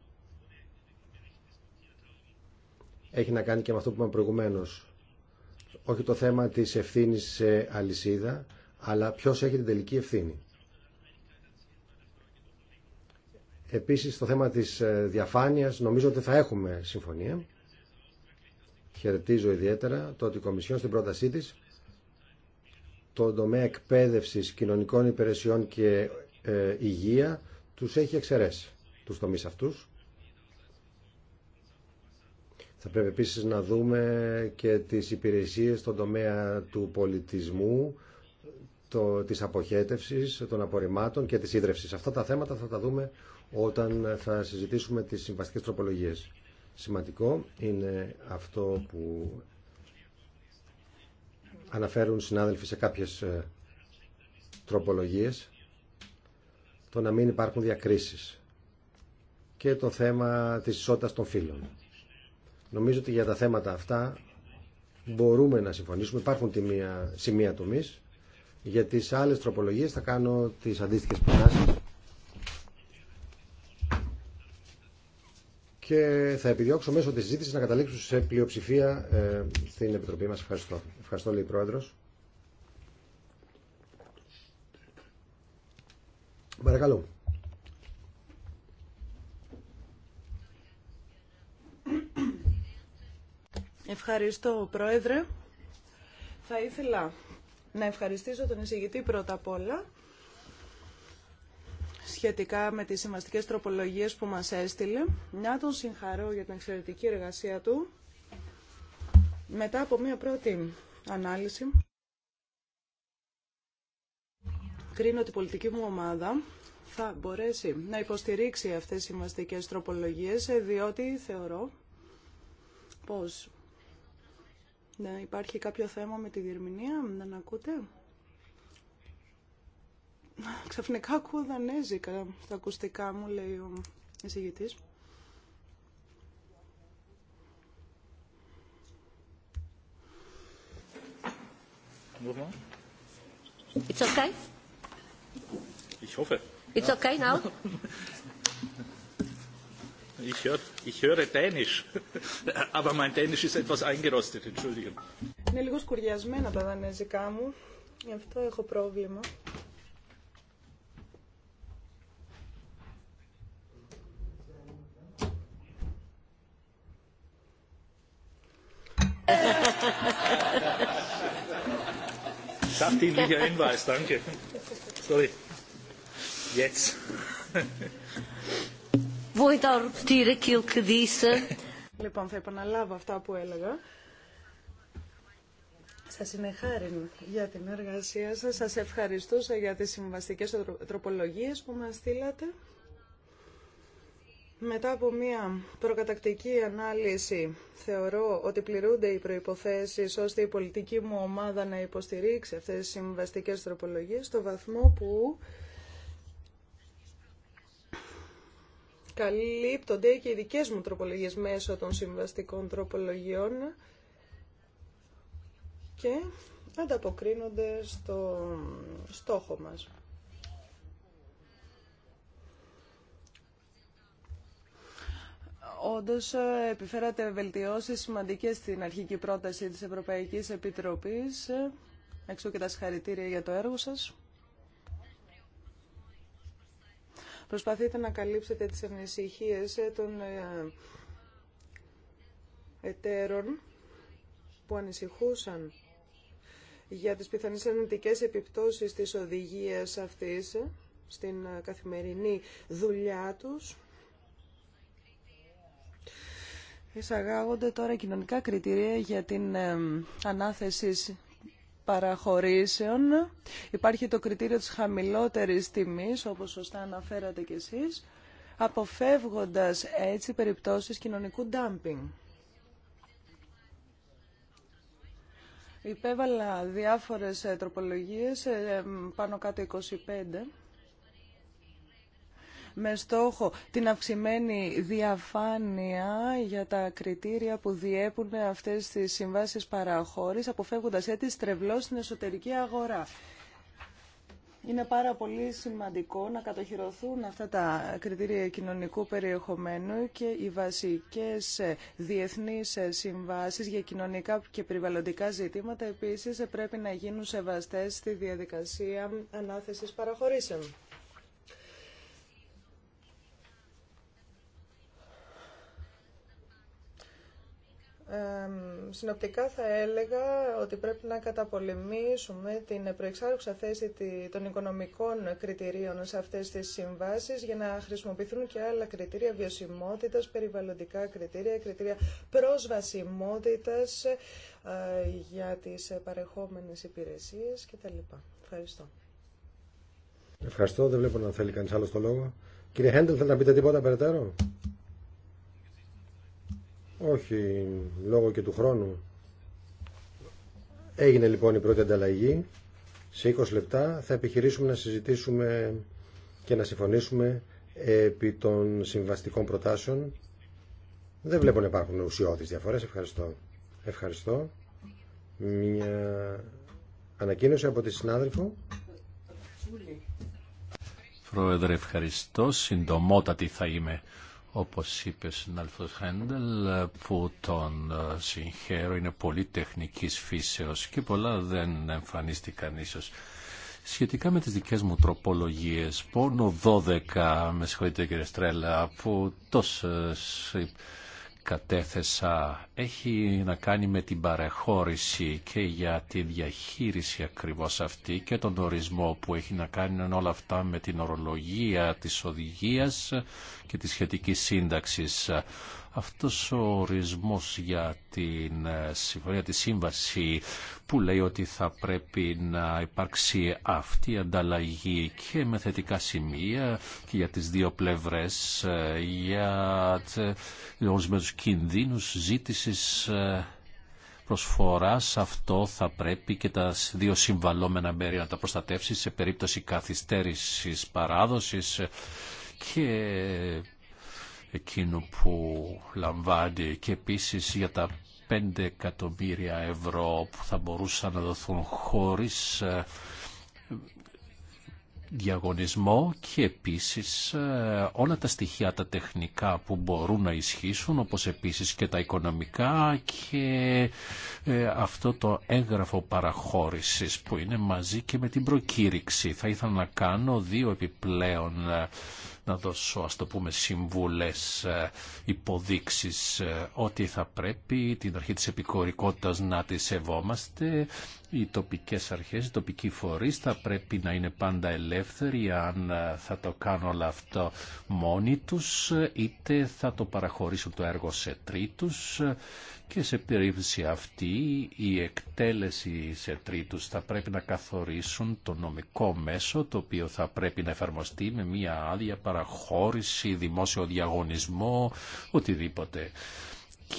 έχει να κάνει και με αυτό που είπαμε προηγουμένω Όχι το θέμα της ευθύνη σε αλυσίδα, αλλά ποιο έχει την τελική ευθύνη. Επίσης, το θέμα της ε, διαφάνειας νομίζω ότι θα έχουμε συμφωνία. Χαιρετίζω ιδιαίτερα το ότι η Κομισιόν στην πρότασή της το τομέα εκπαίδευση κοινωνικών υπηρεσιών και ε, υγεία τους έχει εξαιρέσει τους τομεί αυτού. Θα πρέπει επίσης να δούμε και τις υπηρεσίες στον τομέα του πολιτισμού, το, της αποχέτευσης, των απορριμμάτων και της ίδρυυσης. Αυτά τα θέματα θα τα δούμε όταν θα συζητήσουμε τις συμβαστικές τροπολογίες. Σημαντικό είναι αυτό που αναφέρουν συνάδελφοι σε κάποιες ε, τροπολογίες, το να μην υπάρχουν διακρίσεις και το θέμα της ισότητας των φύλων. Νομίζω ότι για τα θέματα αυτά μπορούμε να συμφωνήσουμε. Υπάρχουν τιμία, σημεία τομή. Για τι άλλε τροπολογίε θα κάνω τις αντίστοιχε προτάσει. Και θα επιδιώξω μέσω τη συζήτηση να καταλήξω σε πλειοψηφία ε, στην Επιτροπή μα. Ευχαριστώ. Ευχαριστώ, λέει η Πρόεδρος. Παρακαλώ. Ευχαριστώ, Πρόεδρε. Θα ήθελα να ευχαριστήσω τον εισηγητή πρώτα απ' όλα σχετικά με τις σημαστικές τροπολογίες που μας έστειλε. Να τον συγχαρώ για την εξαιρετική εργασία του. Μετά από μία πρώτη ανάλυση, κρίνω ότι η πολιτική μου ομάδα θα μπορέσει να υποστηρίξει αυτές τις σημαστικές τροπολογίες, διότι θεωρώ πως ναι, υπάρχει κάποιο θέμα με τη διερμηνία, δεν ακούτε. Ξαφνικά ακούω δανέζικα στα ακουστικά μου, λέει ο εισηγητής. It's okay. Ich hoffe. It's okay now. Ich höre Dänisch, aber mein Dänisch ist etwas eingerostet, Entschuldigung. Είναι λίγο σκουριασμένα τα δανέζικά μου, γι' αυτό έχω πρόβλημα. Sachdienlicher Hinweis, danke. Sorry. Jetzt. Λοιπόν, θα επαναλάβω αυτά που έλεγα. Σας χάρη για την εργασία σα. Σα ευχαριστούσα για τι συμβαστικές τροπολογίε που μα στείλατε. Μετά από μία προκατακτική ανάλυση θεωρώ ότι πληρούνται οι προϋποθέσεις ώστε η πολιτική μου ομάδα να υποστηρίξει αυτές τις συμβαστικές τροπολογίες στο βαθμό που καλύπτονται και οι δικές μου τροπολογίες μέσω των συμβαστικών τροπολογιών και ανταποκρίνονται στο στόχο μας. Όντω, ε, επιφέρατε βελτιώσεις σημαντικές στην αρχική πρόταση της Ευρωπαϊκής Επιτροπής. Έξω ε, και τα συγχαρητήρια για το έργο σας. Προσπαθείτε να καλύψετε τις ανησυχίες ε, των ε, εταίρων που ανησυχούσαν για τις πιθανές αρνητικές επιπτώσεις της οδηγίας αυτής ε, στην καθημερινή δουλειά τους. Εισαγάγονται τώρα κοινωνικά κριτήρια για την ανάθεση παραχωρήσεων. Υπάρχει το κριτήριο της χαμηλότερης τιμής, όπως σωστά αναφέρατε κι εσείς, αποφεύγοντας έτσι περιπτώσεις κοινωνικού ντάμπινγκ. Υπέβαλα διάφορες ε, τροπολογίες, ε, πάνω κάτω 25, με στόχο την αυξημένη διαφάνεια για τα κριτήρια που διέπουν αυτές τις συμβάσεις παραχώρης, αποφεύγοντας έτσι στρεβλώς στην εσωτερική αγορά. Είναι πάρα πολύ σημαντικό να κατοχυρωθούν αυτά τα κριτήρια κοινωνικού περιεχομένου και οι βασικές διεθνείς συμβάσεις για κοινωνικά και περιβαλλοντικά ζητήματα επίσης πρέπει να γίνουν σεβαστές στη διαδικασία ανάθεσης παραχωρήσεων. συνοπτικά θα έλεγα ότι πρέπει να καταπολεμήσουμε την προεξάρουσα θέση των οικονομικών κριτηρίων σε αυτές τις συμβάσεις για να χρησιμοποιηθούν και άλλα κριτήρια βιωσιμότητας, περιβαλλοντικά κριτήρια, κριτήρια πρόσβασιμότητας ε, για τις παρεχόμενες υπηρεσίες κτλ. Ευχαριστώ. Ευχαριστώ. Δεν βλέπω να θέλει κανείς άλλο το λόγο. Κύριε Χέντελ, θέλετε να πείτε τίποτα περαιτέρω. Όχι, λόγω και του χρόνου. Έγινε λοιπόν η πρώτη ανταλλαγή. Σε 20 λεπτά θα επιχειρήσουμε να συζητήσουμε και να συμφωνήσουμε επί των συμβαστικών προτάσεων. Δεν βλέπω να υπάρχουν ουσιώδεις διαφορές. Ευχαριστώ. Ευχαριστώ. Μια ανακοίνωση από τη συνάδελφο. Πρόεδρε, ευχαριστώ. Συντομότατη θα είμαι όπως είπε συνάλφος Χέντελ που τον ε, συγχαίρω είναι πολύ τεχνικής φύσεως και πολλά δεν εμφανίστηκαν ίσως. Σχετικά με τις δικές μου τροπολογίες, πόνο 12, με συγχωρείτε κύριε Στρέλα, που τόσες κατέθεσα έχει να κάνει με την παρεχώρηση και για τη διαχείριση ακριβώς αυτή και τον ορισμό που έχει να κάνει όλα αυτά με την ορολογία της οδηγίας και τη σχετική σύνταξης. Αυτός ο ορισμός για την ε, συμφωνία της σύμβαση που λέει ότι θα πρέπει να υπάρξει αυτή η ανταλλαγή και με θετικά σημεία και για τις δύο πλευρές ε, για ορισμένους ε, κινδύνους ζήτησης προσφοράς αυτό θα πρέπει και τα δύο συμβαλόμενα μέρη να τα προστατεύσει σε περίπτωση καθυστέρησης παράδοσης και εκείνο που λαμβάνει και επίσης για τα 5 εκατομμύρια ευρώ που θα μπορούσαν να δοθούν χωρίς ε, διαγωνισμό και επίσης ε, όλα τα στοιχεία τα τεχνικά που μπορούν να ισχύσουν όπως επίσης και τα οικονομικά και ε, αυτό το έγγραφο παραχώρησης που είναι μαζί και με την προκήρυξη. Θα ήθελα να κάνω δύο επιπλέον να δώσω ας το πούμε συμβουλές, ε, υποδείξεις ε, ότι θα πρέπει την αρχή της επικορικότητας να τη σεβόμαστε. Οι τοπικές αρχές, οι τοπικοί φορείς θα πρέπει να είναι πάντα ελεύθεροι αν ε, θα το κάνουν όλο αυτό μόνοι τους είτε θα το παραχωρήσουν το έργο σε τρίτους και σε περίπτωση αυτή η εκτέλεση σε τρίτους θα πρέπει να καθορίσουν το νομικό μέσο το οποίο θα πρέπει να εφαρμοστεί με μία άδεια παραχώρηση, δημόσιο διαγωνισμό, οτιδήποτε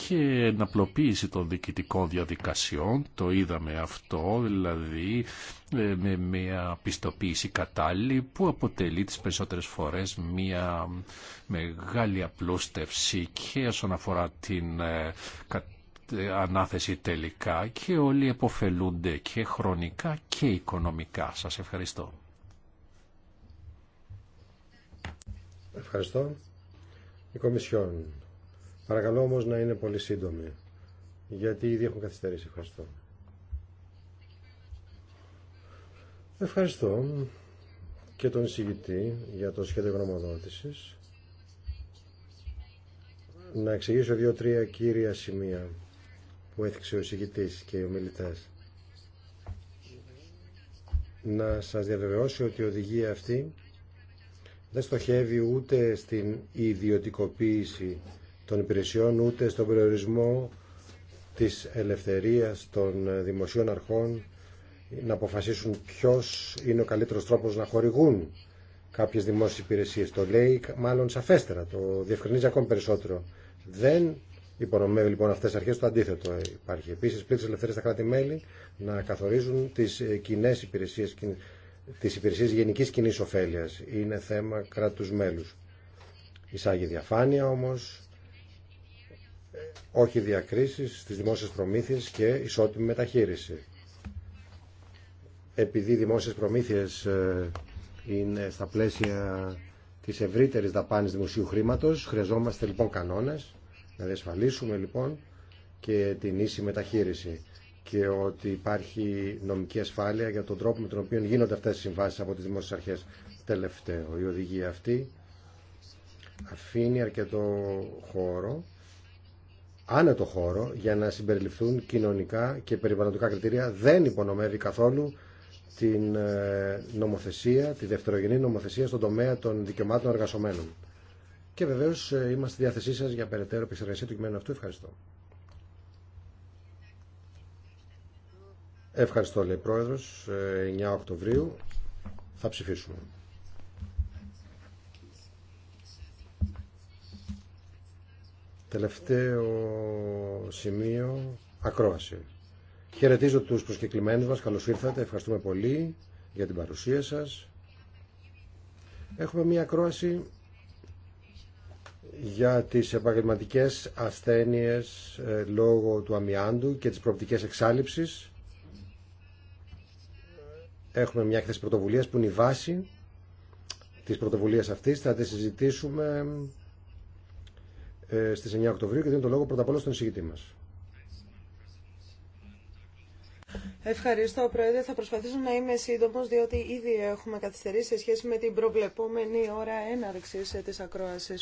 και εναπλοποίηση των διοικητικών διαδικασιών, το είδαμε αυτό, δηλαδή ε, με μια πιστοποίηση κατάλληλη που αποτελεί τις περισσότερες φορές μια μεγάλη απλούστευση και όσον αφορά την ε, ε, ανάθεση τελικά και όλοι εποφελούνται και χρονικά και οικονομικά. Σας ευχαριστώ. Ευχαριστώ. Η Κομισιόν. Παρακαλώ όμως να είναι πολύ σύντομη, γιατί ήδη έχουν καθυστερήσει. Ευχαριστώ. Ευχαριστώ και τον εισηγητή για το σχέδιο γνωμοδότηση. Να εξηγήσω δύο-τρία κύρια σημεία που έθιξε ο εισηγητή και οι ομιλητέ. Να σας διαβεβαιώσω ότι η οδηγία αυτή δεν στοχεύει ούτε στην ιδιωτικοποίηση των υπηρεσιών, ούτε στον περιορισμό της ελευθερίας των δημοσίων αρχών να αποφασίσουν ποιος είναι ο καλύτερος τρόπος να χορηγούν κάποιες δημόσιες υπηρεσίες. Το λέει μάλλον σαφέστερα, το διευκρινίζει ακόμη περισσότερο. Δεν υπονομεύει λοιπόν αυτές τις αρχές, το αντίθετο υπάρχει. Επίσης πλήρες ελευθερία στα κράτη-μέλη να καθορίζουν τις ε, κοινέ υπηρεσίες, Τη υπηρεσία γενική κοινή ωφέλεια. Είναι θέμα κράτου μέλους. Εισάγει διαφάνεια όμως, όχι διακρίσει, στι δημόσιε προμήθειε και ισότιμη μεταχείριση. Επειδή οι δημόσιε προμήθειες ε, είναι στα πλαίσια της ευρύτερη δαπάνη δημοσίου χρήματο, χρειαζόμαστε λοιπόν κανόνε, να διασφαλίσουμε λοιπόν και την ίση μεταχείριση και ότι υπάρχει νομική ασφάλεια για τον τρόπο με τον οποίο γίνονται αυτές οι συμβάσεις από τις δημόσιες αρχές. Τελευταίο, η οδηγία αυτή αφήνει αρκετό χώρο, άνετο χώρο, για να συμπεριληφθούν κοινωνικά και περιβαλλοντικά κριτήρια. Δεν υπονομεύει καθόλου την ε, νομοθεσία, τη δευτερογενή νομοθεσία στον τομέα των δικαιωμάτων εργασομένων. Και βεβαίως ε, είμαστε στη διάθεσή σας για περαιτέρω επεξεργασία του κειμένου αυτού. Ευχαριστώ. Ευχαριστώ, λέει Πρόεδρος. 9 ε, Οκτωβρίου θα ψηφίσουμε. Τελευταίο σημείο, ακρόαση. Χαιρετίζω τους προσκεκλημένους μας. Καλώς ήρθατε. Ευχαριστούμε πολύ για την παρουσία σας. Έχουμε μία ακρόαση για τις επαγγελματικές ασθένειες ε, λόγω του αμοιάντου και τις προοπτικές εξάλληψης έχουμε μια έκθεση πρωτοβουλίας που είναι η βάση της πρωτοβουλίας αυτής. Θα τη συζητήσουμε ε, στις 9 Οκτωβρίου και δίνω το λόγο πρώτα απ' όλα στον εισηγητή μας. Ευχαριστώ, Πρόεδρε. Θα προσπαθήσω να είμαι σύντομο, διότι ήδη έχουμε καθυστερήσει σε σχέση με την προβλεπόμενη ώρα έναρξη τη ακρόαση.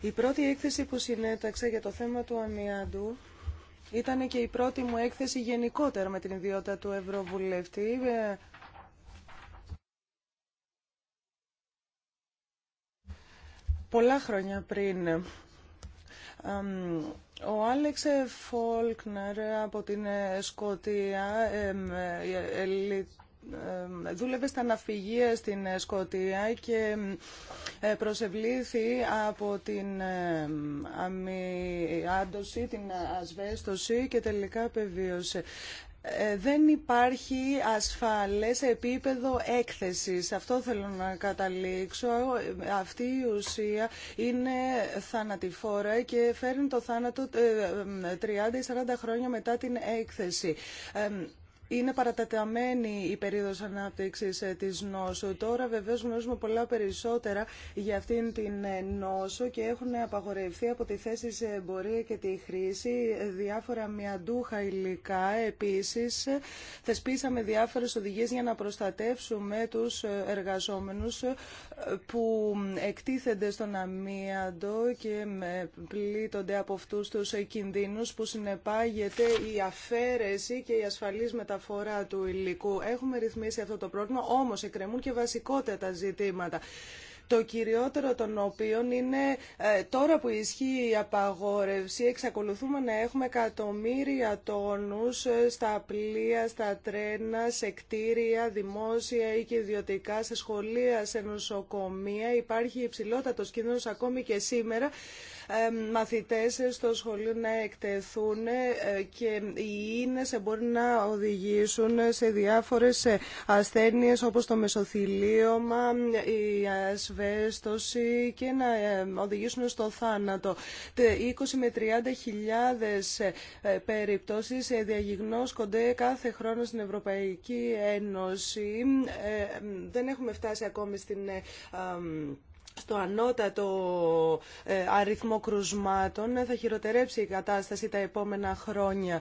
Η πρώτη έκθεση που συνέταξα για το θέμα του Αμιάντου ήταν και η πρώτη μου έκθεση γενικότερα με την ιδιότητα του Ευρωβουλευτή. Πολλά χρόνια πριν. Ο Άλεξ Φόλκνερ από την Σκοτία, ε, δούλευε στα ναυπηγεία στην ε, Σκοτία και ε, προσευλήθη από την αμοιάντωση, την ασβέστωση και τελικά πεβίωσε. Δεν υπάρχει ασφαλές επίπεδο έκθεσης. Αυτό θέλω να καταλήξω. Αυτή η ουσία είναι θανατηφόρα και φέρνει το θάνατο 30-40 χρόνια μετά την έκθεση. Είναι παραταταμένη η περίοδος ανάπτυξης ε, της νόσου. Τώρα βεβαίως γνωρίζουμε πολλά περισσότερα για αυτήν την ε, νόσο και έχουν απαγορευτεί από τη θέση σε εμπορία και τη χρήση ε, διάφορα μιαντούχα υλικά. Επίσης θεσπίσαμε διάφορες οδηγίες για να προστατεύσουμε τους εργαζόμενους που εκτίθενται στον αμίαντο και πλήττονται από αυτούς τους κινδύνους που συνεπάγεται η αφαίρεση και η ασφαλής μεταφορά του υλικού. Έχουμε ρυθμίσει αυτό το πρόβλημα, όμως εκκρεμούν και τα ζητήματα το κυριότερο των οποίων είναι ε, τώρα που ισχύει η απαγόρευση εξακολουθούμε να έχουμε εκατομμύρια τόνους ε, στα πλοία, στα τρένα, σε κτίρια, δημόσια ή και ιδιωτικά, σε σχολεία, σε νοσοκομεία. Υπάρχει υψηλότατο κίνδυνος ακόμη και σήμερα ε, μαθητές στο σχολείο να εκτεθούν ε, και οι ίνες μπορεί να οδηγήσουν σε διάφορες ε, ασθένειες όπως το μεσοθυλίωμα, η ασβέστοση και να οδηγήσουν στο θάνατο. 20 με 30 χιλιάδες περιπτώσεις διαγιγνώσκονται κάθε χρόνο στην Ευρωπαϊκή Ένωση. Δεν έχουμε φτάσει ακόμη στην στο ανώτατο ε, αριθμό κρουσμάτων ε, θα χειροτερέψει η κατάσταση τα επόμενα χρόνια.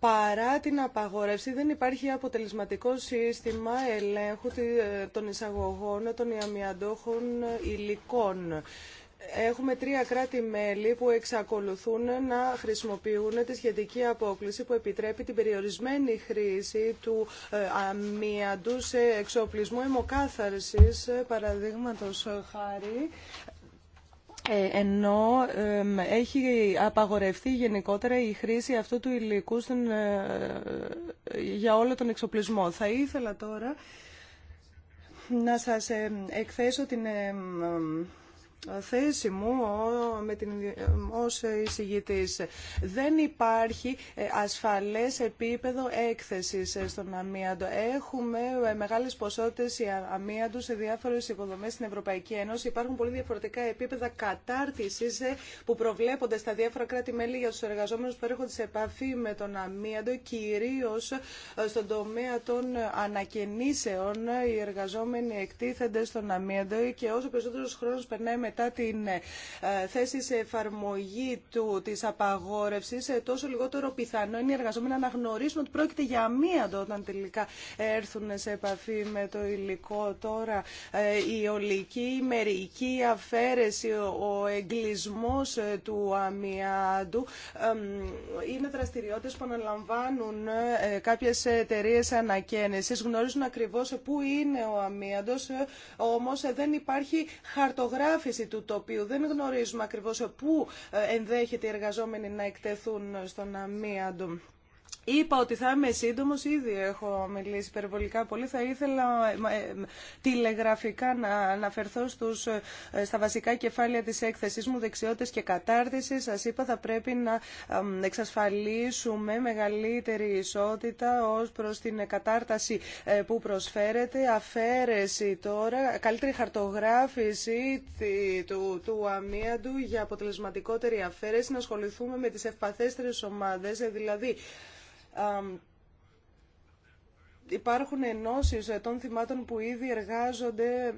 Παρά την απαγόρευση δεν υπάρχει αποτελεσματικό σύστημα ελέγχου ε, των εισαγωγών των ιαμιαντόχων υλικών. Έχουμε τρία κράτη-μέλη που εξακολουθούν να χρησιμοποιούν τη σχετική απόκληση που επιτρέπει την περιορισμένη χρήση του ε, αμύαντου σε εξοπλισμό αιμοκάθαρσης, ε, παραδείγματος χάρη, ε, ενώ έχει απαγορευτεί γενικότερα η χρήση αυτού του υλικού στην, για όλο τον εξοπλισμό. Θα ήθελα τώρα να σας εκθέσω την θέση μου με την, ως εισηγητής. Δεν υπάρχει ε, ασφαλές επίπεδο έκθεσης ε, στον αμίαντο. Έχουμε ε, μεγάλες ποσότητες αμίαντου σε διάφορες υποδομές στην Ευρωπαϊκή Ένωση. Υπάρχουν πολύ διαφορετικά επίπεδα κατάρτισης που προβλέπονται στα διάφορα κράτη-μέλη για τους εργαζόμενους που έρχονται σε επαφή με τον αμίαντο, κυρίως στον τομέα των ανακαινήσεων. Οι εργαζόμενοι εκτίθενται στον αμίαντο και όσο περισσότερος χρόνος περνάει με μετά την ε, θέση σε εφαρμογή του της απαγόρευσης, ε, τόσο λιγότερο πιθανό είναι οι εργαζόμενοι να γνωρίσουν ότι πρόκειται για μια, όταν τελικά έρθουν σε επαφή με το υλικό. Τώρα ε, η ολική, η μερική αφαίρεση, ο εγκλισμός του Αμοιάντου. είναι δραστηριότητες που αναλαμβάνουν κάποιες εταιρείε ανακαίνεση, Γνωρίζουν ακριβώς πού είναι ο Αμίαντο. όμως δεν υπάρχει χαρτογράφηση του τοπίου. Δεν γνωρίζουμε ακριβώς ε, πού ε, ενδέχεται οι εργαζόμενοι να εκτεθούν στον αμύαντο. Είπα ότι θα είμαι σύντομος, ήδη έχω μιλήσει υπερβολικά πολύ. Θα ήθελα ε, ε, τηλεγραφικά να αναφερθώ στους, ε, στα βασικά κεφάλαια της έκθεσής μου, δεξιότητες και κατάρτιση. Σας είπα θα πρέπει να εξασφαλίσουμε μεγαλύτερη ισότητα ως προς την κατάρταση που προσφέρεται, αφαίρεση τώρα, καλύτερη χαρτογράφηση του, του για αποτελεσματικότερη αφαίρεση, να ασχοληθούμε με τις ευπαθέστερες ομάδες, δηλαδή υπάρχουν ενώσεις των θυμάτων που ήδη εργάζονται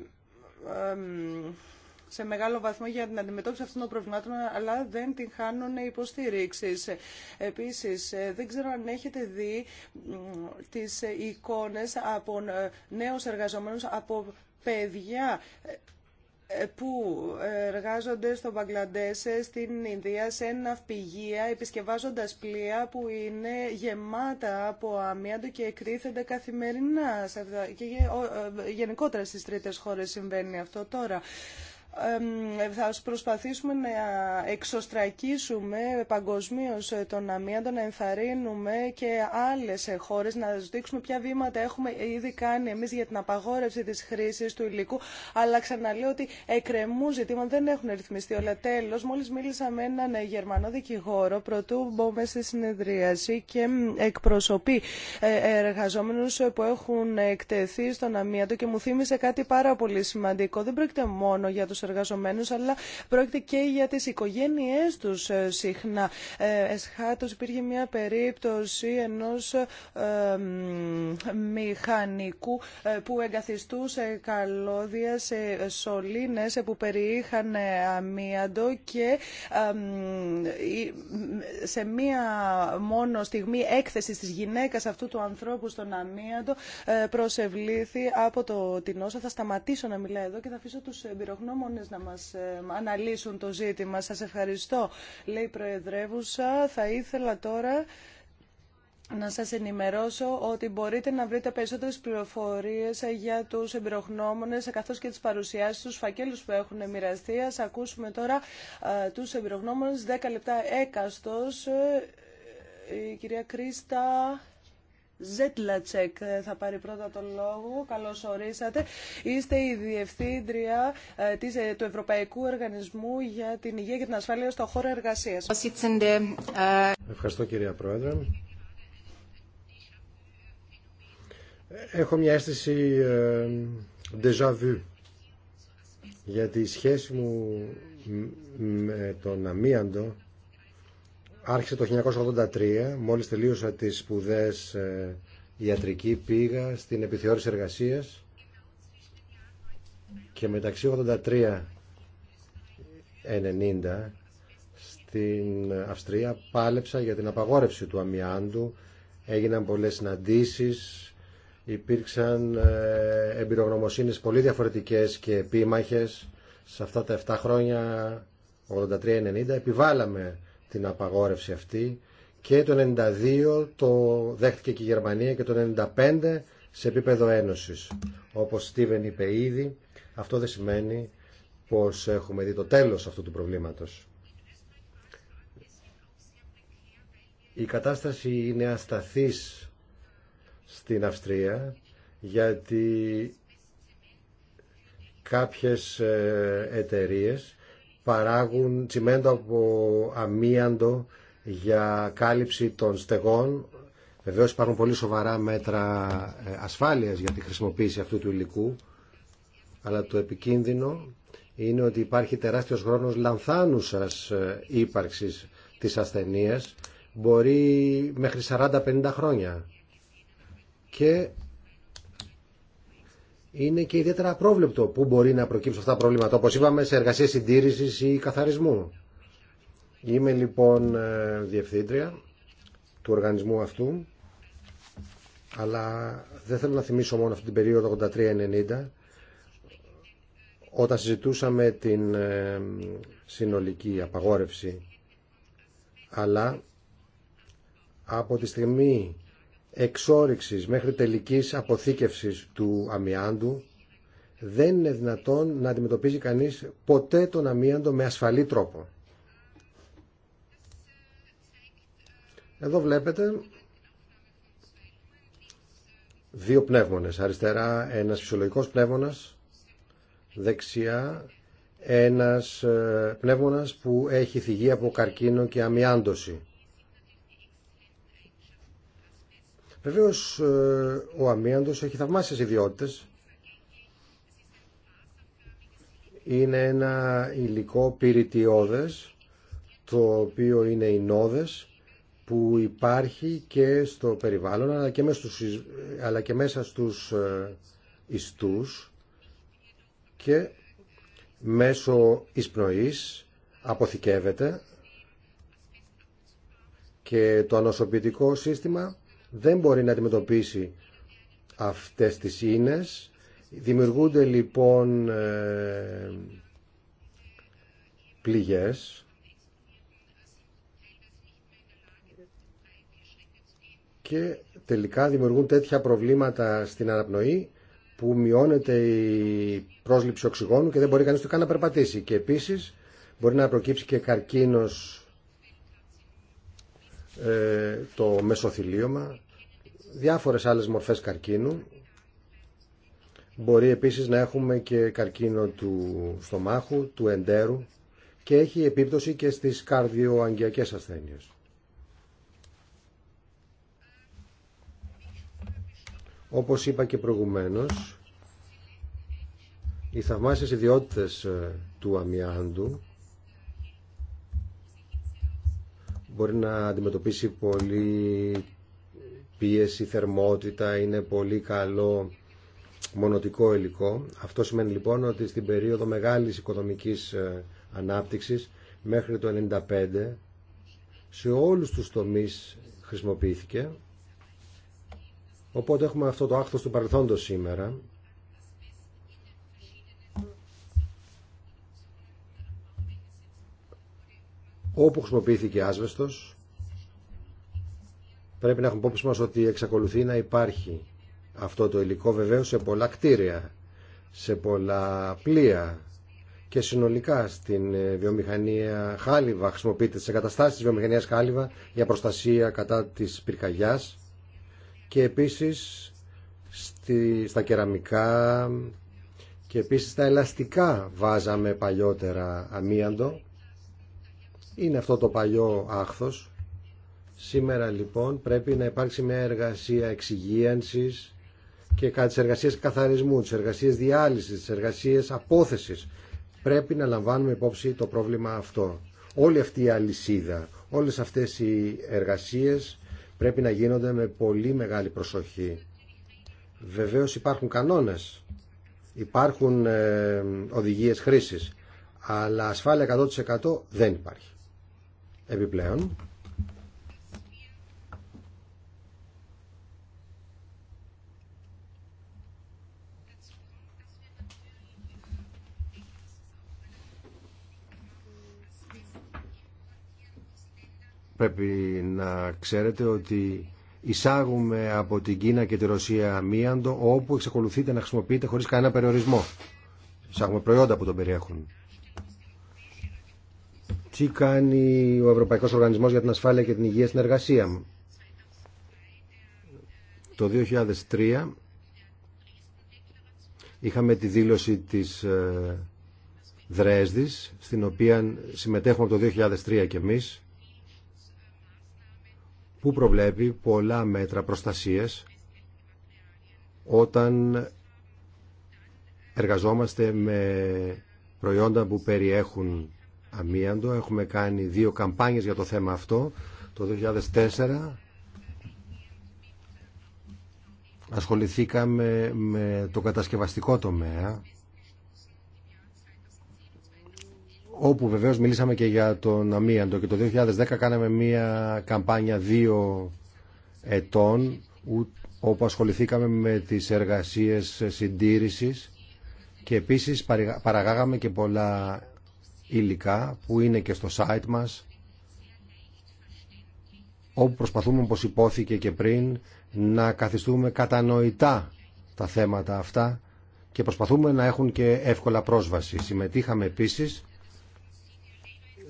σε μεγάλο βαθμό για την αντιμετώπιση αυτών των προβλημάτων, αλλά δεν την χάνουν υποστήριξη. Επίση, ε, δεν ξέρω αν έχετε δει τι εικόνε από ε, νέου εργαζομένου, από παιδιά ε, ε, που εργάζονται στο Μπαγκλαντές, ε, στην Ινδία, σε ναυπηγεία, επισκευάζοντας πλοία που είναι γεμάτα από αμύαντο και εκρήθενται καθημερινά. Και ε, γενικότερα στις τρίτες χώρες συμβαίνει αυτό τώρα θα προσπαθήσουμε να εξωστρακίσουμε παγκοσμίω ε, τον αμύαντο, να ενθαρρύνουμε και άλλες ε, χώρες, να δείξουμε ποια βήματα έχουμε ήδη κάνει εμείς για την απαγόρευση της χρήσης του υλικού, αλλά ξαναλέω ότι εκκρεμού ζητήματα δεν έχουν ρυθμιστεί όλα. Τέλος, μόλις μίλησα με έναν ε, Γερμανό δικηγόρο, πρωτού μπούμε στη συνεδρίαση και εκπροσωπεί εργαζόμενους που έχουν εκτεθεί στον αμύαντο και μου θύμισε κάτι πάρα πολύ σημαντικό. Δεν πρόκειται μόνο για τους εργαζομένους, αλλά πρόκειται και για τις οικογένειές τους ε, συχνά. Ε, εσχάτως υπήρχε μια περίπτωση ενός ε, μηχανικού που εγκαθιστούσε καλώδια σε σωλήνες που περιείχαν αμίαντο και σε μία μόνο στιγμή έκθεση της γυναίκας αυτού του ανθρώπου στον αμίαντο προσευλήθη από το την όσα θα σταματήσω να μιλάω εδώ και θα αφήσω τους εμπειρογνώμων να μας ε, αναλύσουν το ζήτημα. Σας ευχαριστώ, λέει η Προεδρεύουσα. Θα ήθελα τώρα να σας ενημερώσω ότι μπορείτε να βρείτε περισσότερες πληροφορίες για τους εμπειρογνώμονε καθώς και τις παρουσιάσεις τους φακέλους που έχουν μοιραστεί. Ας ακούσουμε τώρα α, τους εμπειρογνώμονες 10 λεπτά έκαστος. Ε, η κυρία Κρίστα Ζέτλατσεκ ε, θα πάρει πρώτα τον λόγο. Καλώ ορίσατε. Είστε η Διευθύντρια ε, ε, του Ευρωπαϊκού Οργανισμού για την Υγεία και την Ασφάλεια στον χώρο εργασίας. Ευχαριστώ κυρία Πρόεδρε. Έχω μια αίσθηση déjà vu γιατί η σχέση μου με τον αμίαντο Άρχισε το 1983, μόλις τελείωσα τις σπουδές ε, ιατρική, πήγα στην επιθεώρηση εργασίας και μεταξύ 83-90 στην Αυστρία πάλεψα για την απαγόρευση του αμοιάντου, έγιναν πολλές συναντήσεις, υπήρξαν ε, εμπειρογνωμοσύνες πολύ διαφορετικές και επίμαχες. Σε αυτά τα 7 χρόνια, 83-90, επιβάλαμε την απαγόρευση αυτή και το 92 το δέχτηκε και η Γερμανία και το 95 σε επίπεδο ένωσης. Όπως Στίβεν είπε ήδη, αυτό δεν σημαίνει πως έχουμε δει το τέλος αυτού του προβλήματος. Η κατάσταση είναι ασταθής στην Αυστρία γιατί κάποιες ε, εταιρείες παράγουν τσιμέντο από αμίαντο για κάλυψη των στεγών. Βεβαίως υπάρχουν πολύ σοβαρά μέτρα ε, ασφάλειας για τη χρησιμοποίηση αυτού του υλικού, αλλά το επικίνδυνο είναι ότι υπάρχει τεράστιος χρόνος λανθάνουσας ε, ύπαρξης της ασθενείας, μπορεί μέχρι 40-50 χρόνια. Και είναι και ιδιαίτερα απρόβλεπτο που μπορεί να προκύψουν αυτά τα προβλήματα, όπως είπαμε, σε εργασίες συντήρησης ή καθαρισμού. Είμαι λοιπόν ε, διευθύντρια του οργανισμού αυτού, αλλά δεν θέλω να θυμίσω μόνο αυτή την περίοδο 83-90, όταν συζητούσαμε την ε, συνολική απαγόρευση, αλλά από τη στιγμή εξόριξης μέχρι τελικής αποθήκευσης του αμοιάντου δεν είναι δυνατόν να αντιμετωπίζει κανείς ποτέ τον αμοιάντο με ασφαλή τρόπο. Εδώ βλέπετε δύο πνεύμονες. Αριστερά ένας φυσιολογικός πνεύμονας, δεξιά ένας ε, πνεύμονας που έχει θυγεί από καρκίνο και αμιάντωση. Βεβαίως ε, ο αμύαντο έχει θαυμάσιες ιδιότητε Είναι ένα υλικό πυρητιώδε το οποίο είναι οι που υπάρχει και στο περιβάλλον, αλλά και μέσα στους, ε, αλλά και μέσα στους ε, ιστούς και μέσω εισπνοής αποθηκεύεται και το ανοσοποιητικό σύστημα δεν μπορεί να αντιμετωπίσει αυτές τις ίνες. Δημιουργούνται λοιπόν ε, πληγές και τελικά δημιουργούν τέτοια προβλήματα στην αναπνοή που μειώνεται η πρόσληψη οξυγόνου και δεν μπορεί κανείς του καν να περπατήσει. Και επίσης μπορεί να προκύψει και καρκίνος ε, το μεσοθυλίωμα, διάφορες άλλες μορφές καρκίνου. Μπορεί επίσης να έχουμε και καρκίνο του στομάχου, του εντέρου και έχει επίπτωση και στις καρδιοαγγειακές ασθένειες. Όπως είπα και προηγουμένως, οι θαυμάσιες ιδιότητες ε, του αμοιάντου μπορεί να αντιμετωπίσει πολύ πίεση, θερμότητα, είναι πολύ καλό μονοτικό υλικό. Αυτό σημαίνει λοιπόν ότι στην περίοδο μεγάλης οικονομικής ε, ανάπτυξης μέχρι το 1995 σε όλους τους τομείς χρησιμοποιήθηκε. Οπότε έχουμε αυτό το άκθος του παρελθόντος σήμερα όπου χρησιμοποιήθηκε άσβεστος πρέπει να έχουμε υπόψη μας ότι εξακολουθεί να υπάρχει αυτό το υλικό βεβαίω σε πολλά κτίρια, σε πολλά πλοία και συνολικά στην ε, βιομηχανία Χάλιβα χρησιμοποιείται σε καταστάσεις της βιομηχανίας Χάλιβα για προστασία κατά της πυρκαγιάς και επίσης στα κεραμικά και επίσης στα ελαστικά βάζαμε παλιότερα αμίαντο είναι αυτό το παλιό άχθος. Σήμερα λοιπόν πρέπει να υπάρξει μια εργασία εξυγίανσης και τις εργασίες καθαρισμού, τις εργασίες διάλυσης, τις εργασίες απόθεσης. Πρέπει να λαμβάνουμε υπόψη το πρόβλημα αυτό. Όλη αυτή η αλυσίδα, όλες αυτές οι εργασίες πρέπει να γίνονται με πολύ μεγάλη προσοχή. Βεβαίως υπάρχουν κανόνες, υπάρχουν ε, οδηγίες χρήσης, αλλά ασφάλεια 100% δεν υπάρχει. Επιπλέον, πρέπει να ξέρετε ότι εισάγουμε από την Κίνα και τη Ρωσία αμίαντο όπου εξακολουθείτε να χρησιμοποιείτε χωρίς κανένα περιορισμό. Εισάγουμε προϊόντα που τον περιέχουν τι κάνει ο Ευρωπαϊκός Οργανισμός για την Ασφάλεια και την Υγεία στην εργασία μου. Το 2003 είχαμε τη δήλωση της ε, Δρέσδης, στην οποία συμμετέχουμε από το 2003 και εμείς, που προβλέπει πολλά μέτρα προστασίας όταν εργαζόμαστε με προϊόντα που περιέχουν αμίαντο. Έχουμε κάνει δύο καμπάνιες για το θέμα αυτό. Το 2004 ασχοληθήκαμε με το κατασκευαστικό τομέα όπου βεβαίως μιλήσαμε και για τον αμίαντο και το 2010 κάναμε μία καμπάνια δύο ετών όπου ασχοληθήκαμε με τις εργασίες συντήρησης και επίσης παραγάγαμε και πολλά υλικά που είναι και στο site μας όπου προσπαθούμε όπως υπόθηκε και πριν να καθιστούμε κατανοητά τα θέματα αυτά και προσπαθούμε να έχουν και εύκολα πρόσβαση. Συμμετείχαμε επίσης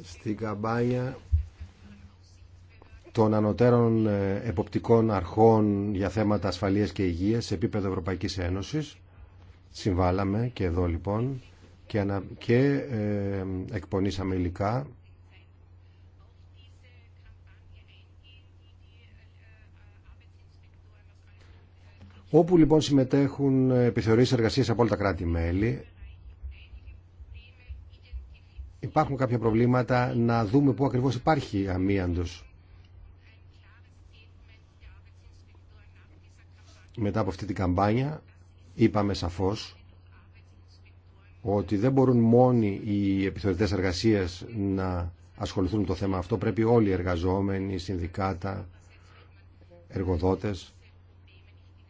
στην καμπάνια των ανωτέρων ε, εποπτικών αρχών για θέματα ασφαλείας και υγείας σε επίπεδο Ευρωπαϊκής Ένωσης. Συμβάλαμε και εδώ λοιπόν και, ανα... και ε, εκπονήσαμε υλικά όπου λοιπόν συμμετέχουν επιθεωρήσεις εργασίας από όλα τα κράτη-μέλη υπάρχουν κάποια προβλήματα να δούμε πού ακριβώς υπάρχει αμίαντος μετά από αυτή την καμπάνια είπαμε σαφώς ότι δεν μπορούν μόνοι οι επιθεωρητές εργασίας να ασχοληθούν με το θέμα αυτό. Πρέπει όλοι οι εργαζόμενοι, οι συνδικάτα, εργοδότες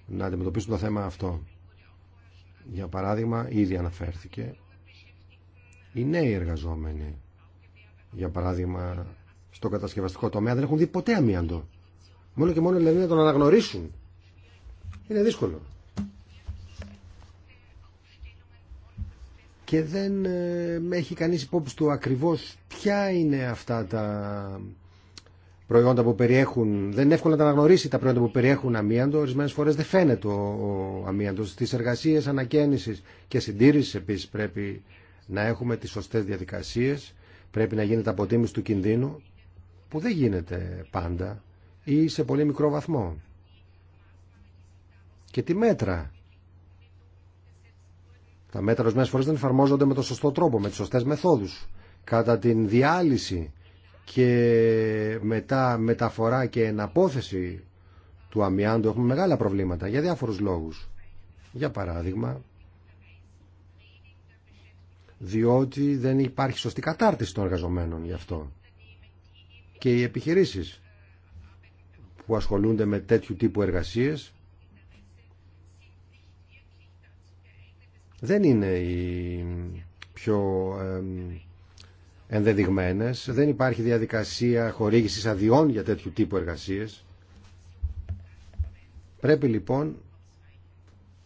να αντιμετωπίσουν το θέμα αυτό. Για παράδειγμα, ήδη αναφέρθηκε, οι νέοι εργαζόμενοι, για παράδειγμα, στο κατασκευαστικό τομέα δεν έχουν δει ποτέ αμίαντο. Μόνο και μόνο δηλαδή να τον αναγνωρίσουν. Είναι δύσκολο. και δεν ε, έχει κανείς υπόψη του ακριβώς ποια είναι αυτά τα προϊόντα που περιέχουν. Δεν είναι εύκολο να τα αναγνωρίσει τα προϊόντα που περιέχουν αμίαντο. Ορισμένε φορές δεν φαίνεται ο αμίαντο. Στις εργασίες ανακαίνησης και συντήρησης επίση πρέπει να έχουμε τις σωστές διαδικασίες. Πρέπει να γίνεται αποτίμηση του κινδύνου που δεν γίνεται πάντα ή σε πολύ μικρό βαθμό. Και τι μέτρα τα μέτρα ορισμένε φορέ δεν εφαρμόζονται με τον σωστό τρόπο, με τι σωστέ μεθόδου. Κατά την διάλυση και μετά μεταφορά και εναπόθεση του αμοιάντου έχουμε μεγάλα προβλήματα για διάφορους λόγους. Για παράδειγμα, διότι δεν υπάρχει σωστή κατάρτιση των εργαζομένων γι' αυτό. Και οι επιχειρήσεις που ασχολούνται με τέτοιου τύπου εργασίες δεν είναι οι πιο ενδεδειγμένες, δεν υπάρχει διαδικασία χορήγησης αδειών για τέτοιου τύπου εργασίες. Πρέπει λοιπόν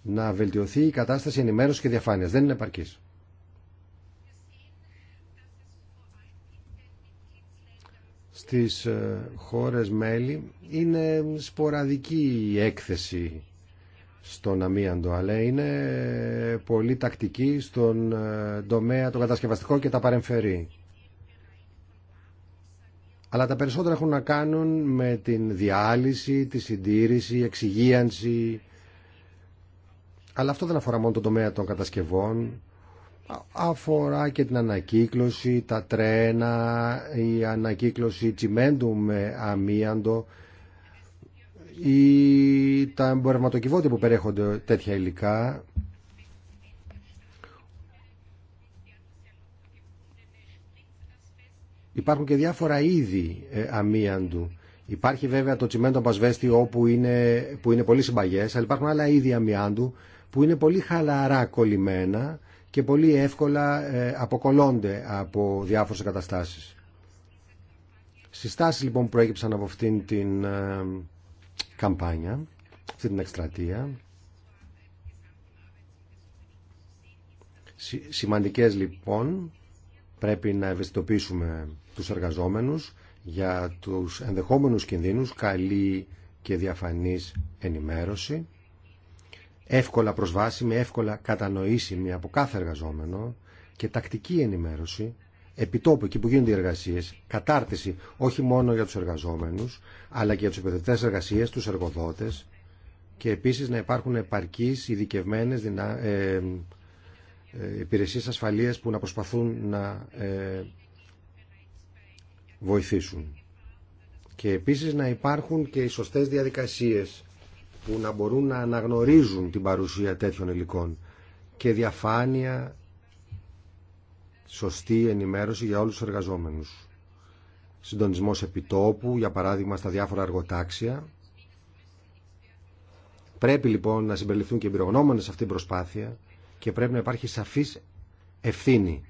να βελτιωθεί η κατάσταση ενημέρωσης και διαφάνειας. Δεν είναι επαρκής. Στις ε, χώρες μέλη είναι σποραδική η έκθεση στον αμίαντο, αλλά είναι πολύ τακτική στον ε, τομέα το κατασκευαστικό και τα παρεμφερεί. Αλλά τα περισσότερα έχουν να κάνουν με την διάλυση, τη συντήρηση, εξυγίανση. Αλλά αυτό δεν αφορά μόνο τον τομέα των κατασκευών. Αφορά και την ανακύκλωση, τα τρένα, η ανακύκλωση τσιμέντου με αμίαντο ή τα εμπορευματοκιβώτια που περιέχονται τέτοια υλικά Υπάρχουν και διάφορα είδη ε, αμίαντου. Υπάρχει βέβαια το τσιμέντο μπασβέστη όπου είναι, που είναι πολύ συμπαγές, αλλά υπάρχουν άλλα είδη αμιάντου που είναι πολύ χαλαρά κολλημένα και πολύ εύκολα ε, αποκολλώνται από διάφορες καταστάσεις. Συστάσεις λοιπόν που προέκυψαν από αυτήν την ε, καμπάνια, αυτή την εκστρατεία. Σημαντικές λοιπόν πρέπει να ευαισθητοποιήσουμε τους εργαζόμενους για τους ενδεχόμενους κινδύνους, καλή και διαφανής ενημέρωση, εύκολα προσβάσιμη, εύκολα κατανοήσιμη από κάθε εργαζόμενο και τακτική ενημέρωση επιτόπου, εκεί που γίνονται οι εργασίες, κατάρτιση όχι μόνο για τους εργαζόμενους, αλλά και για τους επιθετές εργασίες, τους εργοδότες και επίσης να υπάρχουν επαρκείς ειδικευμένες δυνα... ε, ε υπηρεσίες ασφαλείας που να προσπαθούν να ε, βοηθήσουν. Και επίσης να υπάρχουν και οι σωστές διαδικασίες που να μπορούν να αναγνωρίζουν την παρουσία τέτοιων υλικών και διαφάνεια σωστή ενημέρωση για όλους τους εργαζόμενους. Συντονισμός επιτόπου, για παράδειγμα στα διάφορα εργοτάξια. Πρέπει λοιπόν να συμπεριληφθούν και εμπειρογνώμονες σε αυτήν την προσπάθεια και πρέπει να υπάρχει σαφής ευθύνη.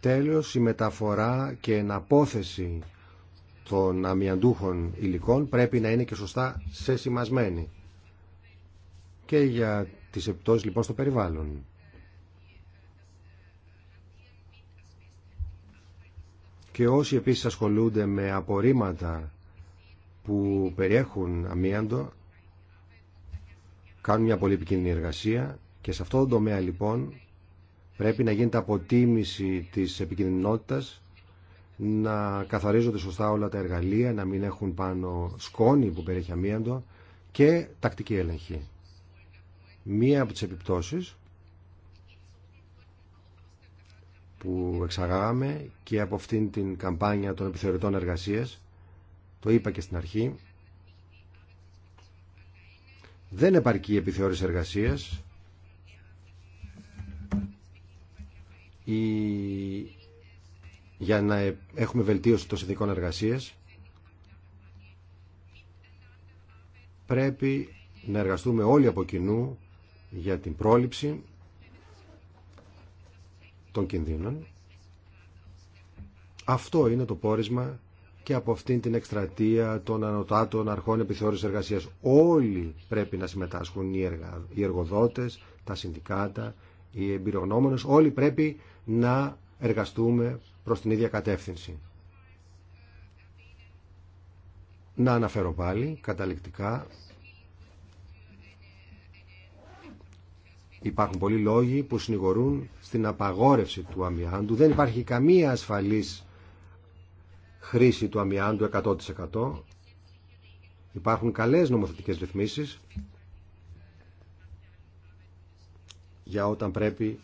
Τέλος, η μεταφορά και εναπόθεση των αμιαντούχων υλικών πρέπει να είναι και σωστά σημασμένη. και για τις επιπτώσεις λοιπόν στο περιβάλλον. και όσοι επίσης ασχολούνται με απορρίμματα που περιέχουν αμίαντο κάνουν μια πολύ επικίνδυνη εργασία και σε αυτό το τομέα λοιπόν πρέπει να γίνεται αποτίμηση της επικίνδυνοτητας να καθαρίζονται σωστά όλα τα εργαλεία, να μην έχουν πάνω σκόνη που περιέχει αμίαντο και τακτική έλεγχη. Μία από τις επιπτώσεις που εξαγάγαμε και από αυτήν την καμπάνια των επιθεωρητών εργασίες Το είπα και στην αρχή. Δεν επαρκεί η επιθεώρηση εργασίας. Η... Για να ε- έχουμε βελτίωση των συνδικών εργασίας πρέπει να εργαστούμε όλοι από κοινού για την πρόληψη των κινδύνων. Αυτό είναι το πόρισμα και από αυτήν την εκστρατεία των ανωτάτων αρχών επιθεώρησης εργασίας. Όλοι πρέπει να συμμετάσχουν οι εργοδότες, τα συνδικάτα, οι εμπειρογνώμονες. Όλοι πρέπει να εργαστούμε προς την ίδια κατεύθυνση. Να αναφέρω πάλι καταληκτικά Υπάρχουν πολλοί λόγοι που συνηγορούν στην απαγόρευση του αμοιάντου. Δεν υπάρχει καμία ασφαλής χρήση του αμοιάντου 100%. Υπάρχουν καλές νομοθετικές ρυθμίσεις για όταν πρέπει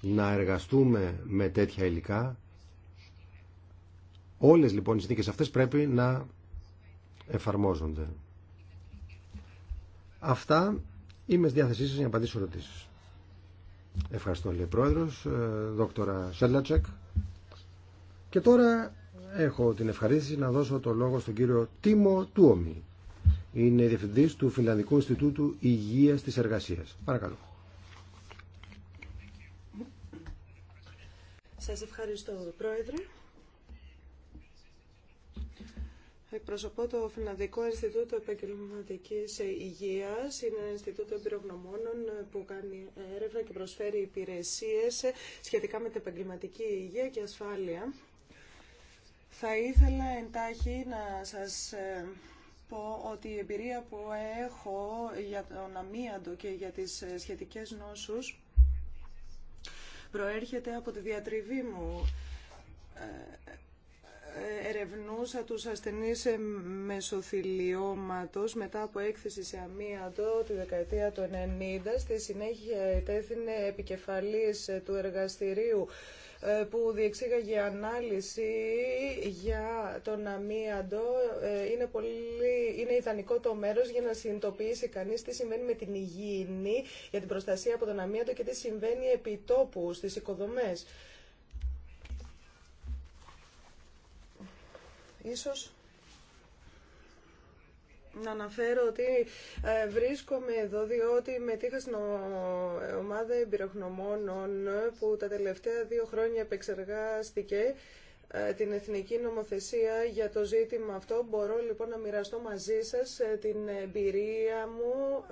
να εργαστούμε με τέτοια υλικά. Όλες λοιπόν οι συνθήκες αυτές πρέπει να εφαρμόζονται. Αυτά είμαι στη διάθεσή σας για να απαντήσω ερωτήσεις. Ευχαριστώ λέει πρόεδρος, ε, δόκτωρα Σελλατσέκ. Και τώρα έχω την ευχαρίστηση να δώσω το λόγο στον κύριο Τίμο Τουόμι. Είναι διευθυντής του Φιλανδικού Ινστιτούτου Υγείας της Εργασίας. Παρακαλώ. Σας ευχαριστώ πρόεδρε. Εκπροσωπώ το Φιλανδικό Ινστιτούτο Επαγγελματική Υγεία. Είναι ένα Ινστιτούτο Εμπειρογνωμόνων που κάνει έρευνα και προσφέρει υπηρεσίε σχετικά με την επαγγελματική υγεία και ασφάλεια. Θα ήθελα εντάχει να σας ε, πω ότι η εμπειρία που έχω για τον αμίαντο και για τις ε, σχετικές νόσους προέρχεται από τη διατριβή μου ε, ερευνούσα τους ασθενείς μεσοθυλιώματος μετά από έκθεση σε αμύαντο τη δεκαετία του 90. Στη συνέχεια ετέθηνε επικεφαλής του εργαστηρίου ε, που διεξήγαγε ανάλυση για τον αμύαντο. Ε, είναι, πολύ, είναι ιδανικό το μέρος για να συνειδητοποιήσει κανείς τι συμβαίνει με την υγιεινή για την προστασία από τον αμύαντο και τι συμβαίνει επί τόπου στις οικοδομές. Ίσως να αναφέρω ότι ε, βρίσκομαι εδώ διότι μετήχα στην ε, ομάδα εμπειρογνωμόνων που τα τελευταία δύο χρόνια επεξεργάστηκε ε, την εθνική νομοθεσία για το ζήτημα αυτό. Μπορώ λοιπόν να μοιραστώ μαζί σας την εμπειρία μου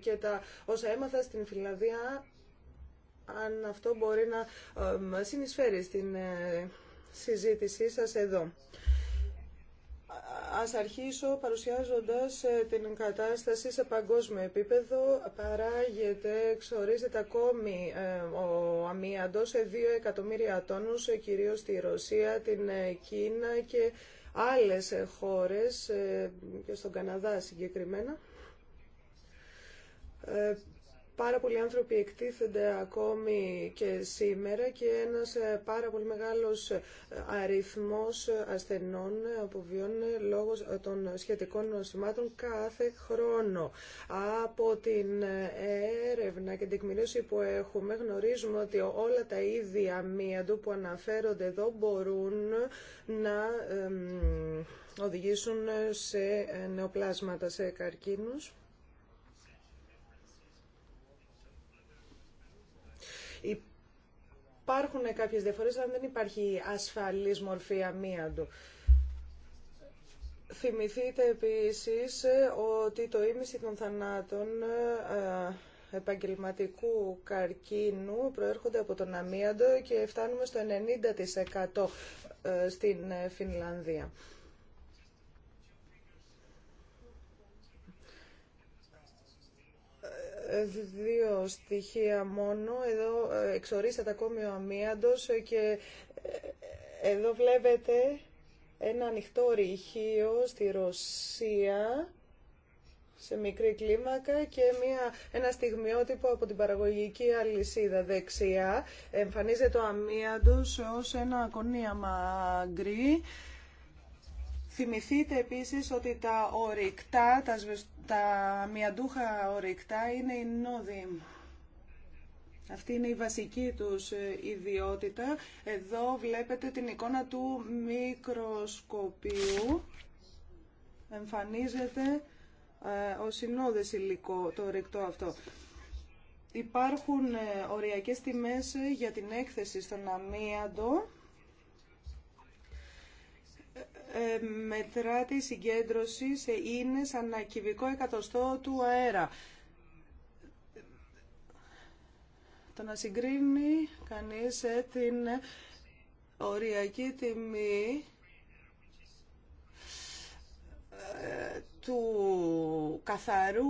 και τα όσα έμαθα στην Φιλανδία αν αυτό μπορεί να συνεισφέρει στην συζήτησή σας εδώ. Ας αρχίσω παρουσιάζοντας ε, την κατάσταση σε παγκόσμιο επίπεδο. Παράγεται, εξορίζεται ακόμη ε, ο αμύαντος σε 2 εκατομμύρια τόνους, ε, κυρίως στη Ρωσία, την Κίνα και άλλες χώρες και στον Καναδά συγκεκριμένα Πάρα πολλοί άνθρωποι εκτίθενται ακόμη και σήμερα και ένας ε, πάρα πολύ μεγάλος ε, αριθμός ε, ασθενών αποβιώνουν λόγω των σχετικών νοσημάτων κάθε χρόνο. Από την έρευνα και την τεκμηρίωση που έχουμε γνωρίζουμε ότι όλα τα είδη αμύαντου που αναφέρονται εδώ μπορούν να οδηγήσουν σε νεοπλάσματα, σε καρκίνους. υπάρχουν κάποιες διαφορές, αν δεν υπάρχει ασφαλής μορφή αμύαντου. Θυμηθείτε επίσης ε, ότι το ίμιση των θανάτων ε, ε, επαγγελματικού καρκίνου προέρχονται από τον αμύαντο και φτάνουμε στο 90% στην Φινλανδία. δύο στοιχεία μόνο. Εδώ ε, εξορίσατε ακόμη ο αμύαντος και ε, εδώ βλέπετε ένα ανοιχτό ρηχείο στη Ρωσία σε μικρή κλίμακα και μια, ένα στιγμιότυπο από την παραγωγική αλυσίδα δεξιά. Εμφανίζεται το αμύαντος ως ένα κονίαμα γκρι. Θυμηθείτε επίσης ότι τα ορυκτά, τα, τα μιαντούχα ορυκτά είναι οι νόδι. Αυτή είναι η βασική τους ε, ιδιότητα. Εδώ βλέπετε την εικόνα του μικροσκοπίου. Εμφανίζεται ο ε, συνόδες υλικό, το ορυκτό αυτό. Υπάρχουν ε, οριακές τιμές για την έκθεση στον αμίαντο. Ε, μετρά τη συγκέντρωση σε ίνες ανά εκατοστό του αέρα. Το να συγκρίνει κανείς ε, την οριακή τιμή ε, του καθαρού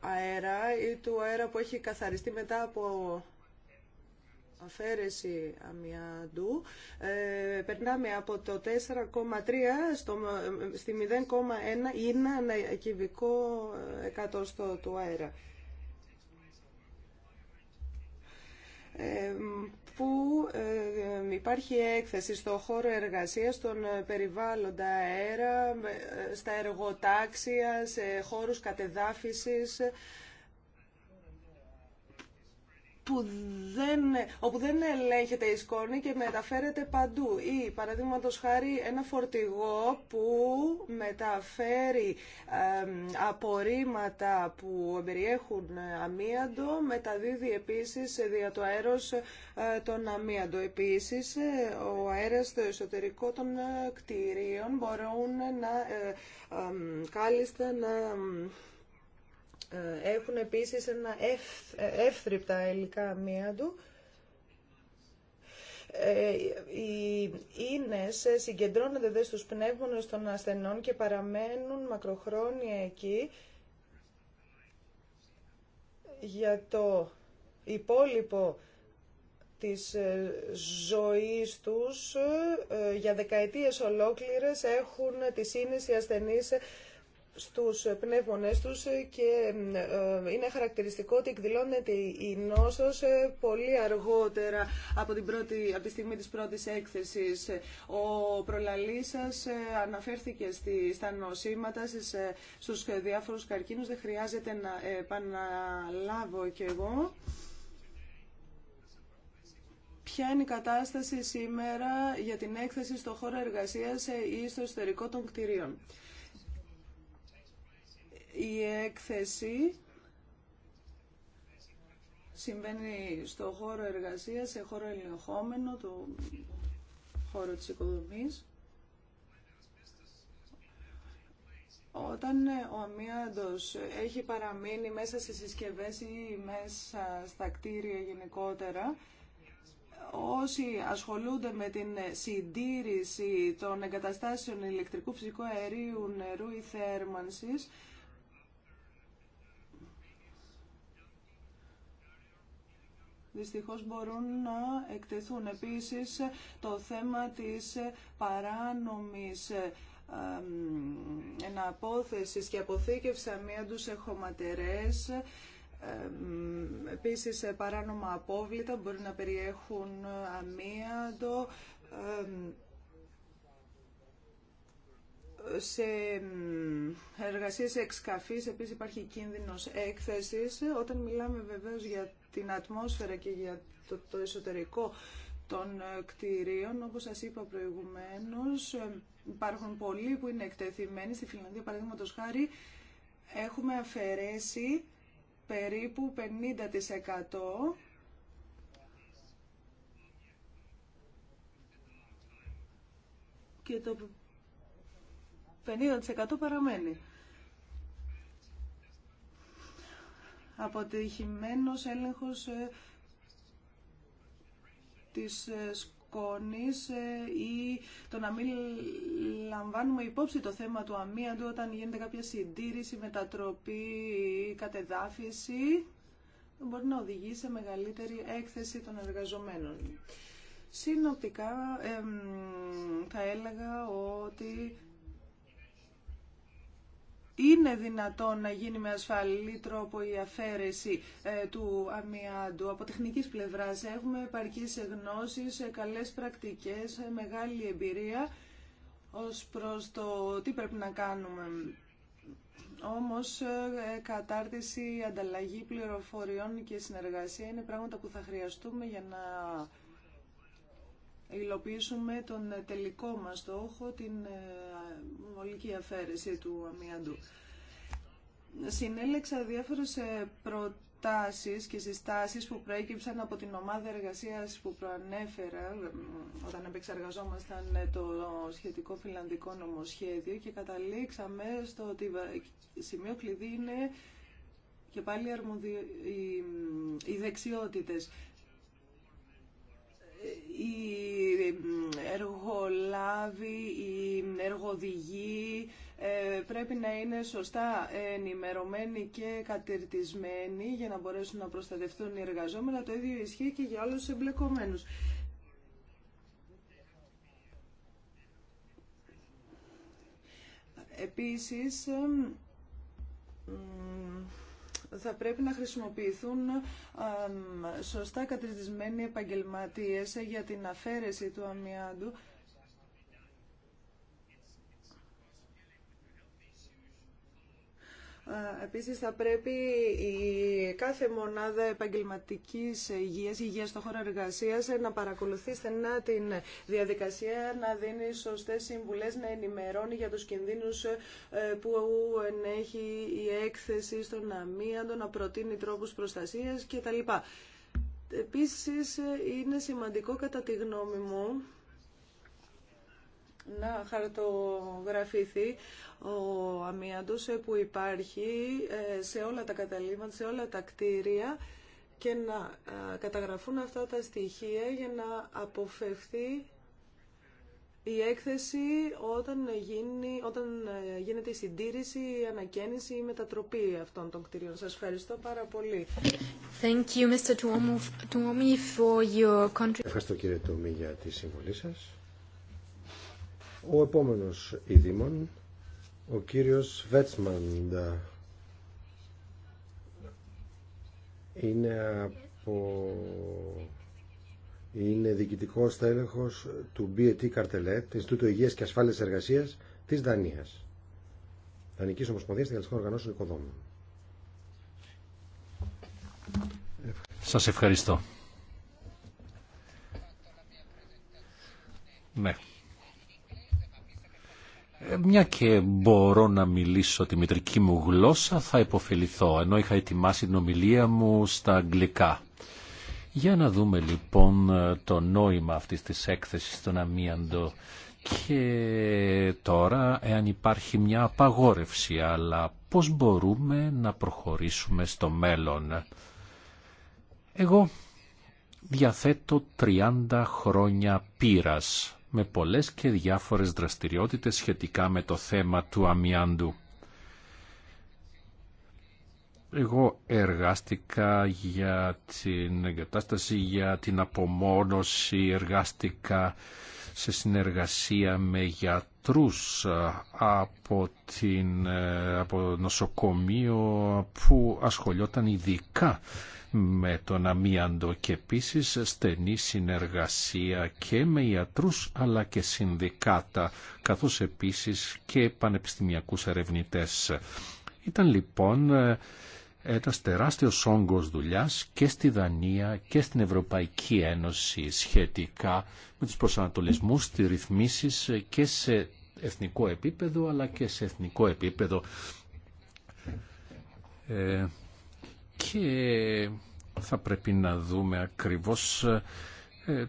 αέρα ή του αέρα που έχει καθαριστεί μετά από αφαίρεση αμοιάντου. Ε, περνάμε από το 4,3 στο, ε, στη 0,1 είναι ένα κυβικό εκατοστό του αέρα. Ε, που ε, υπάρχει έκθεση στο χώρο εργασίας, στον ε, περιβάλλοντα αέρα, στα εργοτάξια, σε χώρους κατεδάφισης που δεν, όπου δεν ελέγχεται η σκόνη και μεταφέρεται παντού. Ή, παραδείγματο χάρη, ένα φορτηγό που μεταφέρει απορρίμματα που περιέχουν ε, αμίαντο, μεταδίδει επίσης δια το αέρος ε, τον αμίαντο. Επίσης, ε, ο αέρας στο εσωτερικό των κτηρίων μπορούν να ε, να ε, έχουν επίσης ένα εύθρυπτα υλικά μία του. Ε, οι ίνες συγκεντρώνονται δε στους πνεύμονες των ασθενών και παραμένουν μακροχρόνια εκεί για το υπόλοιπο της ε, ζωής τους για δεκαετίες ολόκληρες έχουν τις ίνες οι ασθενείς στους πνεύμονές τους και ε, είναι χαρακτηριστικό ότι εκδηλώνεται η νόσος ε, πολύ αργότερα από, την πρώτη, από τη στιγμή της πρώτης έκθεσης. Ο προλαλής σας ε, αναφέρθηκε στη, στα νοσήματα, στις, στους διάφορους καρκίνους, δεν χρειάζεται να επαναλάβω κι εγώ. Ποια είναι η κατάσταση σήμερα για την έκθεση στο χώρο εργασίας ή στο εσωτερικό των κτηρίων. Η έκθεση συμβαίνει στο χώρο εργασίας, σε χώρο ελεγχόμενο, το χώρο της οικοδομής. Όταν ε, ο αμύαντος έχει παραμείνει μέσα σε συσκευές ή μέσα στα κτίρια γενικότερα, όσοι ασχολούνται με την συντήρηση των εγκαταστάσεων ηλεκτρικού, φυσικού αερίου, νερού ή θέρμανσης, δυστυχώς μπορούν να εκτεθούν. Επίσης το θέμα της παράνομης εναπόθεσης και αποθήκευση αμύαντου σε χωματερές επίσης παράνομα απόβλητα μπορεί να περιέχουν αμύαντο σε εργασίες εξκαφής επίσης υπάρχει κίνδυνος έκθεσης όταν μιλάμε βεβαίως για την ατμόσφαιρα και για το, το εσωτερικό των ε, κτηρίων. Όπως σας είπα προηγουμένως, ε, υπάρχουν πολλοί που είναι εκτεθειμένοι. Στη Φιλανδία, παραδείγματο χάρη, έχουμε αφαιρέσει περίπου 50% και το 50% παραμένει. αποτυχημένος έλεγχος ε, της ε, σκόνης ε, ή το να μην λαμβάνουμε υπόψη το θέμα του αμύαντου όταν γίνεται κάποια συντήρηση, μετατροπή ή κατεδάφιση μπορεί να οδηγεί σε μεγαλύτερη έκθεση των εργαζομένων. Συνοπτικά θα έλεγα ότι είναι δυνατόν να γίνει με ασφαλή τρόπο η αφαίρεση ε, του αμοιάντου. Από τεχνικής πλευράς έχουμε επαρκείς γνώσεις, ε, καλές πρακτικές, ε, μεγάλη εμπειρία ως προς το τι πρέπει να κάνουμε. Όμως κατάρτιση, ανταλλαγή πληροφοριών και συνεργασία είναι πράγματα που θα χρειαστούμε για να υλοποιήσουμε τον τελικό μας στόχο, την ε, ολική αφαίρεση του Αμμιάντου. Συνέλεξα διάφορες ε, προτάσεις και συστάσεις που προέκυψαν από την ομάδα εργασίας που προανέφερα όταν επεξεργαζόμασταν ε, το σχετικό φιλανδικό νομοσχέδιο και καταλήξαμε στο ότι σημείο κλειδί είναι και πάλι οι δεξιότητες οι εργολάβοι, οι εργοδηγοί ε, πρέπει να είναι σωστά ενημερωμένοι και κατηρτισμένοι για να μπορέσουν να προστατευτούν οι εργαζόμενοι. Το ίδιο ισχύει και για όλους τους εμπλεκομένους. Επίσης, ε, θα πρέπει να χρησιμοποιηθούν σωστά κατηρτισμένοι επαγγελματίες για την αφαίρεση του αμοιάντου Επίσης θα πρέπει η κάθε μονάδα επαγγελματικής υγείας, υγείας στον χώρο εργασίας να παρακολουθεί στενά την διαδικασία, να δίνει σωστές συμβουλές, να ενημερώνει για τους κινδύνους ε, που ενέχει η έκθεση στον αμίαντο, να προτείνει τρόπους προστασίας κτλ. Επίσης ε, είναι σημαντικό κατά τη γνώμη μου να χαρτογραφηθεί ο αμύαντος ε, που υπάρχει ε, σε όλα τα καταλήμματα, σε όλα τα κτίρια και να ε, καταγραφούν αυτά τα στοιχεία για να αποφευθεί η έκθεση όταν, όταν γίνεται η συντήρηση, η ανακαίνιση ή η μετατροπή αυτών των κτίριων. Σας ευχαριστώ πάρα πολύ. Thank you, Mr. Tuomi, for your Ευχαριστώ κύριε Τουόμι για τη συμβολή σας. Ο επόμενος ειδήμων, ο κύριος Βέτσμαντα, είναι από... Είναι διοικητικό τέλεχο του BET e του Ινστιτούτου Υγεία και Ασφάλεια Εργασία τη Δανία. Δανική Ομοσπονδία Θεγαλιστικών Οργανώσεων Οικοδόμων. Σας ευχαριστώ. Ναι, μια και μπορώ να μιλήσω τη μητρική μου γλώσσα θα υποφεληθώ, ενώ είχα ετοιμάσει την ομιλία μου στα αγγλικά. Για να δούμε λοιπόν το νόημα αυτής της έκθεσης στον αμίαντο και τώρα εάν υπάρχει μια απαγόρευση, αλλά πώς μπορούμε να προχωρήσουμε στο μέλλον. Εγώ διαθέτω 30 χρόνια πείρας με πολλές και διάφορες δραστηριότητες σχετικά με το θέμα του αμοιάντου. Εγώ εργάστηκα για την εγκατάσταση, για την απομόνωση, εργάστηκα σε συνεργασία με γιατρούς ε, από, την, ε, από νοσοκομείο που ασχολιόταν ειδικά με τον αμίαντο και επίση στενή συνεργασία και με ιατρούς αλλά και συνδικάτα καθώς επίσης και πανεπιστημιακούς ερευνητές. Ήταν λοιπόν ε, ένα τεράστιο όγκο δουλειά και στη Δανία και στην Ευρωπαϊκή Ένωση σχετικά με του προσανατολισμούς, τι ρυθμίσει και σε εθνικό επίπεδο αλλά και σε εθνικό επίπεδο. Ε, και θα πρέπει να δούμε ακριβώς ε,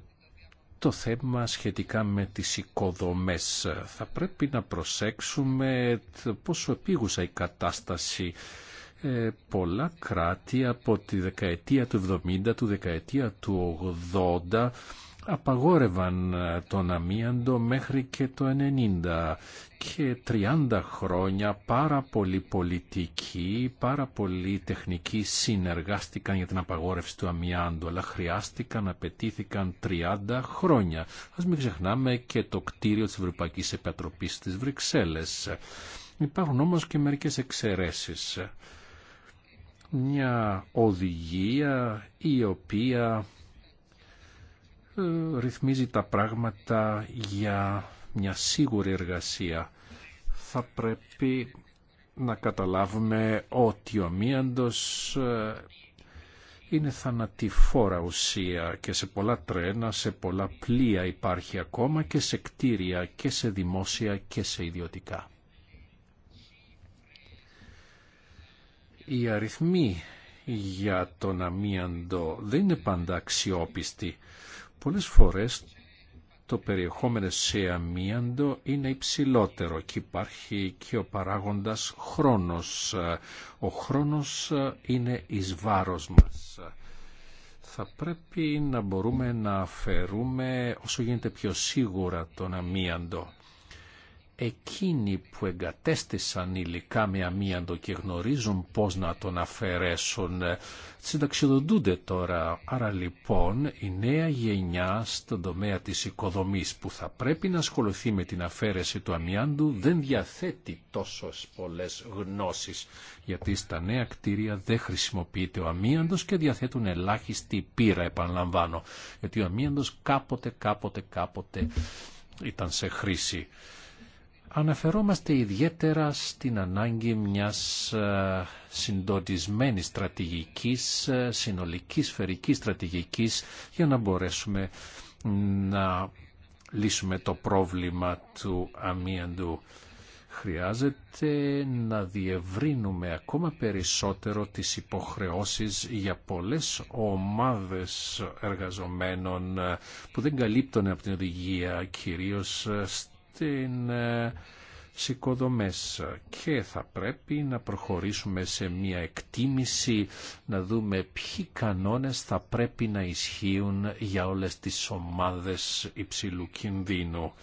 το θέμα σχετικά με τις οικοδομές. Θα πρέπει να προσέξουμε πόσο επίγουσα η κατάσταση ε, πολλά κράτη από τη δεκαετία του 70, του δεκαετία του 80 απαγόρευαν ε, τον αμίαντο μέχρι και το 90 και 30 χρόνια πάρα πολλοί πολιτικοί, πάρα πολλοί τεχνικοί συνεργάστηκαν για την απαγόρευση του αμιάντου, αλλά χρειάστηκαν, απαιτήθηκαν 30 χρόνια. Ας μην ξεχνάμε και το κτίριο της Ευρωπαϊκής Επιτροπής στις Βρυξέλλες. Υπάρχουν όμως και μερικές εξαιρέσεις μια οδηγία η οποία ε, ρυθμίζει τα πράγματα για μια σίγουρη εργασία. Θα πρέπει να καταλάβουμε ότι ο μίαντος ε, είναι θανατηφόρα ουσία και σε πολλά τρένα, σε πολλά πλοία υπάρχει ακόμα και σε κτίρια και σε δημόσια και σε ιδιωτικά. οι αριθμοί για τον αμίαντο δεν είναι πάντα αξιόπιστοι. Πολλές φορές το περιεχόμενο σε αμίαντο είναι υψηλότερο και υπάρχει και ο παράγοντας χρόνος. Ο χρόνος είναι εις βάρος μας. Θα πρέπει να μπορούμε να αφαιρούμε όσο γίνεται πιο σίγουρα τον αμίαντο εκείνοι που εγκατέστησαν υλικά με αμίαντο και γνωρίζουν πώς να τον αφαιρέσουν ε, συνταξιδοντούνται τώρα. Άρα λοιπόν η νέα γενιά στον τομέα της οικοδομής που θα πρέπει να ασχοληθεί με την αφαίρεση του αμιάντου δεν διαθέτει τόσο πολλές γνώσεις γιατί στα νέα κτίρια δεν χρησιμοποιείται ο αμίαντος και διαθέτουν ελάχιστη πείρα επαναλαμβάνω γιατί ο αμίαντος κάποτε κάποτε κάποτε ήταν σε χρήση. Αναφερόμαστε ιδιαίτερα στην ανάγκη μιας ε, συντονισμένης στρατηγικής, ε, συνολικής σφαιρικής στρατηγικής για να μπορέσουμε να λύσουμε το πρόβλημα του αμίαντου. Χρειάζεται να διευρύνουμε ακόμα περισσότερο τις υποχρεώσεις για πολλές ομάδες εργαζομένων ε, που δεν καλύπτονται από την οδηγία, κυρίως στην ε, σηκοδομές και θα πρέπει να προχωρήσουμε σε μια εκτίμηση να δούμε ποιοι κανόνες θα πρέπει να ισχύουν για όλες τις ομάδες υψηλού κινδύνου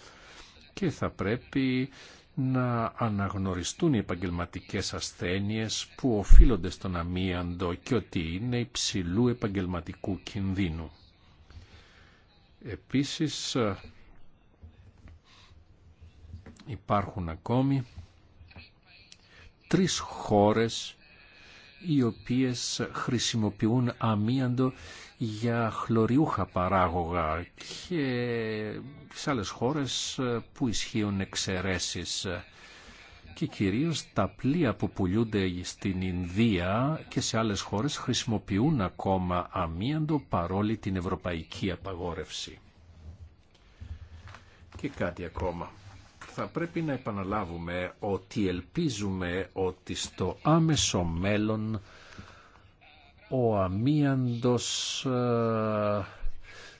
και θα πρέπει να αναγνωριστούν οι επαγγελματικές ασθένειες που οφείλονται στον αμίαντο και ότι είναι υψηλού επαγγελματικού κινδύνου. Επίσης Υπάρχουν ακόμη τρεις χώρες οι οποίες χρησιμοποιούν αμίαντο για χλωριούχα παράγωγα και σε άλλες χώρες που ισχύουν εξαιρέσεις και κυρίως τα πλοία που πουλούνται στην Ινδία και σε άλλες χώρες χρησιμοποιούν ακόμα αμίαντο παρόλη την ευρωπαϊκή απαγόρευση. Και κάτι ακόμα θα πρέπει να επαναλάβουμε ότι ελπίζουμε ότι στο άμεσο μέλλον ο αμίαντος ε,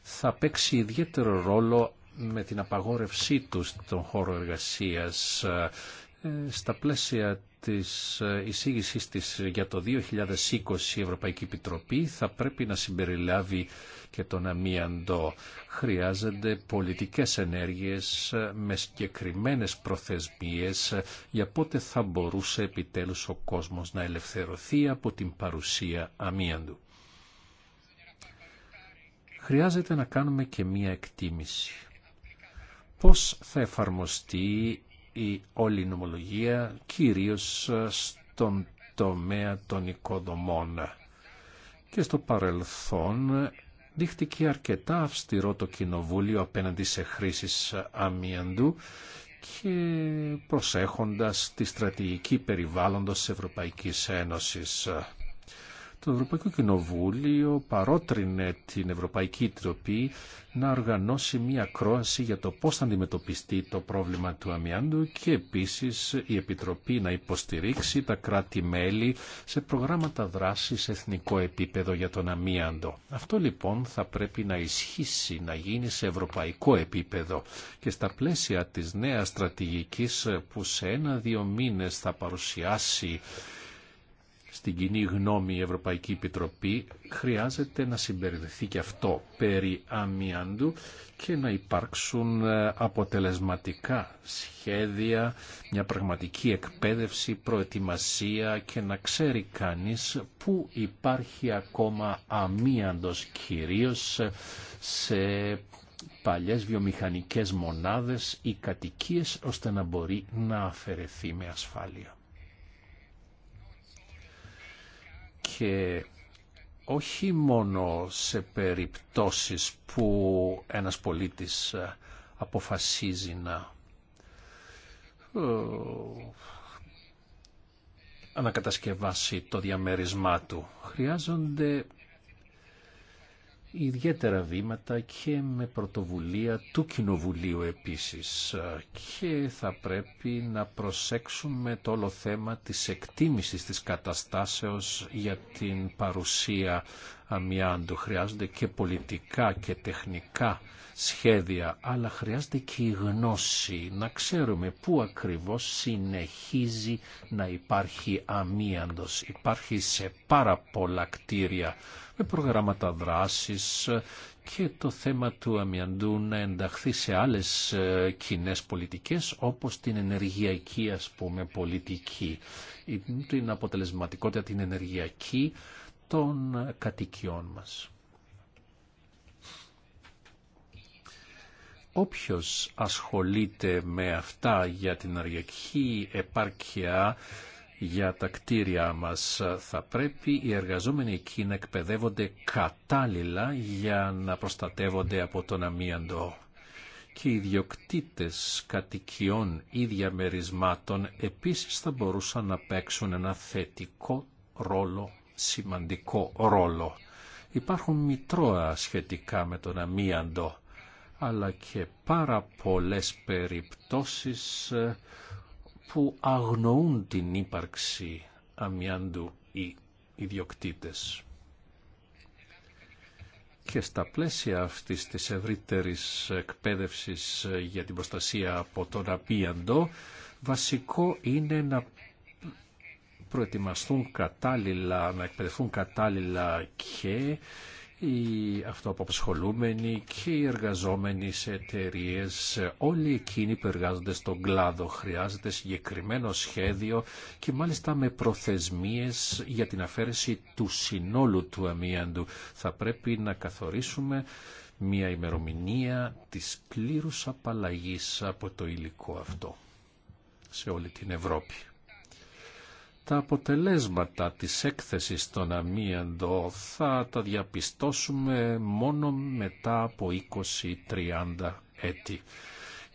θα παίξει ιδιαίτερο ρόλο με την απαγόρευσή του στον χώρο εργασίας ε, στα πλαίσια της ε, εισήγησής της για το 2020 η Ευρωπαϊκή Επιτροπή θα πρέπει να συμπεριλάβει και τον αμίαντο. Χρειάζονται πολιτικές ενέργειες ε, με συγκεκριμένες προθεσμίες ε, για πότε θα μπορούσε επιτέλους ο κόσμος να ελευθερωθεί από την παρουσία αμίαντου. Χρειάζεται να κάνουμε και μία εκτίμηση. Πώς θα εφαρμοστεί η όλη νομολογία κυρίως ε, στον τομέα των οικοδομών. Και στο παρελθόν δείχτηκε αρκετά αυστηρό το κοινοβούλιο απέναντι σε χρήσεις αμίαντου και προσέχοντας τη στρατηγική περιβάλλοντος της Ευρωπαϊκής Ένωσης. Το Ευρωπαϊκό Κοινοβούλιο παρότρινε την Ευρωπαϊκή Τροπή να οργανώσει μια κρόαση για το πώς θα αντιμετωπιστεί το πρόβλημα του αμοιάντου και επίσης η Επιτροπή να υποστηρίξει τα κράτη-μέλη σε προγράμματα δράσης σε εθνικό επίπεδο για τον αμοιάντο. Αυτό λοιπόν θα πρέπει να ισχύσει, να γίνει σε ευρωπαϊκό επίπεδο και στα πλαίσια της νέας στρατηγικής που σε ένα-δύο μήνες θα παρουσιάσει στην κοινή γνώμη η Ευρωπαϊκή Επιτροπή χρειάζεται να συμπεριληφθεί και αυτό περί αμιάντου και να υπάρξουν ε, αποτελεσματικά σχέδια, μια πραγματική εκπαίδευση, προετοιμασία και να ξέρει κανείς που υπάρχει ακόμα αμιάντος κυρίως σε παλιές βιομηχανικές μονάδες ή κατοικίες ώστε να μπορεί να αφαιρεθεί με ασφάλεια. και όχι μόνο σε περιπτώσεις που ένας πολίτης ε, αποφασίζει να ε, ανακατασκευάσει το διαμέρισμά του. Χρειάζονται ιδιαίτερα βήματα και με πρωτοβουλία του Κοινοβουλίου επίσης και θα πρέπει να προσέξουμε το όλο θέμα της εκτίμησης της καταστάσεως για την παρουσία αμοιάντου. Χρειάζονται και πολιτικά και τεχνικά σχέδια, αλλά χρειάζεται και η γνώση, να ξέρουμε πού ακριβώς συνεχίζει να υπάρχει αμίαντος. Υπάρχει σε πάρα πολλά κτίρια με προγράμματα δράσης και το θέμα του αμιαντού να ενταχθεί σε άλλες ε, κοινέ πολιτικές όπως την ενεργειακή ας πούμε πολιτική, την αποτελεσματικότητα την ενεργειακή των κατοικιών μας. όποιος ασχολείται με αυτά για την αριακή επάρκεια για τα κτίρια μας θα πρέπει οι εργαζόμενοι εκεί να εκπαιδεύονται κατάλληλα για να προστατεύονται από τον αμίαντο και οι ιδιοκτήτες κατοικιών ή διαμερισμάτων επίσης θα μπορούσαν να παίξουν ένα θετικό ρόλο, σημαντικό ρόλο. Υπάρχουν μητρώα σχετικά με τον αμίαντο αλλά και πάρα πολλές περιπτώσεις ε, που αγνοούν την ύπαρξη αμοιάντου οι ιδιοκτήτες. Και στα πλαίσια αυτής της ευρύτερης εκπαίδευσης ε, για την προστασία από τον απίαντο, βασικό είναι να προετοιμαστούν κατάλληλα, να εκπαιδευτούν κατάλληλα και οι αυτοαποσχολούμενοι και οι εργαζόμενοι σε εταιρείε, όλοι εκείνοι που εργάζονται στον κλάδο. Χρειάζεται συγκεκριμένο σχέδιο και μάλιστα με προθεσμίες για την αφαίρεση του συνόλου του αμίαντου. Θα πρέπει να καθορίσουμε μια ημερομηνία της πλήρους απαλλαγής από το υλικό αυτό σε όλη την Ευρώπη τα αποτελέσματα της έκθεσης των αμίαντο θα τα διαπιστώσουμε μόνο μετά από 20-30 έτη.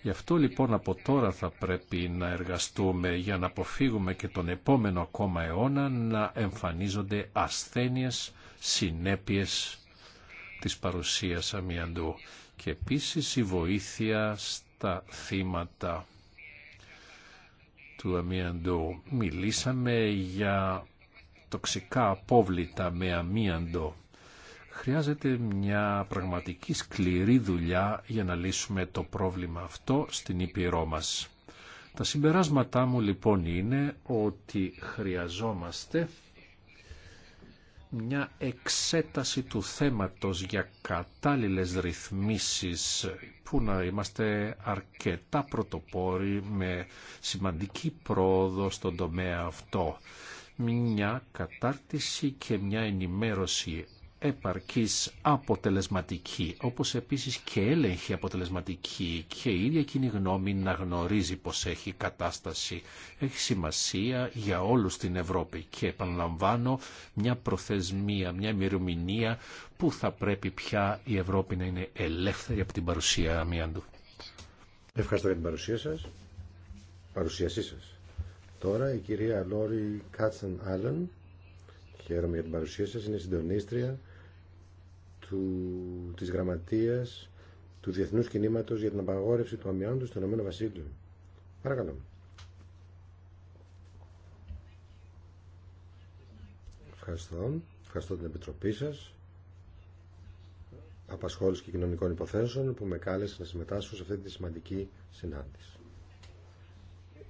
Γι' αυτό λοιπόν από τώρα θα πρέπει να εργαστούμε για να αποφύγουμε και τον επόμενο ακόμα αιώνα να εμφανίζονται ασθένειες, συνέπειες της παρουσίας αμοιαντού και επίσης η βοήθεια στα θύματα του αμίαντο. Μιλήσαμε για τοξικά απόβλητα με αμίαντο. Χρειάζεται μια πραγματική σκληρή δουλειά για να λύσουμε το πρόβλημα αυτό στην Ήπειρό μας. Τα συμπεράσματά μου λοιπόν είναι ότι χρειαζόμαστε μια εξέταση του θέματος για κατάλληλες ρυθμίσεις που να είμαστε αρκετά πρωτοπόροι με σημαντική πρόοδο στον τομέα αυτό. Μια κατάρτιση και μια ενημέρωση επαρκής αποτελεσματική, όπως επίσης και έλεγχη αποτελεσματική και η ίδια κοινή γνώμη να γνωρίζει πως έχει κατάσταση. Έχει σημασία για όλους στην Ευρώπη και επαναλαμβάνω μια προθεσμία, μια ημερομηνία που θα πρέπει πια η Ευρώπη να είναι ελεύθερη από την παρουσία αμοιάντου. Ευχαριστώ για την παρουσία σας. Παρουσίασή σας. Τώρα η κυρία Λόρι Κάτσεν Άλλεν, χαίρομαι για την παρουσία σας, είναι συντονίστρια του, της γραμματείας του Διεθνούς Κινήματος για την απαγόρευση του αμοιάντου στον Ηνωμένο Βασίλειο. Παρακαλώ. Ευχαριστώ. Ευχαριστώ την Επιτροπή σας απασχόληση και κοινωνικών υποθέσεων που με κάλεσε να συμμετάσχω σε αυτή τη σημαντική συνάντηση.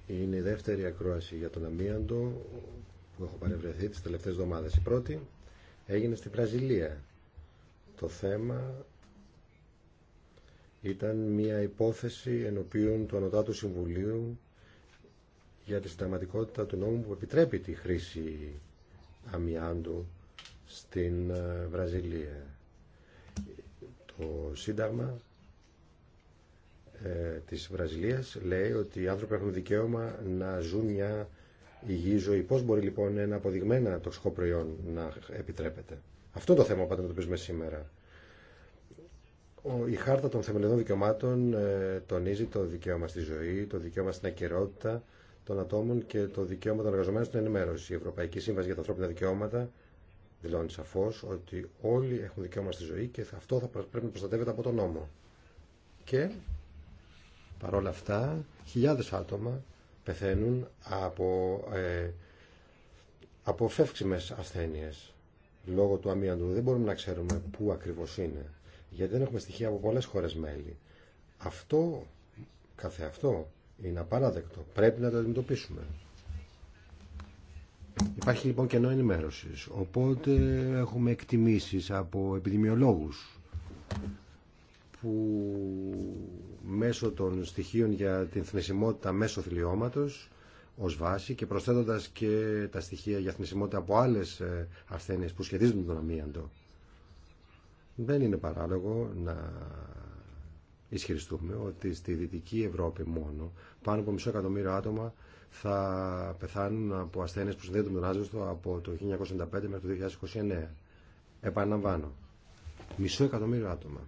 Είναι η δεύτερη ακρόαση για τον αμίαντο που έχω παρευρεθεί τις τελευταίες εβδομάδες. Η πρώτη έγινε στη Βραζιλία το θέμα ήταν μια υπόθεση ενωπίων του Ανωτάτου Συμβουλίου για τη συνταγματικότητα του νόμου που επιτρέπει τη χρήση αμοιάντου στην ε, Βραζιλία. Το Σύνταγμα ε, της Βραζιλίας λέει ότι οι άνθρωποι έχουν δικαίωμα να ζουν μια υγιή ζωή. Πώς μπορεί λοιπόν ένα αποδειγμένα τοξικό προϊόν να επιτρέπεται. Αυτό το θέμα που αντιμετωπίζουμε σήμερα. Η Χάρτα των Θεμελιωδών Δικαιωμάτων ε, τονίζει το δικαίωμα στη ζωή, το δικαίωμα στην ακαιρεότητα των ατόμων και το δικαίωμα των εργαζομένων στην ενημέρωση. Η Ευρωπαϊκή Σύμβαση για τα Ανθρώπινα Δικαιώματα δηλώνει σαφώ ότι όλοι έχουν δικαίωμα στη ζωή και αυτό θα πρέπει να προστατεύεται από τον νόμο. Και παρόλα αυτά, χιλιάδε άτομα πεθαίνουν από ε, ασθένειε λόγω του αμύαντου δεν μπορούμε να ξέρουμε πού ακριβώς είναι γιατί δεν έχουμε στοιχεία από πολλές χώρες μέλη. Αυτό καθεαυτό είναι απαράδεκτο. Πρέπει να το αντιμετωπίσουμε. Υπάρχει λοιπόν κενό ενημέρωση. Οπότε έχουμε εκτιμήσεις από επιδημιολόγους που μέσω των στοιχείων για την θνησιμότητα μέσω θηλιώματος ως βάση και προσθέτοντας και τα στοιχεία για θνησιμότητα από άλλες ε, ασθένειες που σχετίζονται με τον αμίαντο. Δεν είναι παράλογο να ισχυριστούμε ότι στη Δυτική Ευρώπη μόνο πάνω από μισό εκατομμύριο άτομα θα πεθάνουν από ασθένειες που συνδέονται με τον άζωστο από το 1995 μέχρι το 2029. Επαναλαμβάνω, μισό εκατομμύριο άτομα.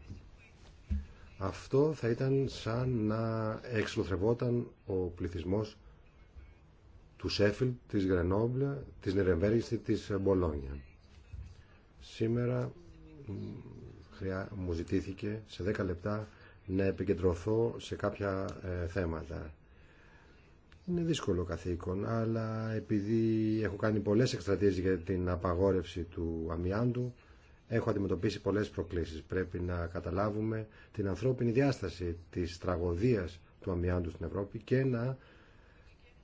Αυτό θα ήταν σαν να εξλοθρευόταν ο πληθυσμός του Σέφιλ, της Γρενόμπλε, της Νιρεμβέργης και της Μπολόνια. Σήμερα μου ζητήθηκε σε 10 λεπτά να επικεντρωθώ σε κάποια ε, θέματα. Είναι δύσκολο καθήκον, αλλά επειδή έχω κάνει πολλές εκστρατείες για την απαγόρευση του αμοιάντου, έχω αντιμετωπίσει πολλές προκλήσεις. Πρέπει να καταλάβουμε την ανθρώπινη διάσταση της τραγωδίας του αμοιάντου στην Ευρώπη και να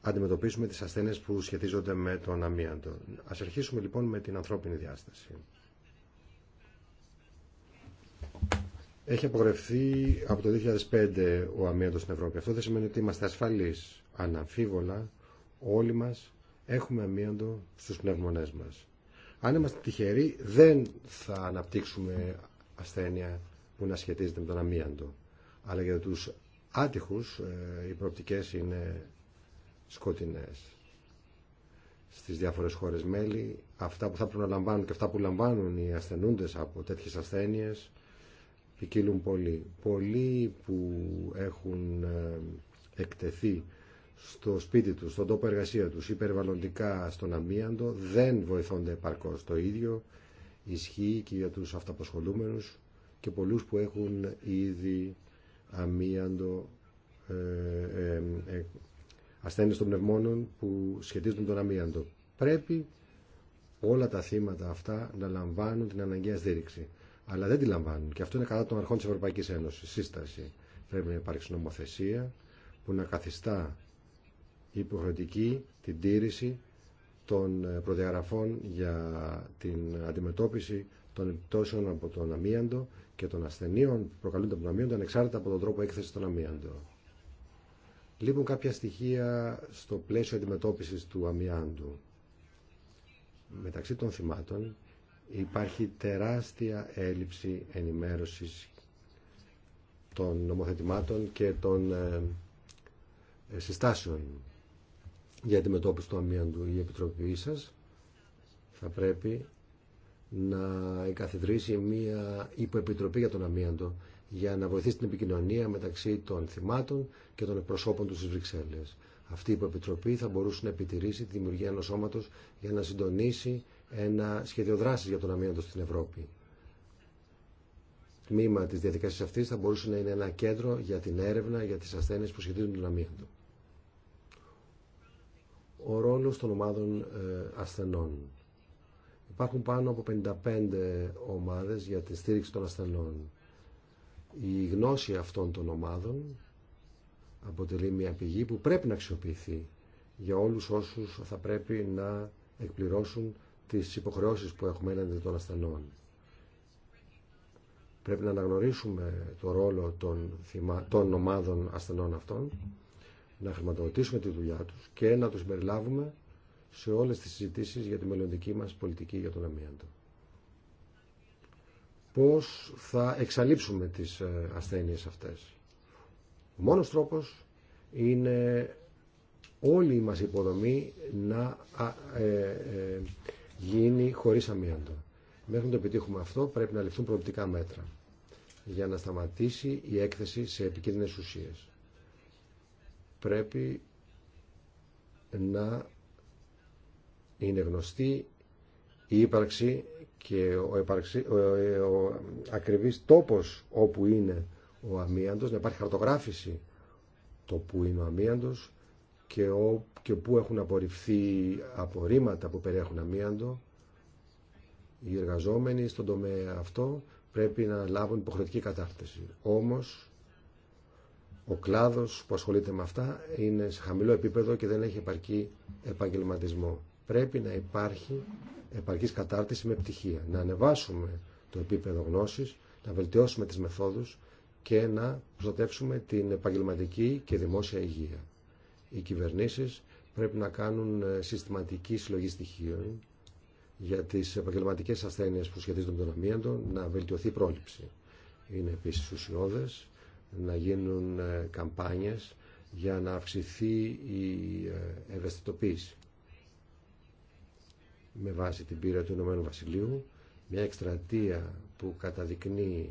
αντιμετωπίσουμε τις ασθένειες που σχετίζονται με τον αμίαντο. Ας αρχίσουμε λοιπόν με την ανθρώπινη διάσταση. Έχει απογρευθεί από το 2005 ο αμύαντος στην Ευρώπη. Αυτό δεν σημαίνει ότι είμαστε ασφαλείς. Αναμφίβολα όλοι μας έχουμε αμίαντο στους πνευμονές μας. Αν είμαστε τυχεροί δεν θα αναπτύξουμε ασθένεια που να σχετίζεται με τον αμίαντο. Αλλά για τους άτυχους ε, οι προοπτικές είναι σκοτεινές στις διάφορες χώρες μέλη. Αυτά που θα πρέπει να λαμβάνουν και αυτά που λαμβάνουν οι ασθενούντες από τέτοιες ασθένειες ποικίλουν πολύ. Πολλοί που έχουν ε, εκτεθεί στο σπίτι τους, στον τόπο εργασία τους ή στον αμίαντο δεν βοηθώνται επαρκώς. Το ίδιο ισχύει και για τους αυταποσχολούμενους και πολλούς που έχουν ήδη αμίαντο ε, ε, ασθένειε των πνευμόνων που σχετίζονται με τον αμίαντο. Πρέπει όλα τα θύματα αυτά να λαμβάνουν την αναγκαία στήριξη. Αλλά δεν τη λαμβάνουν. Και αυτό είναι κατά των αρχών τη Ευρωπαϊκή Ένωση. Σύσταση. Πρέπει να υπάρξει νομοθεσία που να καθιστά υποχρεωτική την τήρηση των ε, προδιαγραφών για την αντιμετώπιση των επιπτώσεων από τον αμίαντο και των ασθενείων που προκαλούνται από τον αμίαντο ανεξάρτητα από τον τρόπο έκθεση των αμίαντο. Λείπουν κάποια στοιχεία στο πλαίσιο αντιμετώπισης του αμοιάντου. Μεταξύ των θυμάτων υπάρχει τεράστια έλλειψη ενημέρωσης των νομοθετημάτων και των ε, ε, συστάσεων για αντιμετώπιση του αμιάντου. Η Επιτροπή σας θα πρέπει να εγκαθιδρύσει μια υποεπιτροπή για τον αμοιάντο για να βοηθήσει την επικοινωνία μεταξύ των θυμάτων και των εκπροσώπων του στι Βρυξέλλε. Αυτή η υποεπιτροπή θα μπορούσε να επιτηρήσει τη δημιουργία ενό σώματο για να συντονίσει ένα σχέδιο δράση για τον αμύαντο στην Ευρώπη. Τμήμα τη διαδικασία αυτή θα μπορούσε να είναι ένα κέντρο για την έρευνα για τι ασθένειε που σχετίζουν τον αμύαντο. Ο ρόλο των ομάδων ε, ασθενών. Υπάρχουν πάνω από 55 ομάδε για τη στήριξη των ασθενών η γνώση αυτών των ομάδων αποτελεί μια πηγή που πρέπει να αξιοποιηθεί για όλους όσους θα πρέπει να εκπληρώσουν τις υποχρεώσεις που έχουμε έναντι των ασθενών. Πρέπει να αναγνωρίσουμε το ρόλο των, ομάδων ασθενών αυτών, να χρηματοδοτήσουμε τη δουλειά τους και να τους περιλάβουμε σε όλες τις συζητήσεις για τη μελλοντική μας πολιτική για τον αμύαντο πώς θα εξαλείψουμε τις ε, ασθένειες αυτές. Ο μόνος τρόπος είναι όλη η μας υποδομή να ε, ε, γίνει χωρίς αμύαντο. Μέχρι να το επιτύχουμε αυτό πρέπει να ληφθούν προοπτικά μέτρα για να σταματήσει η έκθεση σε επικίνδυνες ουσίες. Πρέπει να είναι γνωστή η ύπαρξη και ο, ακριβή ο, ακριβής τόπος όπου είναι ο αμίαντος, να υπάρχει χαρτογράφηση το που είναι ο αμίαντος και, ο, και που έχουν απορριφθεί απορρίμματα που περιέχουν αμίαντο. Οι εργαζόμενοι στον τομέα αυτό πρέπει να λάβουν υποχρεωτική κατάρτιση. Όμως ο κλάδος που ασχολείται με αυτά είναι σε χαμηλό επίπεδο και δεν έχει επαρκή επαγγελματισμό πρέπει να υπάρχει επαρκής κατάρτιση με πτυχία. Να ανεβάσουμε το επίπεδο γνώσης, να βελτιώσουμε τις μεθόδους και να προστατεύσουμε την επαγγελματική και δημόσια υγεία. Οι κυβερνήσεις πρέπει να κάνουν ε, συστηματική συλλογή στοιχείων για τις επαγγελματικές ασθένειες που σχετίζονται με τον αμύαντο, να βελτιωθεί η πρόληψη. Είναι επίσης ουσιώδες να γίνουν ε, καμπάνιες για να αυξηθεί η ε, ευαισθητοποίηση με βάση την πείρα του Ηνωμένου Βασιλείου, μια εκστρατεία που καταδεικνύει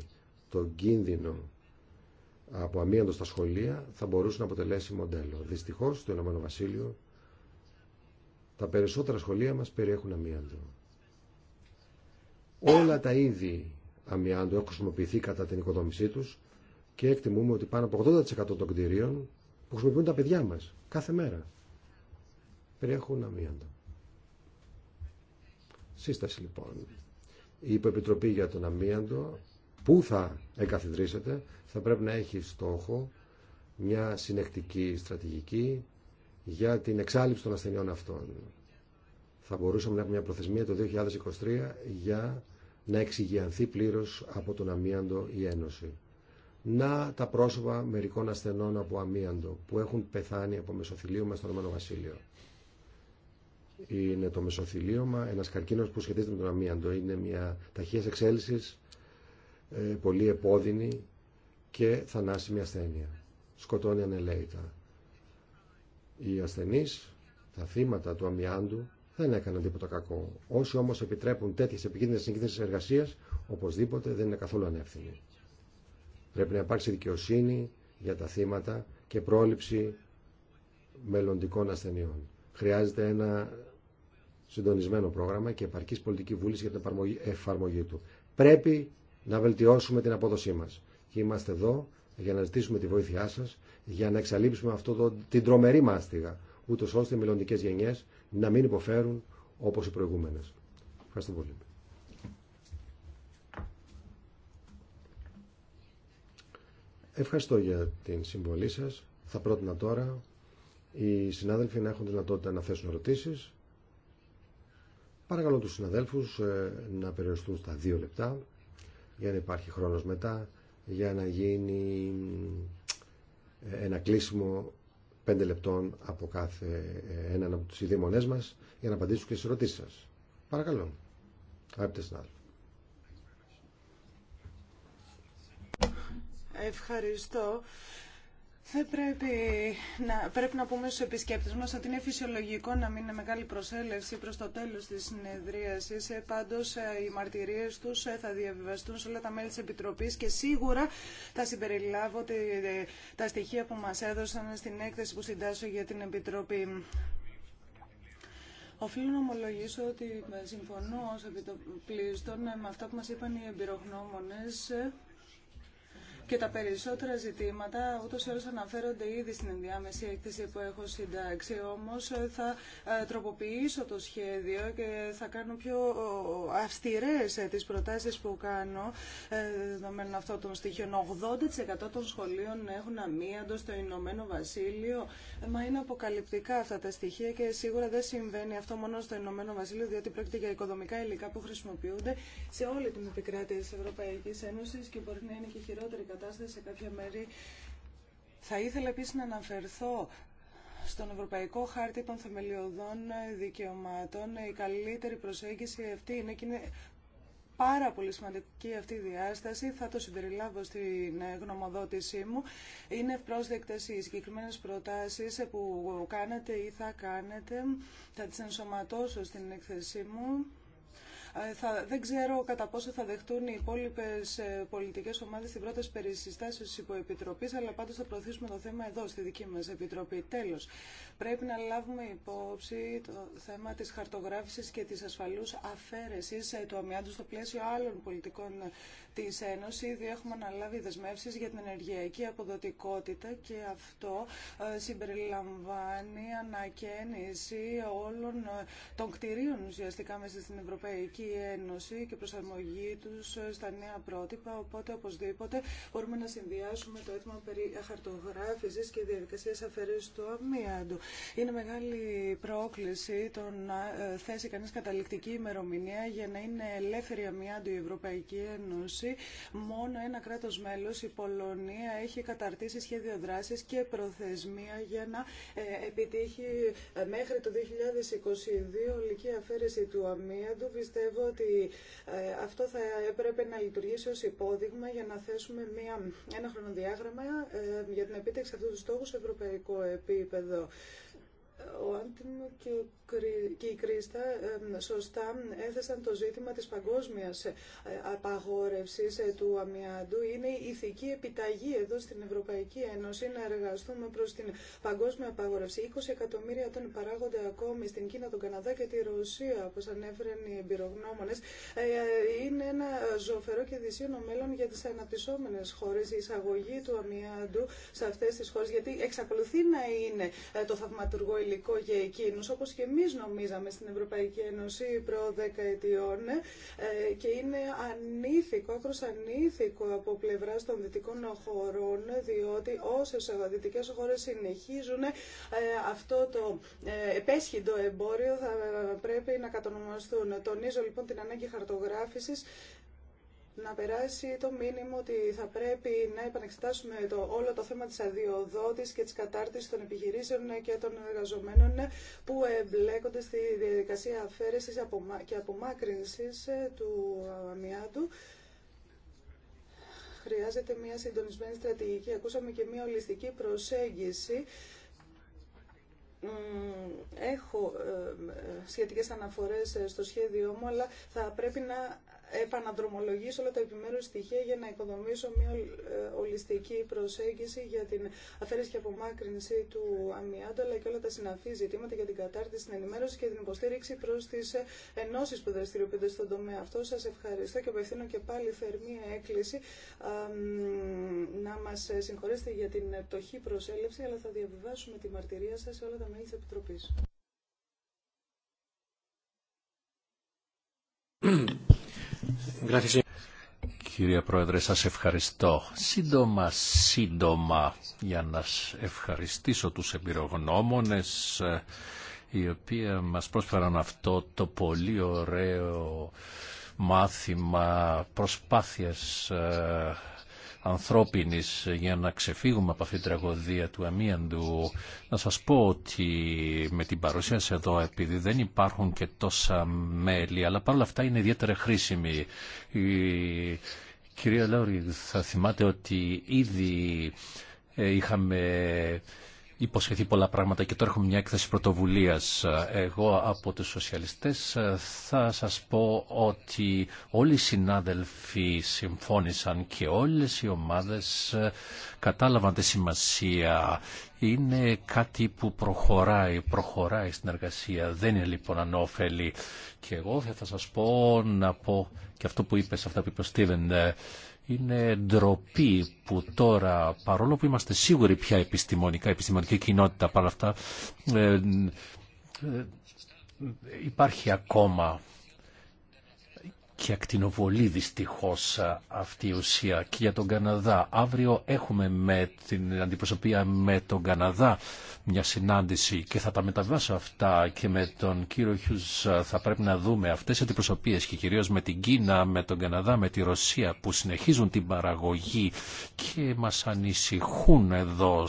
τον κίνδυνο από αμύαντο στα σχολεία θα μπορούσε να αποτελέσει μοντέλο. Δυστυχώ στο Ηνωμένο Βασίλειο, τα περισσότερα σχολεία μα περιέχουν αμύαντο. Όλα τα είδη αμυάντου έχουν χρησιμοποιηθεί κατά την οικοδόμησή του και εκτιμούμε ότι πάνω από 80% των κτηρίων που χρησιμοποιούν τα παιδιά μα κάθε μέρα περιέχουν αμοιάντο. Σύσταση λοιπόν. Η Υποεπιτροπή για τον Αμίαντο που θα εγκαθιδρύσετε θα πρέπει να έχει στόχο μια συνεκτική στρατηγική για την εξάλληψη των ασθενειών αυτών. Θα μπορούσαμε να έχουμε μια προθεσμία το 2023 για να εξηγιανθεί πλήρως από τον αμίαντο η Ένωση. Να τα πρόσωπα μερικών ασθενών από αμίαντο που έχουν πεθάνει από μεσοθυλίωμα στον Ρωμανό Βασίλειο είναι το μεσοθυλίωμα, ένας καρκίνος που σχετίζεται με τον αμίαντο. Είναι μια ταχεία εξέλισης, ε, πολύ επώδυνη και θανάσιμη ασθένεια. Σκοτώνει ανελαίητα. Οι ασθενείς, τα θύματα του αμοιάντου, δεν έκαναν τίποτα κακό. Όσοι όμως επιτρέπουν τέτοιες επικίνδυνες συγκίνδυνε εργασία, οπωσδήποτε δεν είναι καθόλου ανεύθυνοι. Πρέπει να υπάρξει δικαιοσύνη για τα θύματα και πρόληψη μελλοντικών ασθενειών. Χρειάζεται ένα συντονισμένο πρόγραμμα και επαρκή πολιτική βούληση για την εφαρμογή του. Πρέπει να βελτιώσουμε την απόδοσή μα. Και είμαστε εδώ για να ζητήσουμε τη βοήθειά σα για να εξαλείψουμε αυτό το, την τρομερή μάστιγα, ούτω ώστε οι μελλοντικέ γενιέ να μην υποφέρουν όπω οι προηγούμενε. Ευχαριστώ πολύ. Ευχαριστώ για την συμβολή σας. Θα πρότεινα τώρα οι συνάδελφοι να έχουν δυνατότητα να θέσουν ερωτήσει, Παρακαλώ τους συναδέλφους ε, να περιοριστούν στα δύο λεπτά για να υπάρχει χρόνος μετά, για να γίνει ε, ένα κλείσιμο πέντε λεπτών από κάθε ε, έναν από τους ειδήμονές μας για να απαντήσουν και στις ερωτήσεις σας. Παρακαλώ. Αγαπητέ συνάδελφοι. Ευχαριστώ. Θα πρέπει να, πρέπει να πούμε στους επισκέπτες μας ότι είναι φυσιολογικό να μην είναι μεγάλη προσέλευση προς το τέλος της συνεδρίασης. Ε, πάντως ε, οι μαρτυρίες τους ε, θα διαβιβαστούν σε όλα τα μέλη της Επιτροπής και σίγουρα θα συμπεριλάβω τα στοιχεία που μας έδωσαν στην έκθεση που συντάσσω για την Επιτροπή. Οφείλω να ομολογήσω ότι συμφωνώ ως επιτοπλίστων με αυτά που μας είπαν οι εμπειρογνώμονες και τα περισσότερα ζητήματα ούτω ή άλλω αναφέρονται ήδη στην ενδιάμεση έκθεση που έχω συντάξει. όμω ε, θα ε, τροποποιήσω το σχέδιο και θα κάνω πιο αυστηρέ ε, τι προτάσει που κάνω δεδομένων αυτών των στοιχείων. 80% των σχολείων έχουν αμύαντο στο Ηνωμένο Βασίλειο. Μα είναι αποκαλυπτικά αυτά τα στοιχεία και σίγουρα δεν συμβαίνει αυτό μόνο στο Ηνωμένο Βασίλειο, διότι πρόκειται για οικοδομικά υλικά που χρησιμοποιούνται σε όλη την επικράτεια τη Ευρωπαϊκή Ένωση και μπορεί να είναι και χειρότερη σε κάποια μέρη. Θα ήθελα επίσης να αναφερθώ στον Ευρωπαϊκό Χάρτη των Θεμελιωδών Δικαιωμάτων. Η καλύτερη προσέγγιση αυτή είναι και είναι πάρα πολύ σημαντική αυτή η διάσταση. Θα το συμπεριλάβω στην γνωμοδότησή μου. Είναι ευπρόσδεκτε οι συγκεκριμένε προτάσει που κάνετε ή θα κάνετε. Θα τι ενσωματώσω στην έκθεσή μου. Ε, θα, δεν ξέρω κατά πόσο θα δεχτούν οι υπόλοιπε πολιτικέ ομάδε την πρόταση περί συστάσεω τη υποεπιτροπή, αλλά πάντω θα προωθήσουμε το θέμα εδώ, στη δική μα επιτροπή. Τέλο, πρέπει να λάβουμε υπόψη το θέμα τη χαρτογράφηση και τη ασφαλού αφαίρεση ε, του αμοιάντου στο πλαίσιο άλλων πολιτικών της Ένωσης. Ήδη έχουμε αναλάβει δεσμεύσεις για την ενεργειακή αποδοτικότητα και αυτό ε, συμπεριλαμβάνει ανακαίνιση όλων ε, των κτηρίων ουσιαστικά μέσα στην Ευρωπαϊκή Ένωση και προσαρμογή τους ε, στα νέα πρότυπα. Οπότε οπωσδήποτε μπορούμε να συνδυάσουμε το αίτημα περί χαρτογράφησης και διαδικασίας αφαιρέσης του αμύαντου. Είναι μεγάλη πρόκληση το να θέσει κανείς καταληκτική ημερομηνία για να είναι ελεύθερη αμύαντου η Ευρωπαϊκή Ένωση Μόνο ένα κράτος μέλος, η Πολωνία, έχει καταρτήσει σχέδιο δράσης και προθεσμία για να ε, επιτύχει ε, μέχρι το 2022 ολική αφαίρεση του αμύαντου. Πιστεύω ότι ε, αυτό θα έπρεπε να λειτουργήσει ως υπόδειγμα για να θέσουμε μια, ένα χρονοδιάγραμμα για την επίτευξη αυτού του στόχου σε ευρωπαϊκό επίπεδο ο Άντιμ και η Κρίστα σωστά έθεσαν το ζήτημα της παγκόσμιας ε, απαγόρευσης ε, του Αμιάντου. Είναι η ηθική επιταγή εδώ στην Ευρωπαϊκή Ένωση να εργαστούμε προς την παγκόσμια απαγόρευση. 20 εκατομμύρια των παράγονται ακόμη στην Κίνα, τον Καναδά και τη Ρωσία, όπως ανέφεραν οι εμπειρογνώμονες. Ε, είναι ένα ζωφερό και δυσίωνο μέλλον για τις αναπτυσσόμενες χώρες, η εισαγωγή του αμοιάντου σε αυτές τις χώρες, γιατί εξακολουθεί να είναι το θαυματουργό υλικό για όπως και εμείς νομίζαμε στην Ευρωπαϊκή Ένωση προ δεκαετιών ε, και είναι ανήθικο, άκρος ανήθικο από πλευρά των δυτικών χωρών, διότι όσες δυτικές χώρες συνεχίζουν ε, αυτό το ε, επέσχυντο εμπόριο θα πρέπει να κατονομαστούν. Τονίζω λοιπόν την ανάγκη χαρτογράφησης να περάσει το μήνυμα ότι θα πρέπει να επανεξετάσουμε το, όλο το θέμα της αδειοδότης και της κατάρτισης των επιχειρήσεων και των εργαζομένων που εμπλέκονται στη διαδικασία αφαίρεσης και απομάκρυνσης ε, του αμοιάτου. Χρειάζεται μια συντονισμένη στρατηγική. Ακούσαμε και μια ολιστική προσέγγιση έχω ε, ε, σχετικές αναφορές στο σχέδιό μου, αλλά θα πρέπει να επαναδρομολογήσω όλα τα επιμέρους στοιχεία για να οικοδομήσω μια ε, ολιστική προσέγγιση για την αφαίρεση και απομάκρυνση του αμοιάτου, αλλά και όλα τα συναφή ζητήματα για την κατάρτιση, την ενημέρωση και την υποστήριξη προ τι ε, ενώσει που δραστηριοποιούνται στον τομέα αυτό. Σα ευχαριστώ και απευθύνω και πάλι θερμή έκκληση να μα ε, συγχωρέσετε για την πτωχή προσέλευση αλλά θα διαβιβάσουμε τη μαρτυρία σα σε όλα τα μέλη τη επιτροπή. Κύριε Πρόεδρε, σας ευχαριστώ. Σύντομα, σύντομα, για να ευχαριστήσω τους εμπειρογνώμονες, ε, οι οποίοι μας πρόσφεραν αυτό το πολύ ωραίο μάθημα προσπάθειας ε, ανθρώπινης για να ξεφύγουμε από αυτή την τραγωδία του αμίαντου. Να σας πω ότι με την παρουσία εδώ, επειδή δεν υπάρχουν και τόσα μέλη, αλλά παρόλα αυτά είναι ιδιαίτερα χρήσιμοι. Κυρία Λάουρη, θα θυμάται ότι ήδη ε, είχαμε υποσχεθεί πολλά πράγματα και τώρα έχουμε μια έκθεση πρωτοβουλίας. Εγώ από τους σοσιαλιστές ε, θα σας πω ότι όλοι οι συνάδελφοι συμφώνησαν και όλες οι ομάδες ε, κατάλαβαν τη σημασία. Είναι κάτι που προχωράει, προχωράει στην εργασία. Δεν είναι λοιπόν ανώφελη. Και εγώ θα σας πω να πω και αυτό που είπες, αυτά που είπε ο Στίβεν, ε, είναι ντροπή που τώρα, παρόλο που είμαστε σίγουροι πια επιστημονικά, επιστημονική κοινότητα, παρά αυτά, ε, ε, υπάρχει ακόμα και ακτινοβολή δυστυχώς αυτή η ουσία και για τον Καναδά. Αύριο έχουμε με την αντιπροσωπεία με τον Καναδά μια συνάντηση και θα τα μεταβάσω αυτά και με τον κύριο Χιούς ε, θα πρέπει να δούμε αυτές οι αντιπροσωπείες και κυρίως με την Κίνα, με τον Καναδά, με τη Ρωσία που συνεχίζουν την παραγωγή και μας ανησυχούν εδώ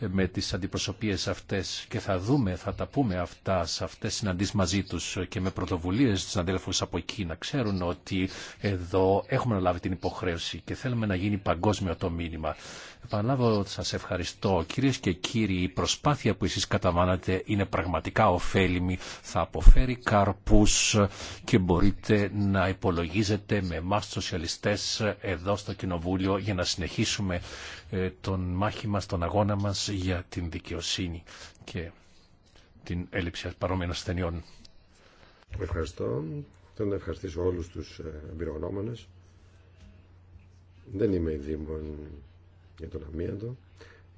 ε, με τις αντιπροσωπείες αυτές και θα δούμε, θα τα πούμε αυτά σε αυτές τις συναντήσεις μαζί τους και με πρωτοβουλίες τους συναδέλφους από εκεί να ξέρουν ότι εδώ έχουμε λάβει την υποχρέωση και θέλουμε να γίνει παγκόσμιο το μήνυμα επαναλάβω ότι σας ευχαριστώ. Κυρίες και κύριοι, η προσπάθεια που εσείς καταβάνατε είναι πραγματικά ωφέλιμη. Θα αποφέρει καρπούς και μπορείτε να υπολογίζετε με εμά τους σοσιαλιστές εδώ στο Κοινοβούλιο για να συνεχίσουμε ε, τον μάχη μας, τον αγώνα μας για την δικαιοσύνη και την έλλειψη παρόμοιων ασθενειών. Ευχαριστώ. Θέλω να ευχαριστήσω όλους τους ε, εμπειρογνώμονες. Δεν είμαι δήμον για τον αμίαντο.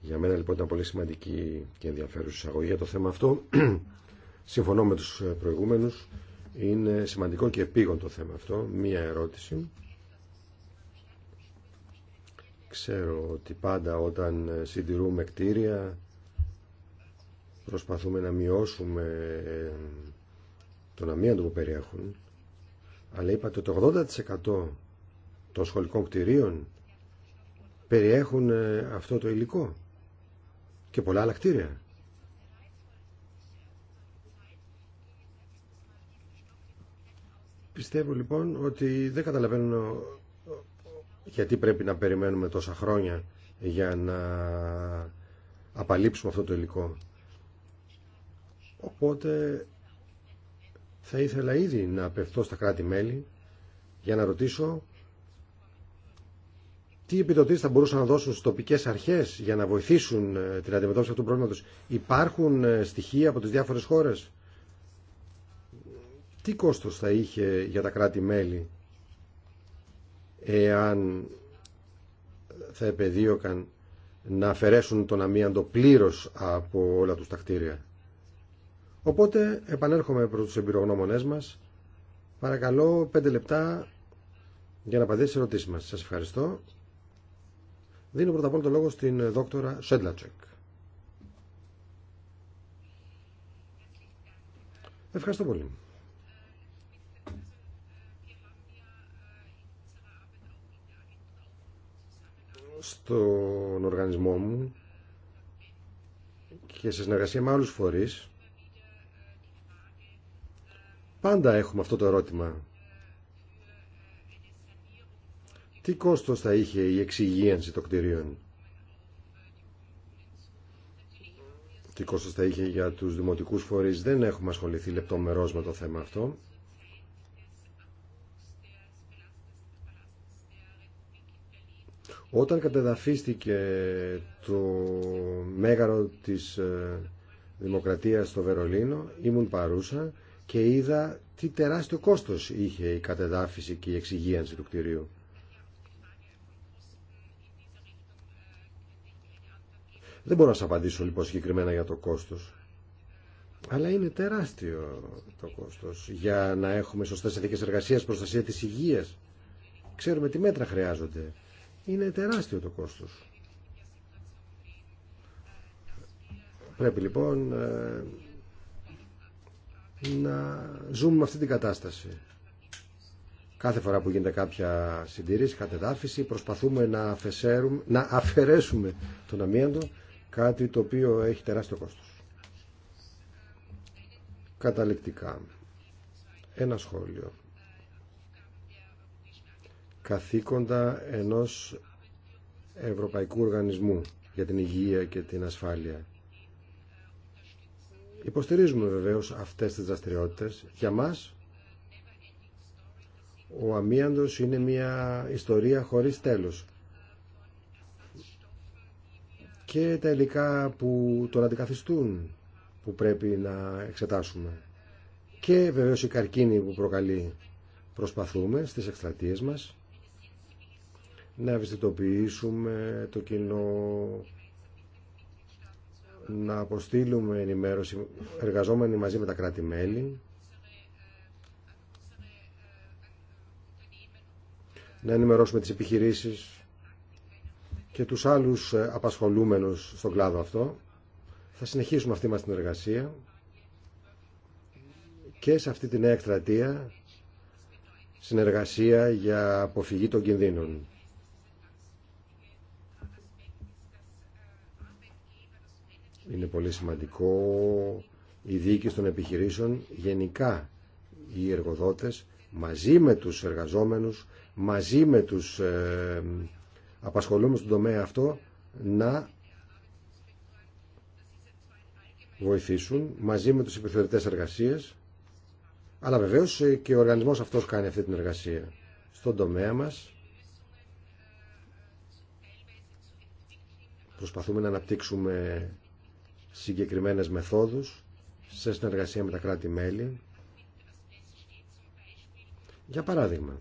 Για μένα λοιπόν ήταν πολύ σημαντική και ενδιαφέρουσα εισαγωγή για το θέμα αυτό. Συμφωνώ με τους ε, προηγούμενους. Είναι σημαντικό και επίγον το θέμα αυτό. Μία ερώτηση. Ξέρω ότι πάντα όταν ε, συντηρούμε κτίρια προσπαθούμε να μειώσουμε ε, τον αμύαντο που περιέχουν αλλά είπατε ότι το 80% των σχολικών κτηρίων περιέχουν ε, αυτό το υλικό και πολλά άλλα κτίρια. Πιστεύω λοιπόν ότι δεν καταλαβαίνω ε, γιατί πρέπει να περιμένουμε τόσα χρόνια για να απαλείψουμε αυτό το υλικό. Οπότε θα ήθελα ήδη να απευθώ στα κράτη-μέλη για να ρωτήσω τι επιδοτήσει θα μπορούσαν να δώσουν στις τοπικές αρχές για να βοηθήσουν ε, την αντιμετώπιση αυτού του προβλήματος. Υπάρχουν ε, στοιχεία από τι διάφορες χώρες. Τι κόστος θα είχε για τα κράτη-μέλη εάν θα επεδίωκαν να αφαιρέσουν τον αμίαντο πλήρω από όλα τους τα κτίρια. Οπότε επανέρχομαι προς τους εμπειρογνώμονέ μας. Παρακαλώ πέντε λεπτά για να απαντήσει στις ερωτήσει μα. Σα ευχαριστώ. Δίνω πρώτα απ' όλα το λόγο στην ε, δόκτωρα Σέντλατσεκ. Ευχαριστώ πολύ. Στον οργανισμό μου και σε συνεργασία με άλλους φορείς πάντα έχουμε αυτό το ερώτημα Τι κόστος θα είχε η εξυγίανση των κτηρίων. Τι κόστος θα είχε για τους δημοτικούς φορείς. Δεν έχουμε ασχοληθεί λεπτομερώς με το θέμα αυτό. Όταν κατεδαφίστηκε το μέγαρο της ε, Δημοκρατίας στο Βερολίνο, ήμουν παρούσα και είδα τι τεράστιο κόστος είχε η κατεδάφιση και η εξυγίανση του κτηρίου. Δεν μπορώ να σας απαντήσω λοιπόν συγκεκριμένα για το κόστος. Αλλά είναι τεράστιο το κόστος για να έχουμε σωστές συνθήκες εργασίας, προστασία της υγείας. Ξέρουμε τι μέτρα χρειάζονται. Είναι τεράστιο το κόστος. Πρέπει λοιπόν ε, να ζούμε με αυτή την κατάσταση. Κάθε φορά που γίνεται κάποια συντήρηση, κατεδάφιση, προσπαθούμε να, αφαιρέσουμε τον αμίαντο Κάτι το οποίο έχει τεράστιο κόστος. Καταληκτικά. Ένα σχόλιο. Καθήκοντα ενός Ευρωπαϊκού Οργανισμού για την Υγεία και την Ασφάλεια. Υποστηρίζουμε βεβαίως αυτές τις δραστηριότητες. Για μας ο αμίαντος είναι μια ιστορία χωρίς τέλος και τα υλικά που τον αντικαθιστούν που πρέπει να εξετάσουμε. Και βεβαίως η καρκίνη που προκαλεί προσπαθούμε στις εκστρατείες μας να ευαισθητοποιήσουμε το κοινό, να αποστείλουμε ενημέρωση εργαζόμενοι μαζί με τα κράτη-μέλη, να ενημερώσουμε τις επιχειρήσεις και τους άλλους ε, απασχολούμενους στον κλάδο αυτό. Θα συνεχίσουμε αυτή μας την εργασία και σε αυτή την νέα εκστρατεία συνεργασία για αποφυγή των κινδύνων. Είναι πολύ σημαντικό η διοίκηση των επιχειρήσεων, γενικά οι εργοδότες, μαζί με τους εργαζόμενους, μαζί με τους ε, απασχολούμε στον τομέα αυτό να βοηθήσουν μαζί με τους επιθεωρητές εργασίες αλλά βεβαίως και ο οργανισμός αυτός κάνει αυτή την εργασία στον τομέα μας προσπαθούμε να αναπτύξουμε συγκεκριμένες μεθόδους σε συνεργασία με τα κράτη-μέλη για παράδειγμα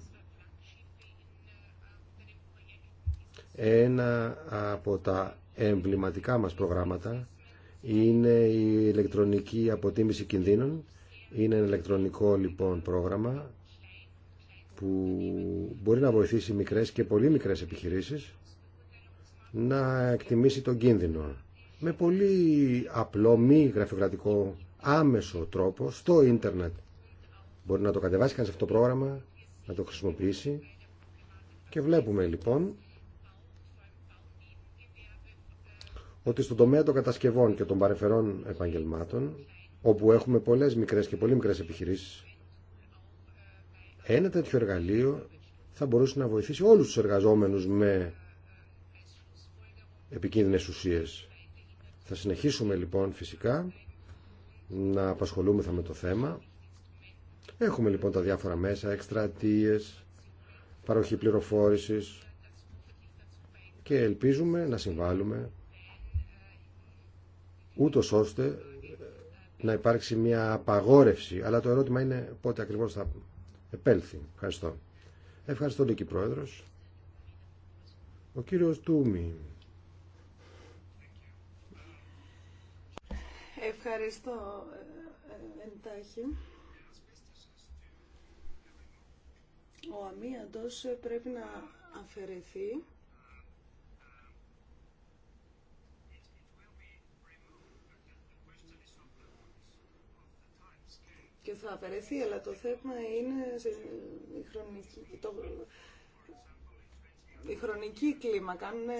Ένα από τα εμβληματικά μας προγράμματα είναι η ηλεκτρονική αποτίμηση κινδύνων. Είναι ένα ηλεκτρονικό λοιπόν πρόγραμμα που μπορεί να βοηθήσει μικρές και πολύ μικρές επιχειρήσεις να εκτιμήσει τον κίνδυνο με πολύ απλό, μη γραφειοκρατικό, άμεσο τρόπο στο ίντερνετ. Μπορεί να το κατεβάσει κανείς αυτό το πρόγραμμα, να το χρησιμοποιήσει και βλέπουμε λοιπόν ότι στον τομέα των κατασκευών και των παρεφερών επαγγελμάτων, όπου έχουμε πολλές μικρές και πολύ μικρές επιχειρήσεις, ένα τέτοιο εργαλείο θα μπορούσε να βοηθήσει όλους τους εργαζόμενους με επικίνδυνες ουσίες. Θα συνεχίσουμε λοιπόν φυσικά να απασχολούμεθα με το θέμα. Έχουμε λοιπόν τα διάφορα μέσα, εκστρατείε, παροχή πληροφόρησης και ελπίζουμε να συμβάλλουμε ούτως ώστε να υπάρξει μια απαγόρευση. Αλλά το ερώτημα είναι πότε ακριβώς θα επέλθει. Ευχαριστώ. Ευχαριστώ Λίκη Πρόεδρος. Ο κύριος Τούμι. Ευχαριστώ ε, ε, εντάχει. Ο αμύαντος πρέπει να αφαιρεθεί και θα αφαιρεθεί, αλλά το θέμα είναι η χρονική, το, η χρονική κλίμακα. Αν ε,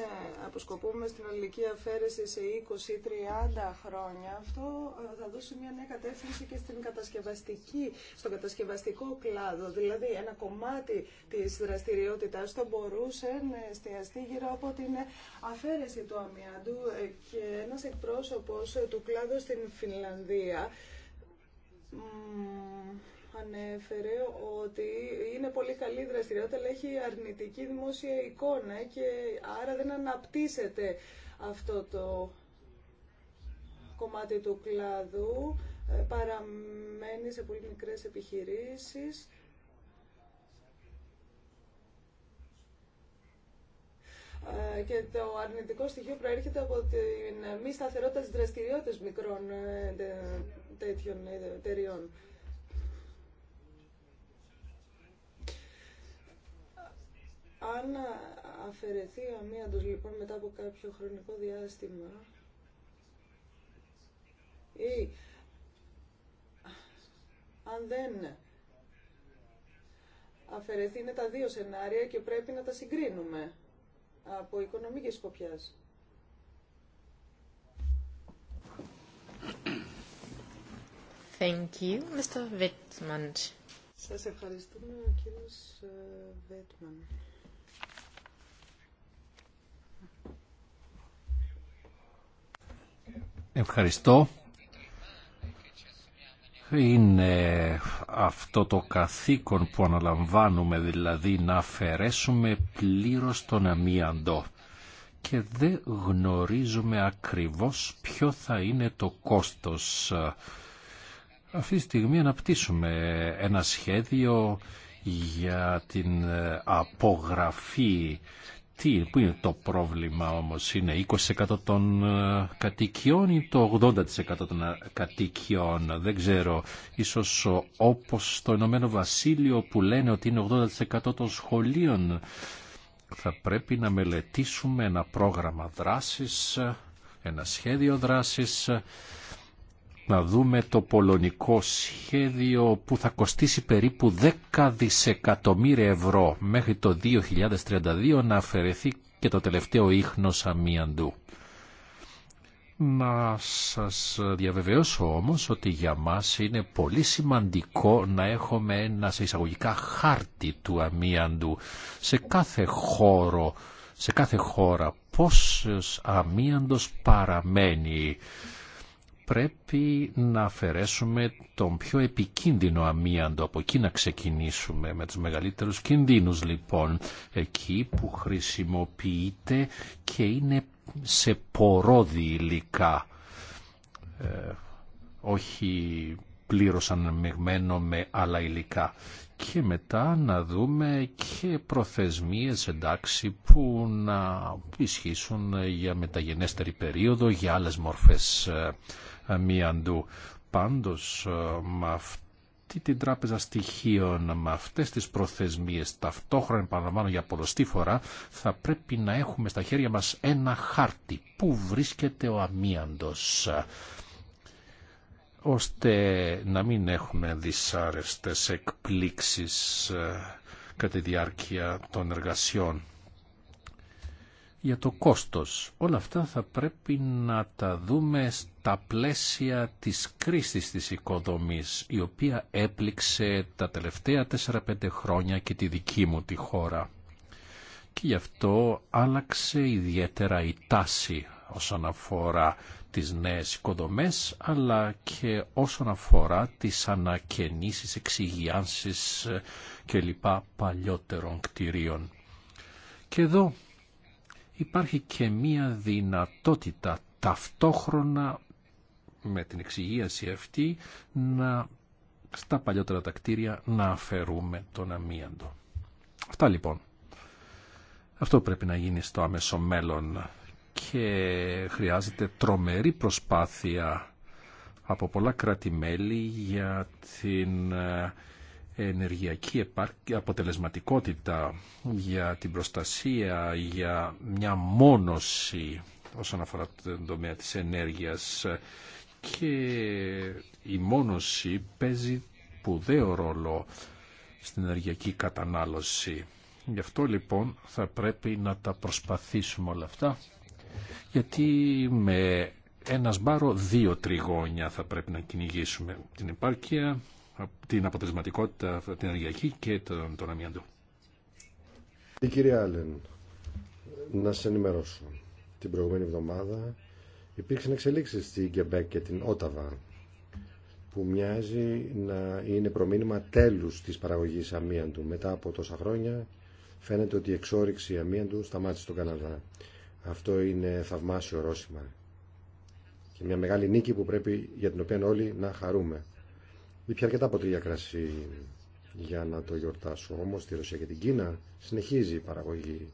αποσκοπούμε στην ολική αφαίρεση σε 20-30 χρόνια, αυτό ε, θα δώσει μια νέα κατεύθυνση και στην κατασκευαστική, στον κατασκευαστικό κλάδο. Δηλαδή, ένα κομμάτι της δραστηριότητάς θα μπορούσε να εστιαστεί γύρω από την αφαίρεση του αμοιάντου ε, και ένας εκπρόσωπος του κλάδου στην Φινλανδία ανέφερε ότι είναι πολύ καλή δραστηριότητα, αλλά έχει αρνητική δημόσια εικόνα και άρα δεν αναπτύσσεται αυτό το κομμάτι του κλάδου, ε, παραμένει σε πολύ μικρές επιχειρήσεις. Ε, και το αρνητικό στοιχείο προέρχεται από την μη σταθερότητα της δραστηριότητας μικρών ε, τέτοιων εταιριών. Αν αφαιρεθεί ο αμύαντος λοιπόν μετά από κάποιο χρονικό διάστημα ή αν δεν αφαιρεθεί είναι τα δύο σενάρια και πρέπει να τα συγκρίνουμε από οικονομική σκοπιά. Thank you, Mr. Wittmann. Σας ευχαριστούμε, κύριε κύριος Βέτμαν. Ε, Ευχαριστώ είναι αυτό το καθήκον που αναλαμβάνουμε, δηλαδή να αφαιρέσουμε πλήρως τον αμίαντο και δεν γνωρίζουμε ακριβώς ποιο θα είναι το κόστος. Αυτή τη στιγμή αναπτύσσουμε ένα σχέδιο για την απογραφή τι, πού είναι το πρόβλημα όμως, είναι 20% των ε, κατοικιών ή το 80% των ε, κατοικιών, δεν ξέρω, ίσως όπως το Ηνωμένο Βασίλειο που λένε ότι είναι 80% των σχολείων. Θα πρέπει να μελετήσουμε ένα πρόγραμμα δράσης, ένα σχέδιο δράσης να δούμε το πολωνικό σχέδιο που θα κοστίσει περίπου 10 δισεκατομμύρια ευρώ μέχρι το 2032 να αφαιρεθεί και το τελευταίο ίχνος αμίαντου. Να σας διαβεβαιώσω όμως ότι για μας είναι πολύ σημαντικό να έχουμε ένα σε εισαγωγικά χάρτη του αμίαντου σε κάθε χώρο, σε κάθε χώρα πόσος αμίαντος παραμένει πρέπει να αφαιρέσουμε τον πιο επικίνδυνο αμίαντο. Από εκεί να ξεκινήσουμε με τους μεγαλύτερους κινδύνους λοιπόν. Εκεί που χρησιμοποιείται και είναι σε πορώδη υλικά. Ε, όχι πλήρως μεγμένο με άλλα υλικά. Και μετά να δούμε και προθεσμίες εντάξει που να ισχύσουν για μεταγενέστερη περίοδο για άλλες μορφές ε, ε, μίαντού. Πάντως ε, με αυτή την τράπεζα στοιχείων, με αυτές τις προθεσμίες ταυτόχρονα επαναλαμβάνω για πολλωστή φορά θα πρέπει να έχουμε στα χέρια μας ένα χάρτη που βρίσκεται ο αμίαντος ώστε να μην έχουμε δυσάρεστες εκπλήξεις ε, κατά τη διάρκεια των εργασιών. Για το κόστος. Όλα αυτά θα πρέπει να τα δούμε στα πλαίσια της κρίσης της οικοδομής, η οποία έπληξε τα τελευταία 4-5 χρόνια και τη δική μου τη χώρα. Και γι' αυτό άλλαξε ιδιαίτερα η τάση όσον αφορά τις νέες οικοδομές αλλά και όσον αφορά τις ανακαινήσεις, εξυγιάνσεις ε, και λοιπά παλιότερων κτηρίων. Και εδώ υπάρχει και μία δυνατότητα ταυτόχρονα με την εξυγίαση αυτή να στα παλιότερα τα κτίρια να αφαιρούμε τον αμίαντο. Αυτά λοιπόν. Αυτό πρέπει να γίνει στο άμεσο μέλλον και χρειάζεται τρομερή προσπάθεια από πολλά κράτη-μέλη για την ε, ενεργειακή αποτελεσματικότητα, για την προστασία, για μια μόνωση όσον αφορά την τομέα της ενέργειας και η μόνωση παίζει πουδαίο ρόλο στην ενεργειακή κατανάλωση. Γι' αυτό λοιπόν θα πρέπει να τα προσπαθήσουμε όλα αυτά γιατί με ένα σπάρο δύο τριγώνια θα πρέπει να κυνηγήσουμε την επάρκεια, την αποτελεσματικότητα, την ενεργειακή και τον, τον αμυαντό. Η κυρία Άλεν, να σε ενημερώσω. Την προηγούμενη εβδομάδα υπήρξαν εξελίξεις στην Κεμπέκ και την Όταβα που μοιάζει να είναι προμήνυμα τέλους της παραγωγής αμύαντου. Μετά από τόσα χρόνια φαίνεται ότι η εξόριξη αμύαντου σταμάτησε στον Καναδά. Αυτό είναι θαυμάσιο ρώσιμα. Και μια μεγάλη νίκη που πρέπει, για την οποία όλοι να χαρούμε. Ήπια αρκετά ποτήρια κρασί για να το γιορτάσω. Όμως στη Ρωσία και την Κίνα συνεχίζει η παραγωγή.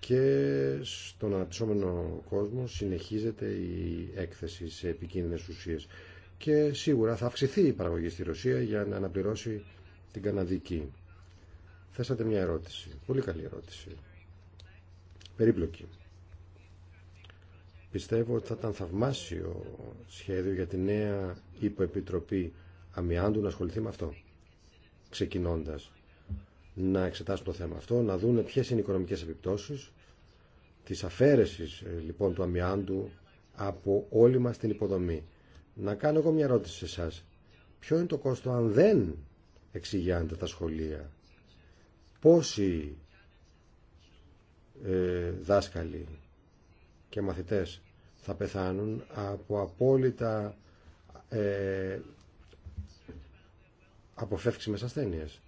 Και στον αναπτυσσόμενο κόσμο συνεχίζεται η έκθεση σε επικίνδυνες ουσίες. Και σίγουρα θα αυξηθεί η παραγωγή στη Ρωσία για να αναπληρώσει την Καναδική. Θέσατε μια ερώτηση. Πολύ καλή ερώτηση. Περίπλοκη. Πιστεύω ότι θα ήταν θαυμάσιο σχέδιο για τη νέα υποεπιτροπή αμοιάντου να ασχοληθεί με αυτό. Ξεκινώντα να εξετάσουν το θέμα αυτό, να δούνε ποιε είναι οι οικονομικέ επιπτώσει τη αφαίρεση ε, λοιπόν του αμοιάντου από όλη μα την υποδομή. Να κάνω εγώ μια ερώτηση σε εσά. Ποιο είναι το κόστο αν δεν εξηγιάνεται τα σχολεία. Πόσοι ε, δάσκαλοι και μαθητές θα πεθάνουν από απόλυτα ε, αποφεύξιμες ασθένειες.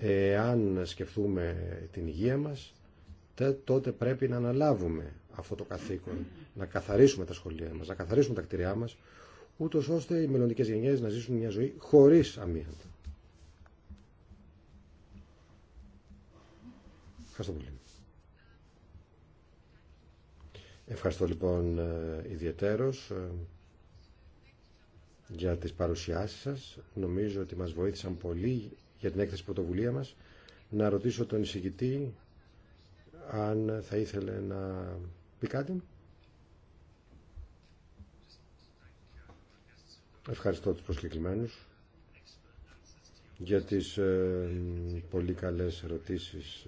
Εάν σκεφτούμε την υγεία μας, τότε πρέπει να αναλάβουμε αυτό το καθήκον, να καθαρίσουμε τα σχολεία μας, να καθαρίσουμε τα κτηριά μας, ούτως ώστε οι μελλοντικές γενιές να ζήσουν μια ζωή χωρίς αμύαντα. Ευχαριστώ πολύ. Ευχαριστώ λοιπόν ε, ιδιαιτέρως ε, για τις παρουσιάσεις σας. Νομίζω ότι μας βοήθησαν πολύ για την έκθεση πρωτοβουλία μας. Να ρωτήσω τον εισηγητή αν θα ήθελε να πει κάτι. Ευχαριστώ τους προσκεκλημένους για τις ε, πολύ καλές ερωτήσεις,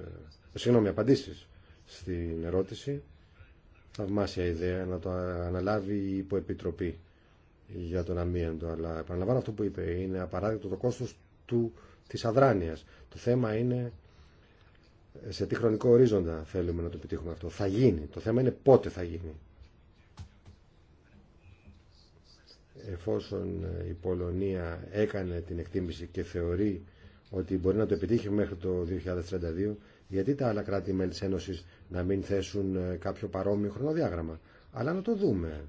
συγγνώμη, απαντήσεις στην ερώτηση θαυμάσια ιδέα να το αναλάβει η υποεπιτροπή για τον αμύαντο. Αλλά επαναλαμβάνω αυτό που είπε, είναι απαράδεκτο το κόστος του, της αδράνειας. Το θέμα είναι σε τι χρονικό ορίζοντα θέλουμε να το επιτύχουμε αυτό. Θα γίνει. Το θέμα είναι πότε θα γίνει. Εφόσον η Πολωνία έκανε την εκτίμηση και θεωρεί ότι μπορεί να το επιτύχει μέχρι το 2032, γιατί τα άλλα κράτη-μέλη της Ένωσης να μην θέσουν ε, κάποιο παρόμοιο χρονοδιάγραμμα. Αλλά να το δούμε.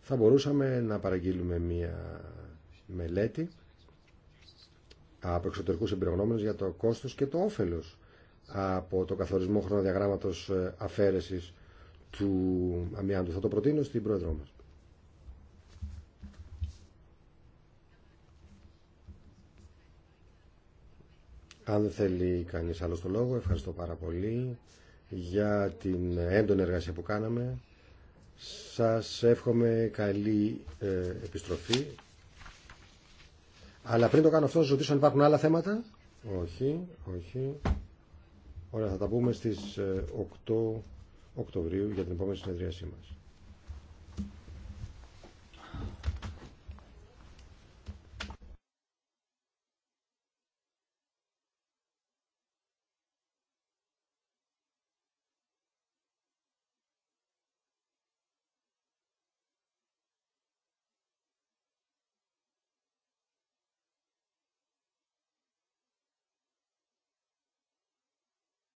Θα μπορούσαμε να παραγγείλουμε μία μελέτη από εξωτερικούς εμπειρογνώμενους για το κόστος και το όφελος από το καθορισμό χρονοδιαγράμματος ε, αφαίρεσης του αμοιάντου. Θα το προτείνω στην Πρόεδρό μας. Αν δεν θέλει κανείς άλλο το λόγο, ευχαριστώ πάρα πολύ για την έντονη εργασία που κάναμε. Σας εύχομαι καλή ε, επιστροφή. Αλλά πριν το κάνω αυτό, σας ρωτήσω αν υπάρχουν άλλα θέματα. Όχι, όχι. Ωραία, θα τα πούμε στις 8 ε, Οκτωβρίου για την επόμενη συνεδρίασή μας.